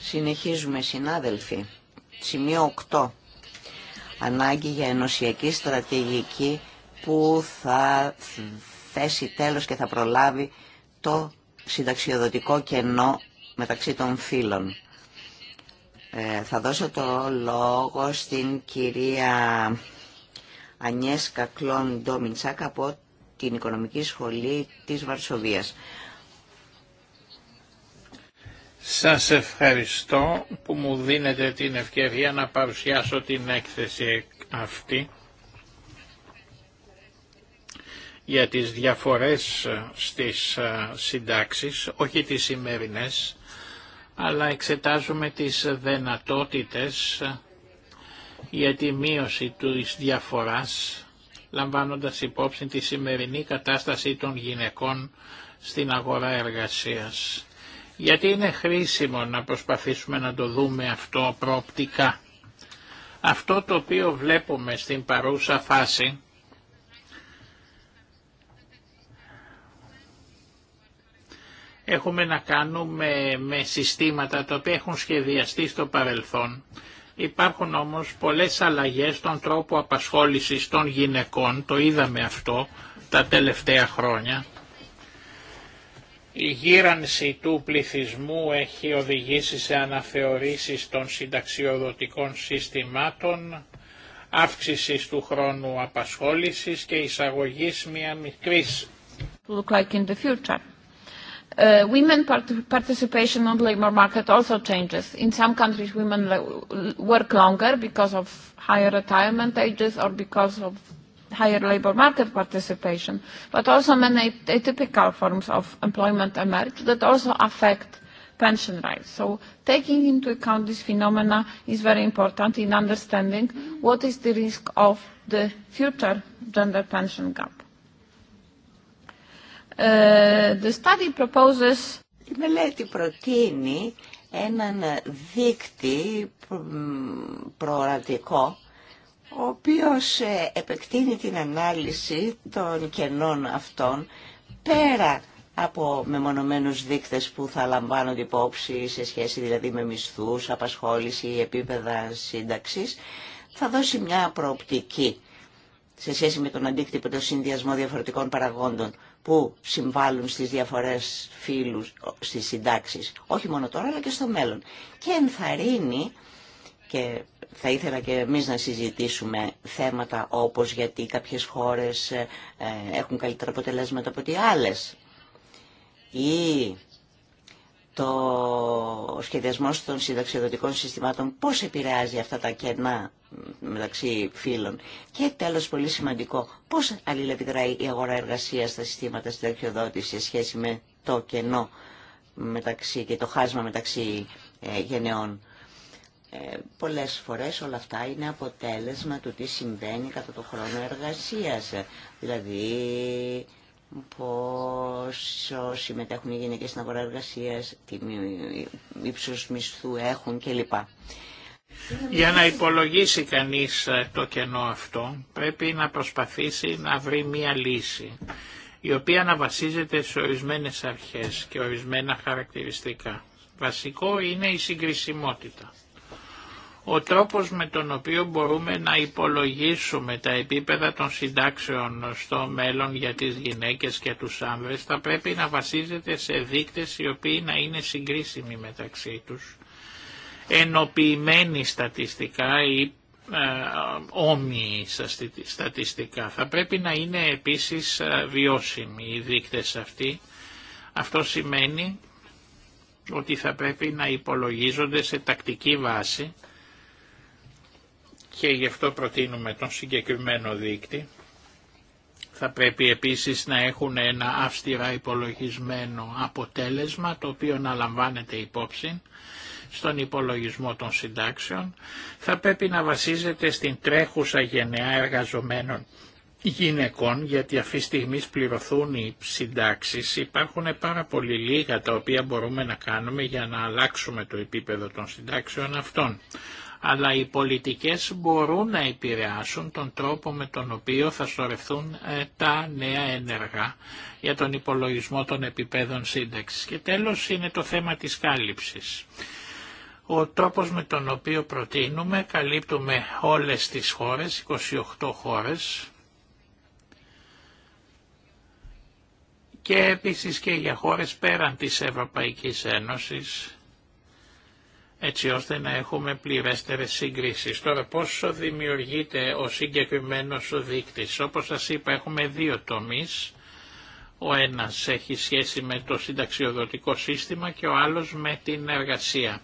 Συνεχίζουμε, συνάδελφοι. Σημείο 8. Ανάγκη για ενωσιακή στρατηγική που θα θέσει τέλος και θα προλάβει το συνταξιοδοτικό κενό μεταξύ των φίλων. Ε, θα δώσω το λόγο στην κυρία Ανιέσκα Κλόν Ντόμιντσάκ από την Οικονομική Σχολή της Βαρσοβίας. Σας ευχαριστώ που μου δίνετε την ευκαιρία να παρουσιάσω την έκθεση αυτή για τις διαφορές στις ε, συντάξεις, όχι τις σημερινές, αλλά εξετάζουμε τις δυνατότητες για τη μείωση της διαφοράς, λαμβάνοντας υπόψη τη σημερινή κατάσταση των γυναικών στην αγορά εργασίας γιατί είναι χρήσιμο να προσπαθήσουμε να το δούμε αυτό προοπτικά. Αυτό το οποίο βλέπουμε στην παρούσα φάση έχουμε να κάνουμε με συστήματα τα οποία έχουν σχεδιαστεί στο παρελθόν. Υπάρχουν όμως πολλές αλλαγές στον τρόπο απασχόλησης των γυναικών, το είδαμε αυτό τα τελευταία χρόνια η γύρανση του πληθυσμού έχει οδηγήσει σε αναθεωρήσεις των συνταξιοδοτικών συστημάτων, αύξηση του χρόνου απασχόλησης και εισαγωγή μια μικρή. Look like in the future. Uh, women participation on the labor market also changes. In some countries, women work longer because of higher retirement ages or because of higher labour market participation, but also many atypical forms of employment emerge that also affect pension rights. So taking into account this phenomena is very important in understanding what is the risk of the future gender pension gap. The study proposes... Η μελέτη προτείνει έναν δείκτη προορατικό ο οποίος ε, επεκτείνει την ανάλυση των κενών αυτών πέρα από μεμονωμένους δείκτες που θα λαμβάνονται υπόψη σε σχέση δηλαδή με μισθούς, απασχόληση ή επίπεδα σύνταξης, θα δώσει μια προοπτική σε σχέση με τον αντίκτυπο των συνδυασμό διαφορετικών παραγόντων που συμβάλλουν στις διαφορές φύλους στις συντάξεις, όχι μόνο τώρα αλλά και στο μέλλον. Και ενθαρρύνει και θα ήθελα και εμείς να συζητήσουμε θέματα όπως γιατί κάποιες χώρες ε, ε, έχουν καλύτερα αποτελέσματα από ότι άλλες. Ή το σχεδιασμό των συνταξιδοτικών συστημάτων πώς επηρεάζει αυτά τα κενά μεταξύ φύλων. τι σημαντικό, πώς αλληλεπιδράει η το σχεδιασμο των συνταξιοδοτικων συστηματων πως επηρεαζει αυτα τα κενα μεταξυ εργασίας στα συστήματα συνταξιοδότηση σε σχέση με το κενό μεταξύ, και το χάσμα μεταξύ ε, γενεών. Ε, πολλές φορές όλα αυτά είναι αποτέλεσμα του τι συμβαίνει κατά το χρόνο εργασίας. Ε, δηλαδή πόσο συμμετέχουν οι γυναίκες στην αγορά εργασίας, τι ύψος μισθού έχουν κλπ. Για να υπολογίσει κανείς ε, το κενό αυτό πρέπει να προσπαθήσει να βρει μία λύση η οποία να βασίζεται σε ορισμένες αρχές και ορισμένα χαρακτηριστικά. Βασικό είναι η συγκρισιμότητα ο τρόπος με τον οποίο μπορούμε να υπολογίσουμε τα επίπεδα των συντάξεων στο μέλλον για τις γυναίκες και τους άνδρες θα πρέπει να βασίζεται σε δείκτες οι οποίοι να είναι συγκρίσιμοι μεταξύ τους, ενοποιημένοι στατιστικά ή ε, όμοιοι στατιστικά. Θα πρέπει να είναι επίσης ε, βιώσιμοι οι δείκτες αυτοί. Αυτό σημαίνει ότι θα πρέπει να υπολογίζονται σε τακτική βάση και γι' αυτό προτείνουμε τον συγκεκριμένο δείκτη. Θα πρέπει επίσης να έχουν ένα αυστηρά υπολογισμένο αποτέλεσμα το οποίο να λαμβάνεται υπόψη στον υπολογισμό των συντάξεων. Θα πρέπει να βασίζεται στην τρέχουσα γενεά εργαζομένων γυναικών, γιατί αυτή τη στιγμή πληρωθούν οι συντάξεις. Υπάρχουν πάρα πολύ λίγα τα οποία μπορούμε να κάνουμε για να αλλάξουμε το επίπεδο των συντάξεων αυτών αλλά οι πολιτικές μπορούν να επηρεάσουν τον τρόπο με τον οποίο θα σωρευτούν ε, τα νέα ένεργα για τον υπολογισμό των επιπέδων σύνταξης. Και τέλος είναι το θέμα της κάλυψης. Ο τρόπος με τον οποίο προτείνουμε, καλύπτουμε όλες τις χώρες, 28 χώρες, και επίσης και για χώρες πέραν της Ευρωπαϊκής Ένωσης, έτσι ώστε να έχουμε πληρέστερες συγκρίσεις. Τώρα πόσο δημιουργείται ο συγκεκριμένος δείκτης. Όπως σας είπα έχουμε δύο τομείς. Ο ένας έχει σχέση με το συνταξιοδοτικό σύστημα και ο άλλος με την εργασία.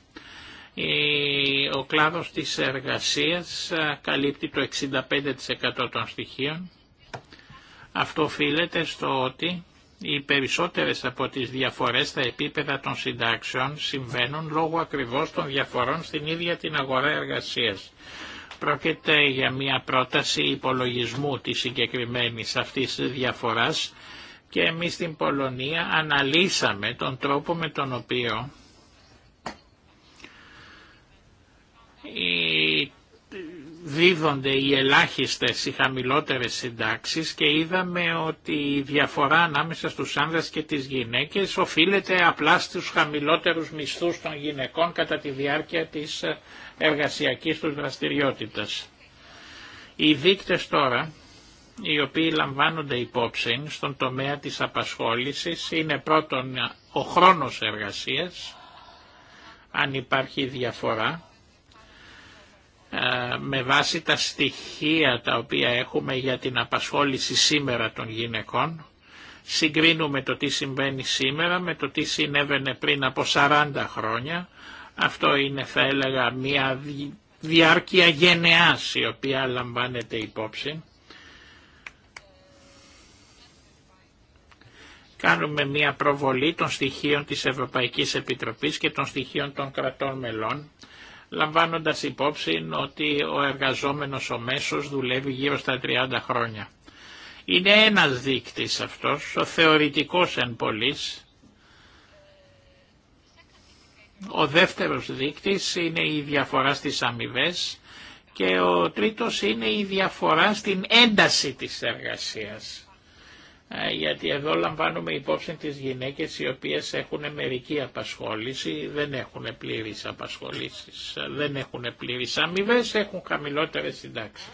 Ο κλάδος της εργασίας καλύπτει το 65% των στοιχείων. Αυτό οφείλεται στο ότι οι περισσότερες από τις διαφορές στα επίπεδα των συντάξεων συμβαίνουν λόγω ακριβώς των διαφορών στην ίδια την αγορά εργασίας. Πρόκειται για μια πρόταση υπολογισμού της συγκεκριμένης αυτής διαφοράς και εμείς στην Πολωνία αναλύσαμε τον τρόπο με τον οποίο δίδονται οι ελάχιστες, οι χαμηλότερες συντάξεις και είδαμε ότι η διαφορά ανάμεσα στους άνδρες και τις γυναίκες οφείλεται απλά στους χαμηλότερους μισθούς των γυναικών κατά τη διάρκεια της ε, εργασιακής τους δραστηριότητας. Οι δείκτες τώρα, οι οποίοι λαμβάνονται υπόψη στον τομέα της απασχόλησης, είναι πρώτον ο χρόνος εργασίας, αν υπάρχει διαφορά, ε, με βάση τα στοιχεία τα οποία έχουμε για την απασχόληση σήμερα των γυναικών, συγκρίνουμε το τι συμβαίνει σήμερα με το τι συνέβαινε πριν από 40 χρόνια. Αυτό είναι θα έλεγα μια διάρκεια γενεάς η οποία λαμβάνεται υπόψη. Κάνουμε μια προβολή των στοιχείων της Ευρωπαϊκής Επιτροπής και των στοιχείων των κρατών μελών λαμβάνοντας υπόψη ότι ο εργαζόμενος ο μέσος δουλεύει γύρω στα 30 χρόνια. Είναι ένας δείκτης αυτός, ο θεωρητικός εν πολλής. Ο δεύτερος δείκτης είναι η διαφορά στις αμοιβέ και ο τρίτος είναι η διαφορά στην ένταση της εργασίας. Ε, γιατί εδώ λαμβάνουμε υπόψη τις γυναίκες οι οποίες έχουν μερική απασχόληση, δεν έχουν πλήρης απασχολήσει. Ε, δεν έχουν πλήρης αμοιβέ, έχουν χαμηλότερες συντάξεις.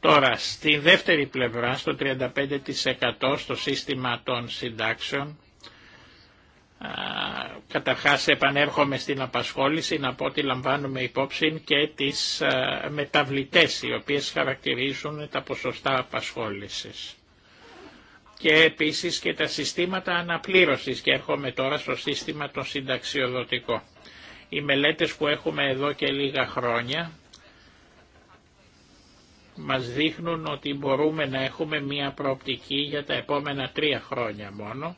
Τώρα, στη δεύτερη πλευρά, στο 35% στο σύστημα των συντάξεων, ε, καταρχάς επανέρχομαι στην απασχόληση να πω ότι λαμβάνουμε υπόψη και τις μεταβλητές οι οποίες χαρακτηρίζουν τα ποσοστά απασχόλησης και επίσης και τα συστήματα αναπλήρωσης και έρχομαι τώρα στο σύστημα το συνταξιοδοτικό. Οι μελέτες που έχουμε εδώ και λίγα χρόνια μας δείχνουν ότι μπορούμε να έχουμε μία προοπτική για τα επόμενα τρία χρόνια μόνο.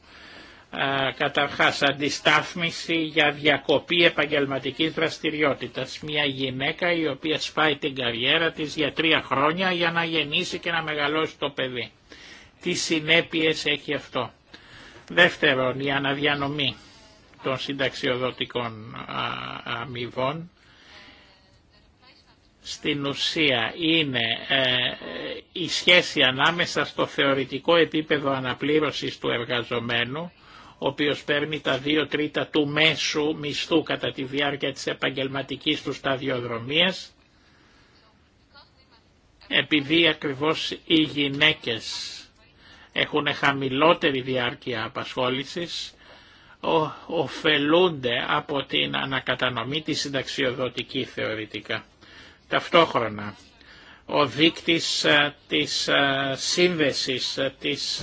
Καταρχάς αντιστάθμιση για διακοπή επαγγελματικής δραστηριότητας. Μια γυναίκα η οποία σπάει την καριέρα της για τρία χρόνια για να γεννήσει και να μεγαλώσει το παιδί τι συνέπειες έχει αυτό. Δεύτερον, η αναδιανομή των συνταξιοδοτικών αμοιβών στην ουσία είναι ε, η σχέση ανάμεσα στο θεωρητικό επίπεδο αναπλήρωσης του εργαζομένου, ο οποίος παίρνει τα δύο τρίτα του μέσου μισθού κατά τη διάρκεια της επαγγελματικής του σταδιοδρομίας, επειδή ακριβώς οι γυναίκες έχουν χαμηλότερη διάρκεια απασχόλησης, ωφελούνται από την ανακατανομή της συνταξιοδοτική θεωρητικά. Ταυτόχρονα, ο δείκτης ε, της ε, σύνδεσης ε, της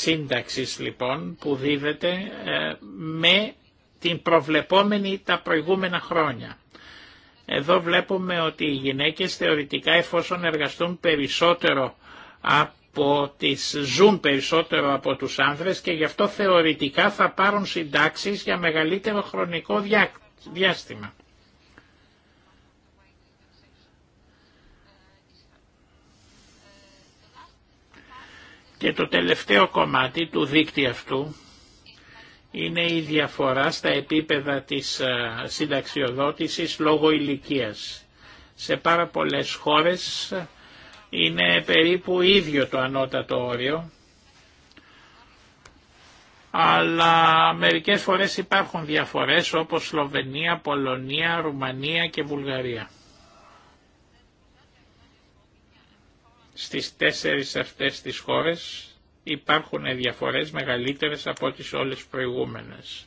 σύνταξης λοιπόν που δίδεται με την προβλεπόμενη τα προηγούμενα χρόνια. Εδώ βλέπουμε ότι οι γυναίκες θεωρητικά εφόσον εργαστούν περισσότερο από τις ζουν περισσότερο από τους άνδρες και γι' αυτό θεωρητικά θα πάρουν συντάξεις για μεγαλύτερο χρονικό διάστημα. Και το τελευταίο κομμάτι του δίκτυα αυτού είναι η διαφορά στα επίπεδα της ε, συνταξιοδότησης λόγω ηλικίας. Σε πάρα πολλές χώρες είναι περίπου ίδιο το ανώτατο όριο, αλλά μερικές φορές υπάρχουν διαφορές όπως Σλοβενία, Πολωνία, Ρουμανία και Βουλγαρία. Στις τέσσερις αυτές τις χώρες υπάρχουν διαφορές μεγαλύτερες από τις όλες προηγούμενες.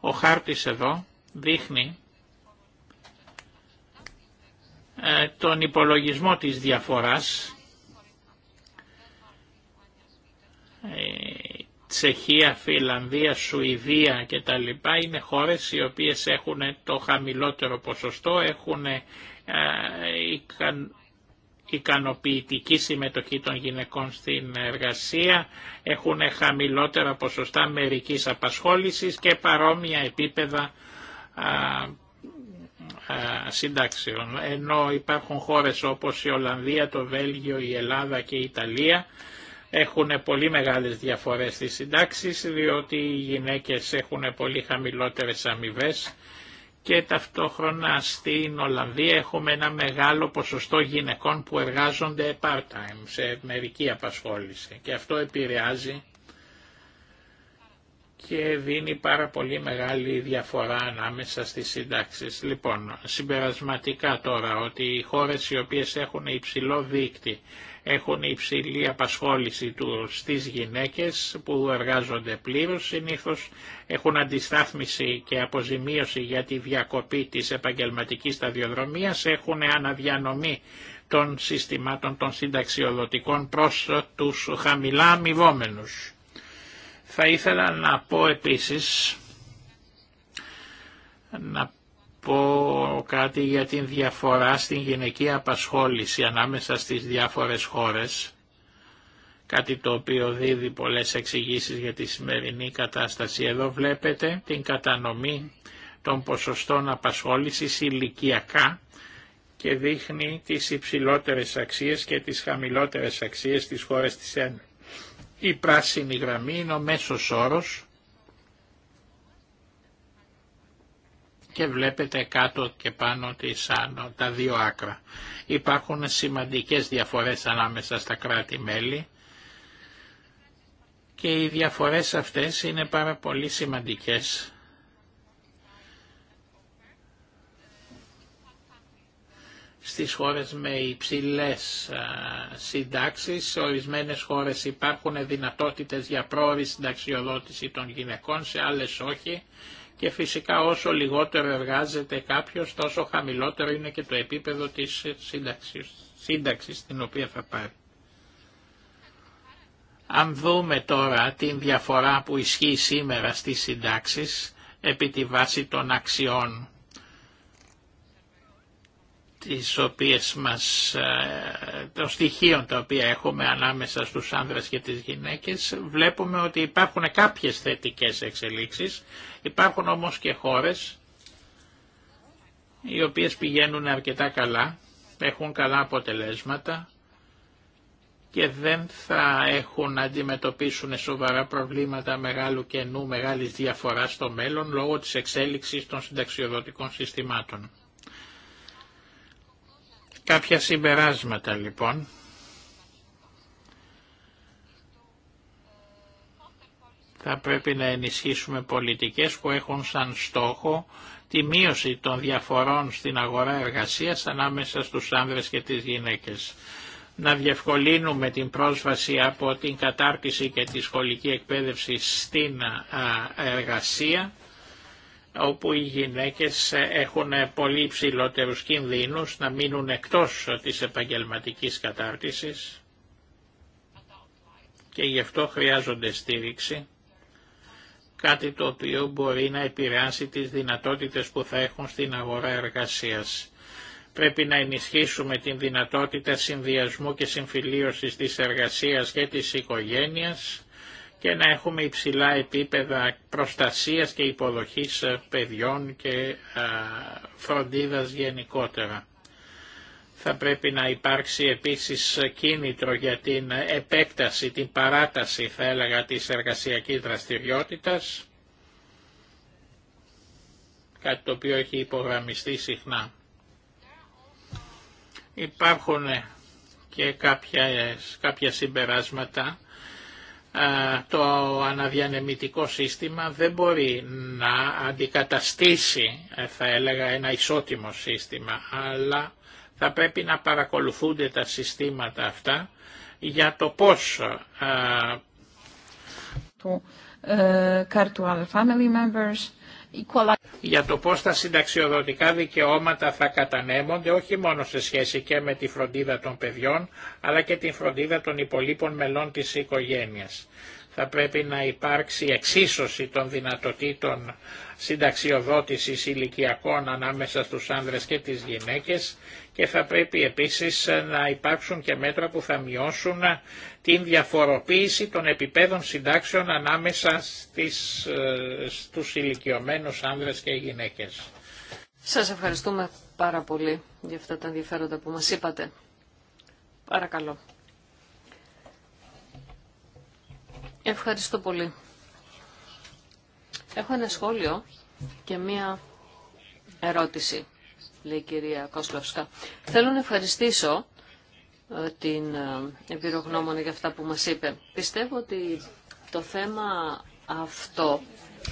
Ο χάρτης εδώ δείχνει ε, τον υπολογισμό της διαφοράς ε, Τσεχία, Φιλανδία, Σουηδία και τα λοιπά είναι χώρες οι οποίες έχουν το χαμηλότερο ποσοστό, έχουν ε, ικανοποιητική συμμετοχή των γυναικών στην εργασία, έχουν χαμηλότερα ποσοστά μερικής απασχόλησης και παρόμοια επίπεδα συντάξεων. Ενώ υπάρχουν χώρες όπως η Ολλανδία, το Βέλγιο, η Ελλάδα και η Ιταλία έχουν πολύ μεγάλες διαφορές στις συντάξεις διότι οι γυναίκες έχουν πολύ χαμηλότερες αμοιβέ και ταυτόχρονα στην Ολλανδία έχουμε ένα μεγάλο ποσοστό γυναικών που εργάζονται part-time σε μερική απασχόληση και αυτό επηρεάζει και δίνει πάρα πολύ μεγάλη διαφορά ανάμεσα στις συντάξεις. Λοιπόν, συμπερασματικά τώρα ότι οι χώρες οι οποίες έχουν υψηλό δίκτυ, έχουν υψηλή απασχόληση του στις γυναίκες που εργάζονται πλήρως, συνήθως έχουν αντιστάθμιση και αποζημίωση για τη διακοπή της επαγγελματικής σταδιοδρομίας, έχουν αναδιανομή των συστημάτων των συνταξιοδοτικών προς τους χαμηλά αμοιβόμενους. Θα ήθελα να πω επίσης να πω κάτι για την διαφορά στην γυναική απασχόληση ανάμεσα στις διάφορες χώρες, κάτι το οποίο δίδει πολλές εξηγήσει για τη σημερινή κατάσταση. Εδώ βλέπετε την κατανομή των ποσοστών απασχόλησης ηλικιακά και δείχνει τις υψηλότερες αξίες και τις χαμηλότερες αξίες στις χώρες της Ένωσης. Η πράσινη γραμμή είναι ο μέσος όρος και βλέπετε κάτω και πάνω της άνω τα δύο άκρα. Υπάρχουν σημαντικές διαφορές ανάμεσα στα κράτη-μέλη και οι διαφορές αυτές είναι πάρα πολύ σημαντικές στις χώρες με υψηλές συντάξεις. Σε ορισμένες χώρες υπάρχουν δυνατότητες για πρόορη συνταξιοδότηση των γυναικών, σε άλλες όχι. Και φυσικά όσο λιγότερο εργάζεται κάποιος, τόσο χαμηλότερο είναι και το επίπεδο της σύνταξης, σύνταξης την οποία θα πάρει. Αν δούμε τώρα την διαφορά που ισχύει σήμερα στις συντάξεις επί τη βάση των αξιών τις οποίες μας, ε, των στοιχείων τα οποία έχουμε ανάμεσα στους άνδρες και τις γυναίκες, βλέπουμε ότι υπάρχουν κάποιες θετικές εξελίξεις, υπάρχουν όμως και χώρες οι οποίες πηγαίνουν αρκετά καλά, έχουν καλά αποτελέσματα και δεν θα έχουν να αντιμετωπίσουν σοβαρά προβλήματα μεγάλου κενού, μεγάλης διαφοράς στο μέλλον λόγω της εξέλιξης των συνταξιοδοτικών συστημάτων. Κάποια συμπεράσματα λοιπόν. Θα πρέπει να ενισχύσουμε πολιτικές που έχουν σαν στόχο τη μείωση των διαφορών στην αγορά εργασίας ανάμεσα στους άνδρες και τις γυναίκες. Να διευκολύνουμε την πρόσβαση από την κατάρτιση και τη σχολική εκπαίδευση στην εργασία όπου οι γυναίκες έχουν πολύ υψηλότερους κινδύνους να μείνουν εκτός της επαγγελματικής κατάρτισης και γι' αυτό χρειάζονται στήριξη, κάτι το οποίο μπορεί να επηρεάσει τις δυνατότητες που θα έχουν στην αγορά εργασίας. Πρέπει να ενισχύσουμε την δυνατότητα συνδυασμού και συμφιλίωσης της εργασίας και της οικογένειας, και να έχουμε υψηλά επίπεδα προστασίας και υποδοχής ε, παιδιών και ε, φροντίδας γενικότερα. Θα πρέπει να υπάρξει επίσης ε, κίνητρο για την επέκταση, την παράταση θα έλεγα της εργασιακής δραστηριότητας, κάτι το οποίο έχει υπογραμμιστεί συχνά. Υπάρχουν και κάποια, κάποια συμπεράσματα το αναδιανεμητικό σύστημα δεν μπορεί να αντικαταστήσει, ε, θα έλεγα, ένα ισότιμο σύστημα, αλλά θα πρέπει να παρακολουθούνται τα συστήματα αυτά για το πώς ε, family members για το πώς τα συνταξιοδοτικά δικαιώματα θα κατανέμονται όχι μόνο σε σχέση και με τη φροντίδα των παιδιών αλλά και τη φροντίδα των υπολείπων μελών της οικογένειας θα πρέπει να υπάρξει εξίσωση των δυνατοτήτων συνταξιοδότησης ηλικιακών ανάμεσα στους άνδρες και τις γυναίκες και θα πρέπει επίσης να υπάρξουν και μέτρα που θα μειώσουν την διαφοροποίηση των επιπέδων συντάξεων ανάμεσα στις, ε, στους ηλικιωμένους άνδρες και γυναίκες. Σας ευχαριστούμε πάρα πολύ για αυτά τα ενδιαφέροντα που μας είπατε. Παρακαλώ. Ευχαριστώ πολύ. Έχω ένα σχόλιο και μία ερώτηση, λέει η κυρία Κόσλαυσκα. Θέλω να ευχαριστήσω ε, την ε, εμπειρογνώμονα για αυτά που μας είπε. Πιστεύω ότι το θέμα αυτό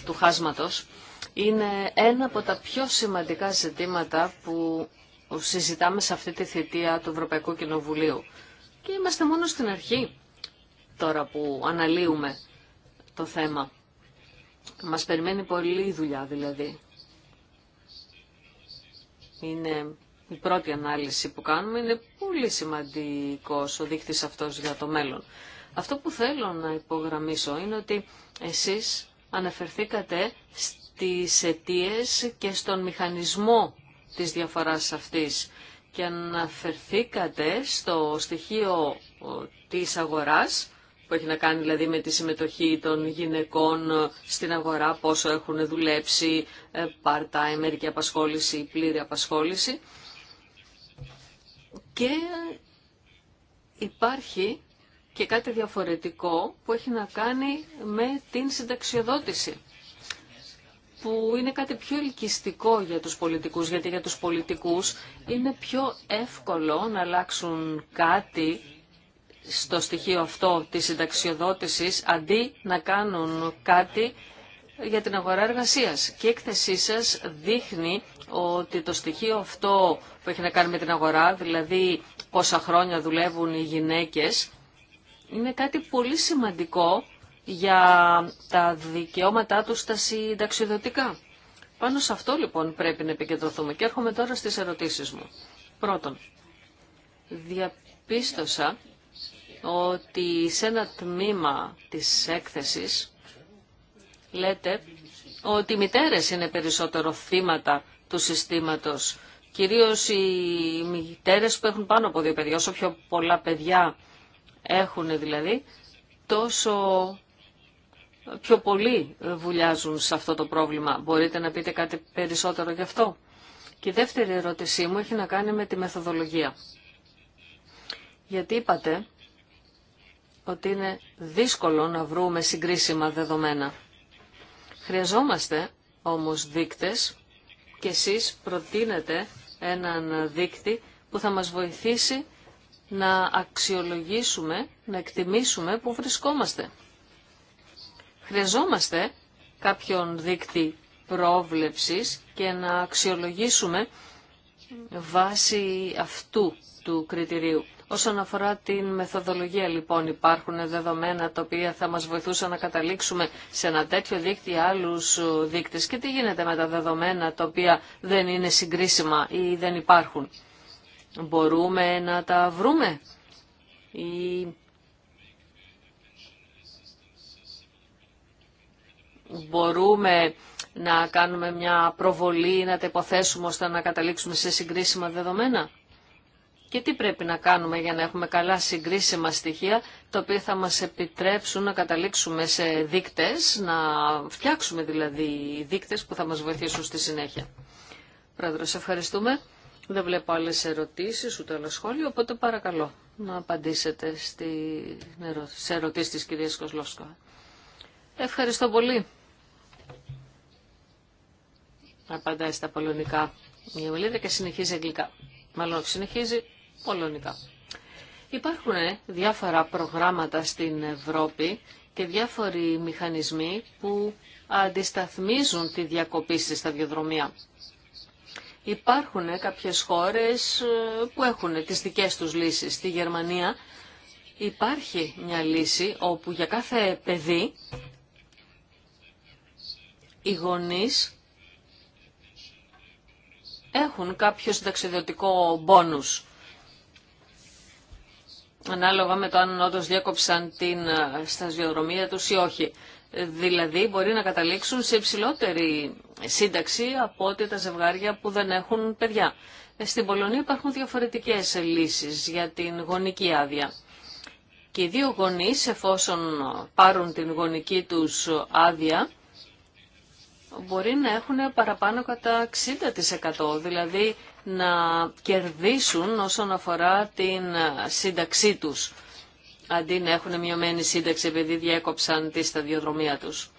του χάσματος είναι ένα από τα πιο σημαντικά ζητήματα που συζητάμε σε αυτή τη θητεία του Ευρωπαϊκού Κοινοβουλίου. Και είμαστε μόνο στην αρχή τώρα που αναλύουμε το θέμα. Μας περιμένει πολλή δουλειά δηλαδή. Είναι η πρώτη ανάλυση που κάνουμε, είναι πολύ σημαντικός ο δείχτης αυτός για το μέλλον. Αυτό που θέλω να υπογραμμίσω είναι ότι εσείς αναφερθήκατε στις αιτίε και στον μηχανισμό της διαφοράς αυτής και αναφερθήκατε στο στοιχείο της αγοράς που έχει να κάνει δηλαδή με τη συμμετοχή των γυναικών ε, στην αγορά, πόσο έχουν δουλέψει, ε, part-time, μερική απασχόληση, πλήρη απασχόληση. Και υπάρχει και κάτι διαφορετικό που έχει να κάνει με την συνταξιοδότηση που είναι κάτι πιο ελκυστικό για τους πολιτικούς, γιατί για τους πολιτικούς είναι πιο εύκολο να αλλάξουν κάτι στο στοιχείο αυτό της συνταξιοδότησης αντί να κάνουν κάτι για την αγορά εργασίας. Και η έκθεσή σας δείχνει ότι το στοιχείο αυτό που έχει να κάνει με την αγορά, δηλαδή πόσα χρόνια δουλεύουν οι γυναίκες, είναι κάτι πολύ σημαντικό για τα δικαιώματά τους στα συνταξιοδοτικά. Πάνω σε αυτό λοιπόν πρέπει να επικεντρωθούμε και έρχομαι τώρα στις ερωτήσεις μου. Πρώτον, διαπίστωσα ότι σε ένα τμήμα της έκθεσης λέτε ότι οι μητέρες είναι περισσότερο θύματα του συστήματος. Κυρίως οι μητέρες που έχουν πάνω από δύο παιδιά, όσο πιο πολλά παιδιά έχουν δηλαδή, τόσο πιο πολλοί βουλιάζουν σε αυτό το πρόβλημα. Μπορείτε να πείτε κάτι περισσότερο γι' αυτό. Και η δεύτερη ερώτησή μου έχει να κάνει με τη μεθοδολογία. Γιατί είπατε ότι είναι δύσκολο να βρούμε συγκρίσιμα δεδομένα. Χρειαζόμαστε όμως δείκτες και εσείς προτείνετε έναν δείκτη που θα μας βοηθήσει να αξιολογήσουμε, να εκτιμήσουμε που βρισκόμαστε. Χρειαζόμαστε κάποιον δείκτη πρόβλεψης και να αξιολογήσουμε βάση αυτού του κριτηρίου. Όσον αφορά την μεθοδολογία λοιπόν υπάρχουν δεδομένα τα οποία θα μας βοηθούσαν να καταλήξουμε σε ένα τέτοιο δίκτυο ή άλλους ε, δείκτες και τι γίνεται με τα δεδομένα τα οποία δεν είναι συγκρίσιμα ή δεν υπάρχουν. Μπορούμε να τα βρούμε ή μπορούμε να κάνουμε μια προβολή, να τα υποθέσουμε ώστε να καταλήξουμε σε συγκρίσιμα δεδομένα. Και τι πρέπει να κάνουμε για να έχουμε καλά συγκρίσιμα στοιχεία, τα οποία θα μας επιτρέψουν να καταλήξουμε σε δείκτες, να φτιάξουμε δηλαδή δείκτες που θα μας βοηθήσουν στη συνέχεια. σε ευχαριστούμε. Δεν βλέπω άλλες ερωτήσεις, ούτε άλλο σχόλιο, οπότε παρακαλώ να απαντήσετε σε ερωτήσεις της κυρίας Κοσλόσκα. Ευχαριστώ πολύ. Απαντάει στα πολωνικά η ομιλία και συνεχίζει αγγλικά. Μάλλον συνεχίζει Υπάρχουν ε, διάφορα προγράμματα στην Ευρώπη και διάφοροι μηχανισμοί που αντισταθμίζουν τη διακοπή στη σταδιοδρομία. Υπάρχουν ε, κάποιες χώρες ε, που έχουν τις δικές τους λύσεις. Στη Γερμανία υπάρχει μια λύση όπου για κάθε παιδί οι γονείς έχουν κάποιο συνταξιδιωτικό μπόνους ανάλογα με το αν όντω διέκοψαν την ε, σταζιοδρομία του ή όχι. Δηλαδή μπορεί να καταλήξουν σε υψηλότερη σύνταξη από ότι τα ζευγάρια που δεν έχουν παιδιά. Ε, στην Πολωνία υπάρχουν διαφορετικές λύσεις για την γονική άδεια. Και οι δύο γονείς εφόσον πάρουν την γονική τους άδεια μπορεί να έχουν παραπάνω κατά 60%. Δηλαδή να κερδίσουν όσον αφορά την σύνταξή τους, αντί να έχουν μειωμένη σύνταξη επειδή διέκοψαν τη σταδιοδρομία τους.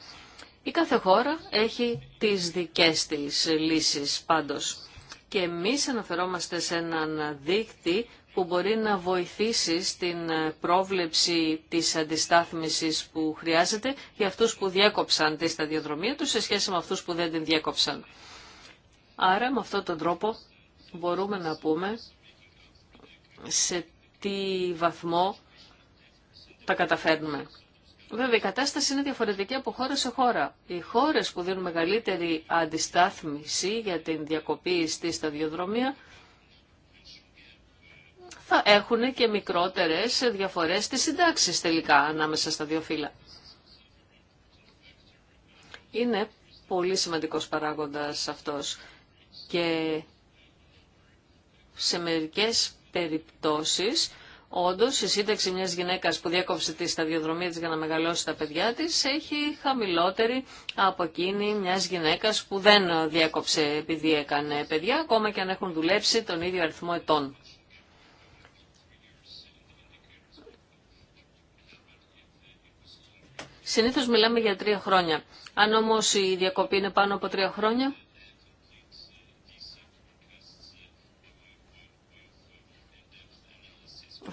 Η κάθε χώρα έχει τις δικές της λύσεις πάντως. Και εμείς αναφερόμαστε σε έναν δείκτη που μπορεί να βοηθήσει στην πρόβλεψη της αντιστάθμισης που χρειάζεται για αυτούς που διέκοψαν τη σταδιοδρομία τους σε σχέση με αυτούς που δεν την διέκοψαν. Άρα με αυτόν τον τρόπο μπορούμε να πούμε σε τι βαθμό τα καταφέρνουμε. Βέβαια, η κατάσταση είναι διαφορετική από χώρα σε χώρα. Οι χώρες που δίνουν μεγαλύτερη αντιστάθμιση για την διακοπή στη σταδιοδρομία θα έχουν και μικρότερες διαφορές στις συντάξει τελικά ανάμεσα στα δύο φύλλα. Είναι πολύ σημαντικός παράγοντας αυτός και σε μερικές περιπτώσεις όντως η σύνταξη μιας γυναίκας που διέκοψε τη σταδιοδρομία της για να μεγαλώσει τα παιδιά της έχει χαμηλότερη από εκείνη μιας γυναίκας που δεν διέκοψε επειδή έκανε παιδιά ακόμα και αν έχουν δουλέψει τον ίδιο αριθμό ετών. Συνήθως μιλάμε για τρία χρόνια. Αν όμως η διακοπή είναι πάνω από τρία χρόνια,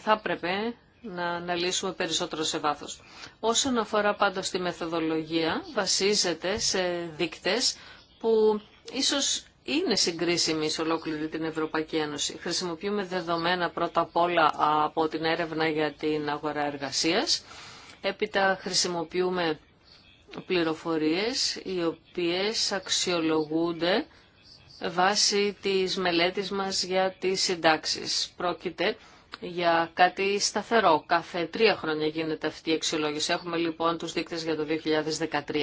θα έπρεπε να αναλύσουμε περισσότερο σε βάθος. Όσον αφορά πάντως τη μεθοδολογία, βασίζεται σε δείκτες που ίσως είναι συγκρίσιμοι σε ολόκληρη την Ευρωπαϊκή Ένωση. Χρησιμοποιούμε δεδομένα πρώτα απ' όλα από την έρευνα για την αγορά εργασίας. Έπειτα χρησιμοποιούμε πληροφορίες οι οποίες αξιολογούνται βάσει της μελέτης μας για τις συντάξεις. Πρόκειται για κάτι σταθερό. Κάθε τρία χρόνια γίνεται αυτή η αξιολόγηση. Έχουμε λοιπόν τους δείκτες για το 2013.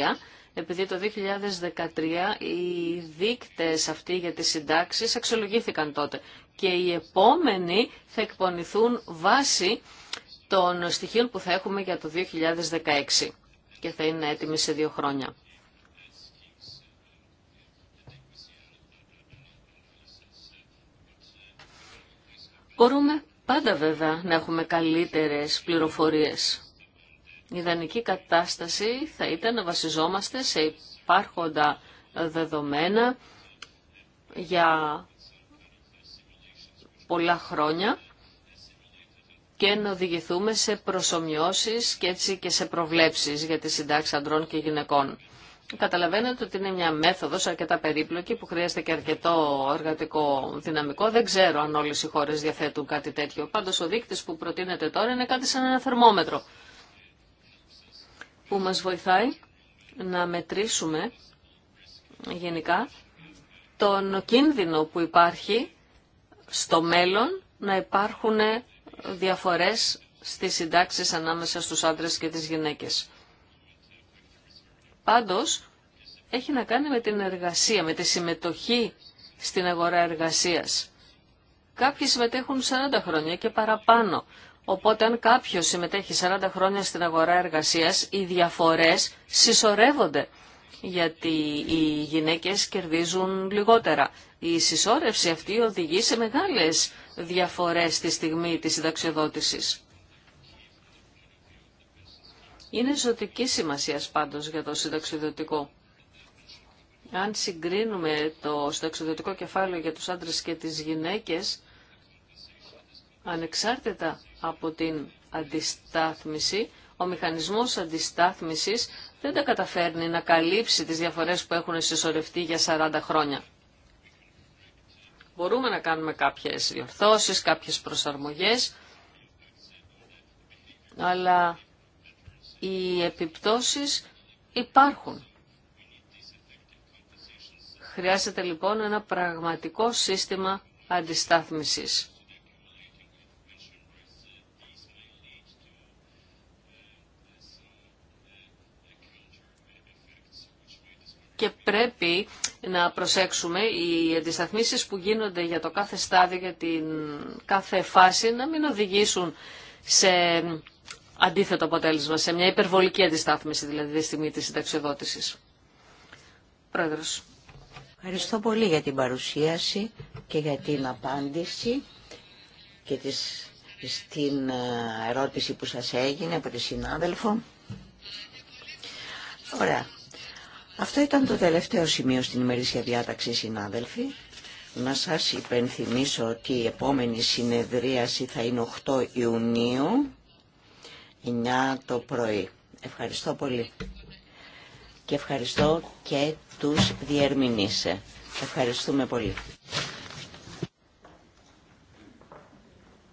Επειδή το 2013 οι δείκτες αυτοί για τις συντάξεις αξιολογήθηκαν τότε και οι επόμενοι θα εκπονηθούν βάσει των στοιχείων που θα έχουμε για το 2016 και θα είναι έτοιμοι σε δύο χρόνια. Μπορούμε Πάντα βέβαια να έχουμε καλύτερες πληροφορίες. Η ιδανική κατάσταση θα ήταν να βασιζόμαστε σε υπάρχοντα δεδομένα για πολλά χρόνια και να οδηγηθούμε σε προσωμιώσεις και έτσι και σε προβλέψεις για τη συντάξη ανδρών και γυναικών. Καταλαβαίνετε ότι είναι μια μέθοδος αρκετά περίπλοκη που χρειάζεται και αρκετό εργατικό δυναμικό. Δεν ξέρω αν όλες οι χώρες διαθέτουν κάτι τέτοιο. Πάντως ο δείκτη που προτείνεται τώρα είναι κάτι σαν ένα θερμόμετρο που μας βοηθάει να μετρήσουμε γενικά τον κίνδυνο που υπάρχει στο μέλλον να υπάρχουν διαφορές στις συντάξεις ανάμεσα στους άντρες και τις γυναίκες. Πάντως, έχει να κάνει με την εργασία, με τη συμμετοχή στην αγορά εργασίας. Κάποιοι συμμετέχουν 40 χρόνια και παραπάνω. Οπότε αν κάποιος συμμετέχει 40 χρόνια στην αγορά εργασίας, οι διαφορές συσσωρεύονται. Γιατί οι γυναίκες κερδίζουν λιγότερα. Η συσσόρευση αυτή οδηγεί σε μεγάλες διαφορές στη στιγμή της συνταξιοδότησης. Είναι ζωτική σημασία πάντω για το συνταξιδοτικό. Αν συγκρίνουμε το συνταξιδοτικό κεφάλαιο για τους άντρες και τις γυναίκες, ανεξάρτητα από την αντιστάθμιση, ο μηχανισμός αντιστάθμισης δεν τα καταφέρνει να καλύψει τις διαφορές που έχουν συσσωρευτεί για 40 χρόνια. Μπορούμε να κάνουμε κάποιες διορθώσεις, κάποιες προσαρμογές, αλλά οι επιπτώσεις υπάρχουν. Χρειάζεται λοιπόν ένα πραγματικό σύστημα αντιστάθμισης. Και πρέπει να προσέξουμε οι αντισταθμίσεις που γίνονται για το κάθε στάδιο, για την κάθε φάση, να μην οδηγήσουν σε αντίθετο αποτέλεσμα, σε μια υπερβολική αντιστάθμιση δηλαδή τη στιγμή της συνταξιοδότησης. Πρόεδρος. Ευχαριστώ πολύ για την παρουσίαση και για την απάντηση και τις στην ε, ερώτηση που σας έγινε από τη συνάδελφο. Ωραία. Αυτό ήταν το τελευταίο σημείο στην ημερήσια διάταξη, συνάδελφοι. Να σας υπενθυμίσω ότι η επόμενη συνεδρίαση θα είναι 8 Ιουνίου 9 το πρωί. Ευχαριστώ πολύ. Και ευχαριστώ και τους διερμηνήσε. Ευχαριστούμε πολύ.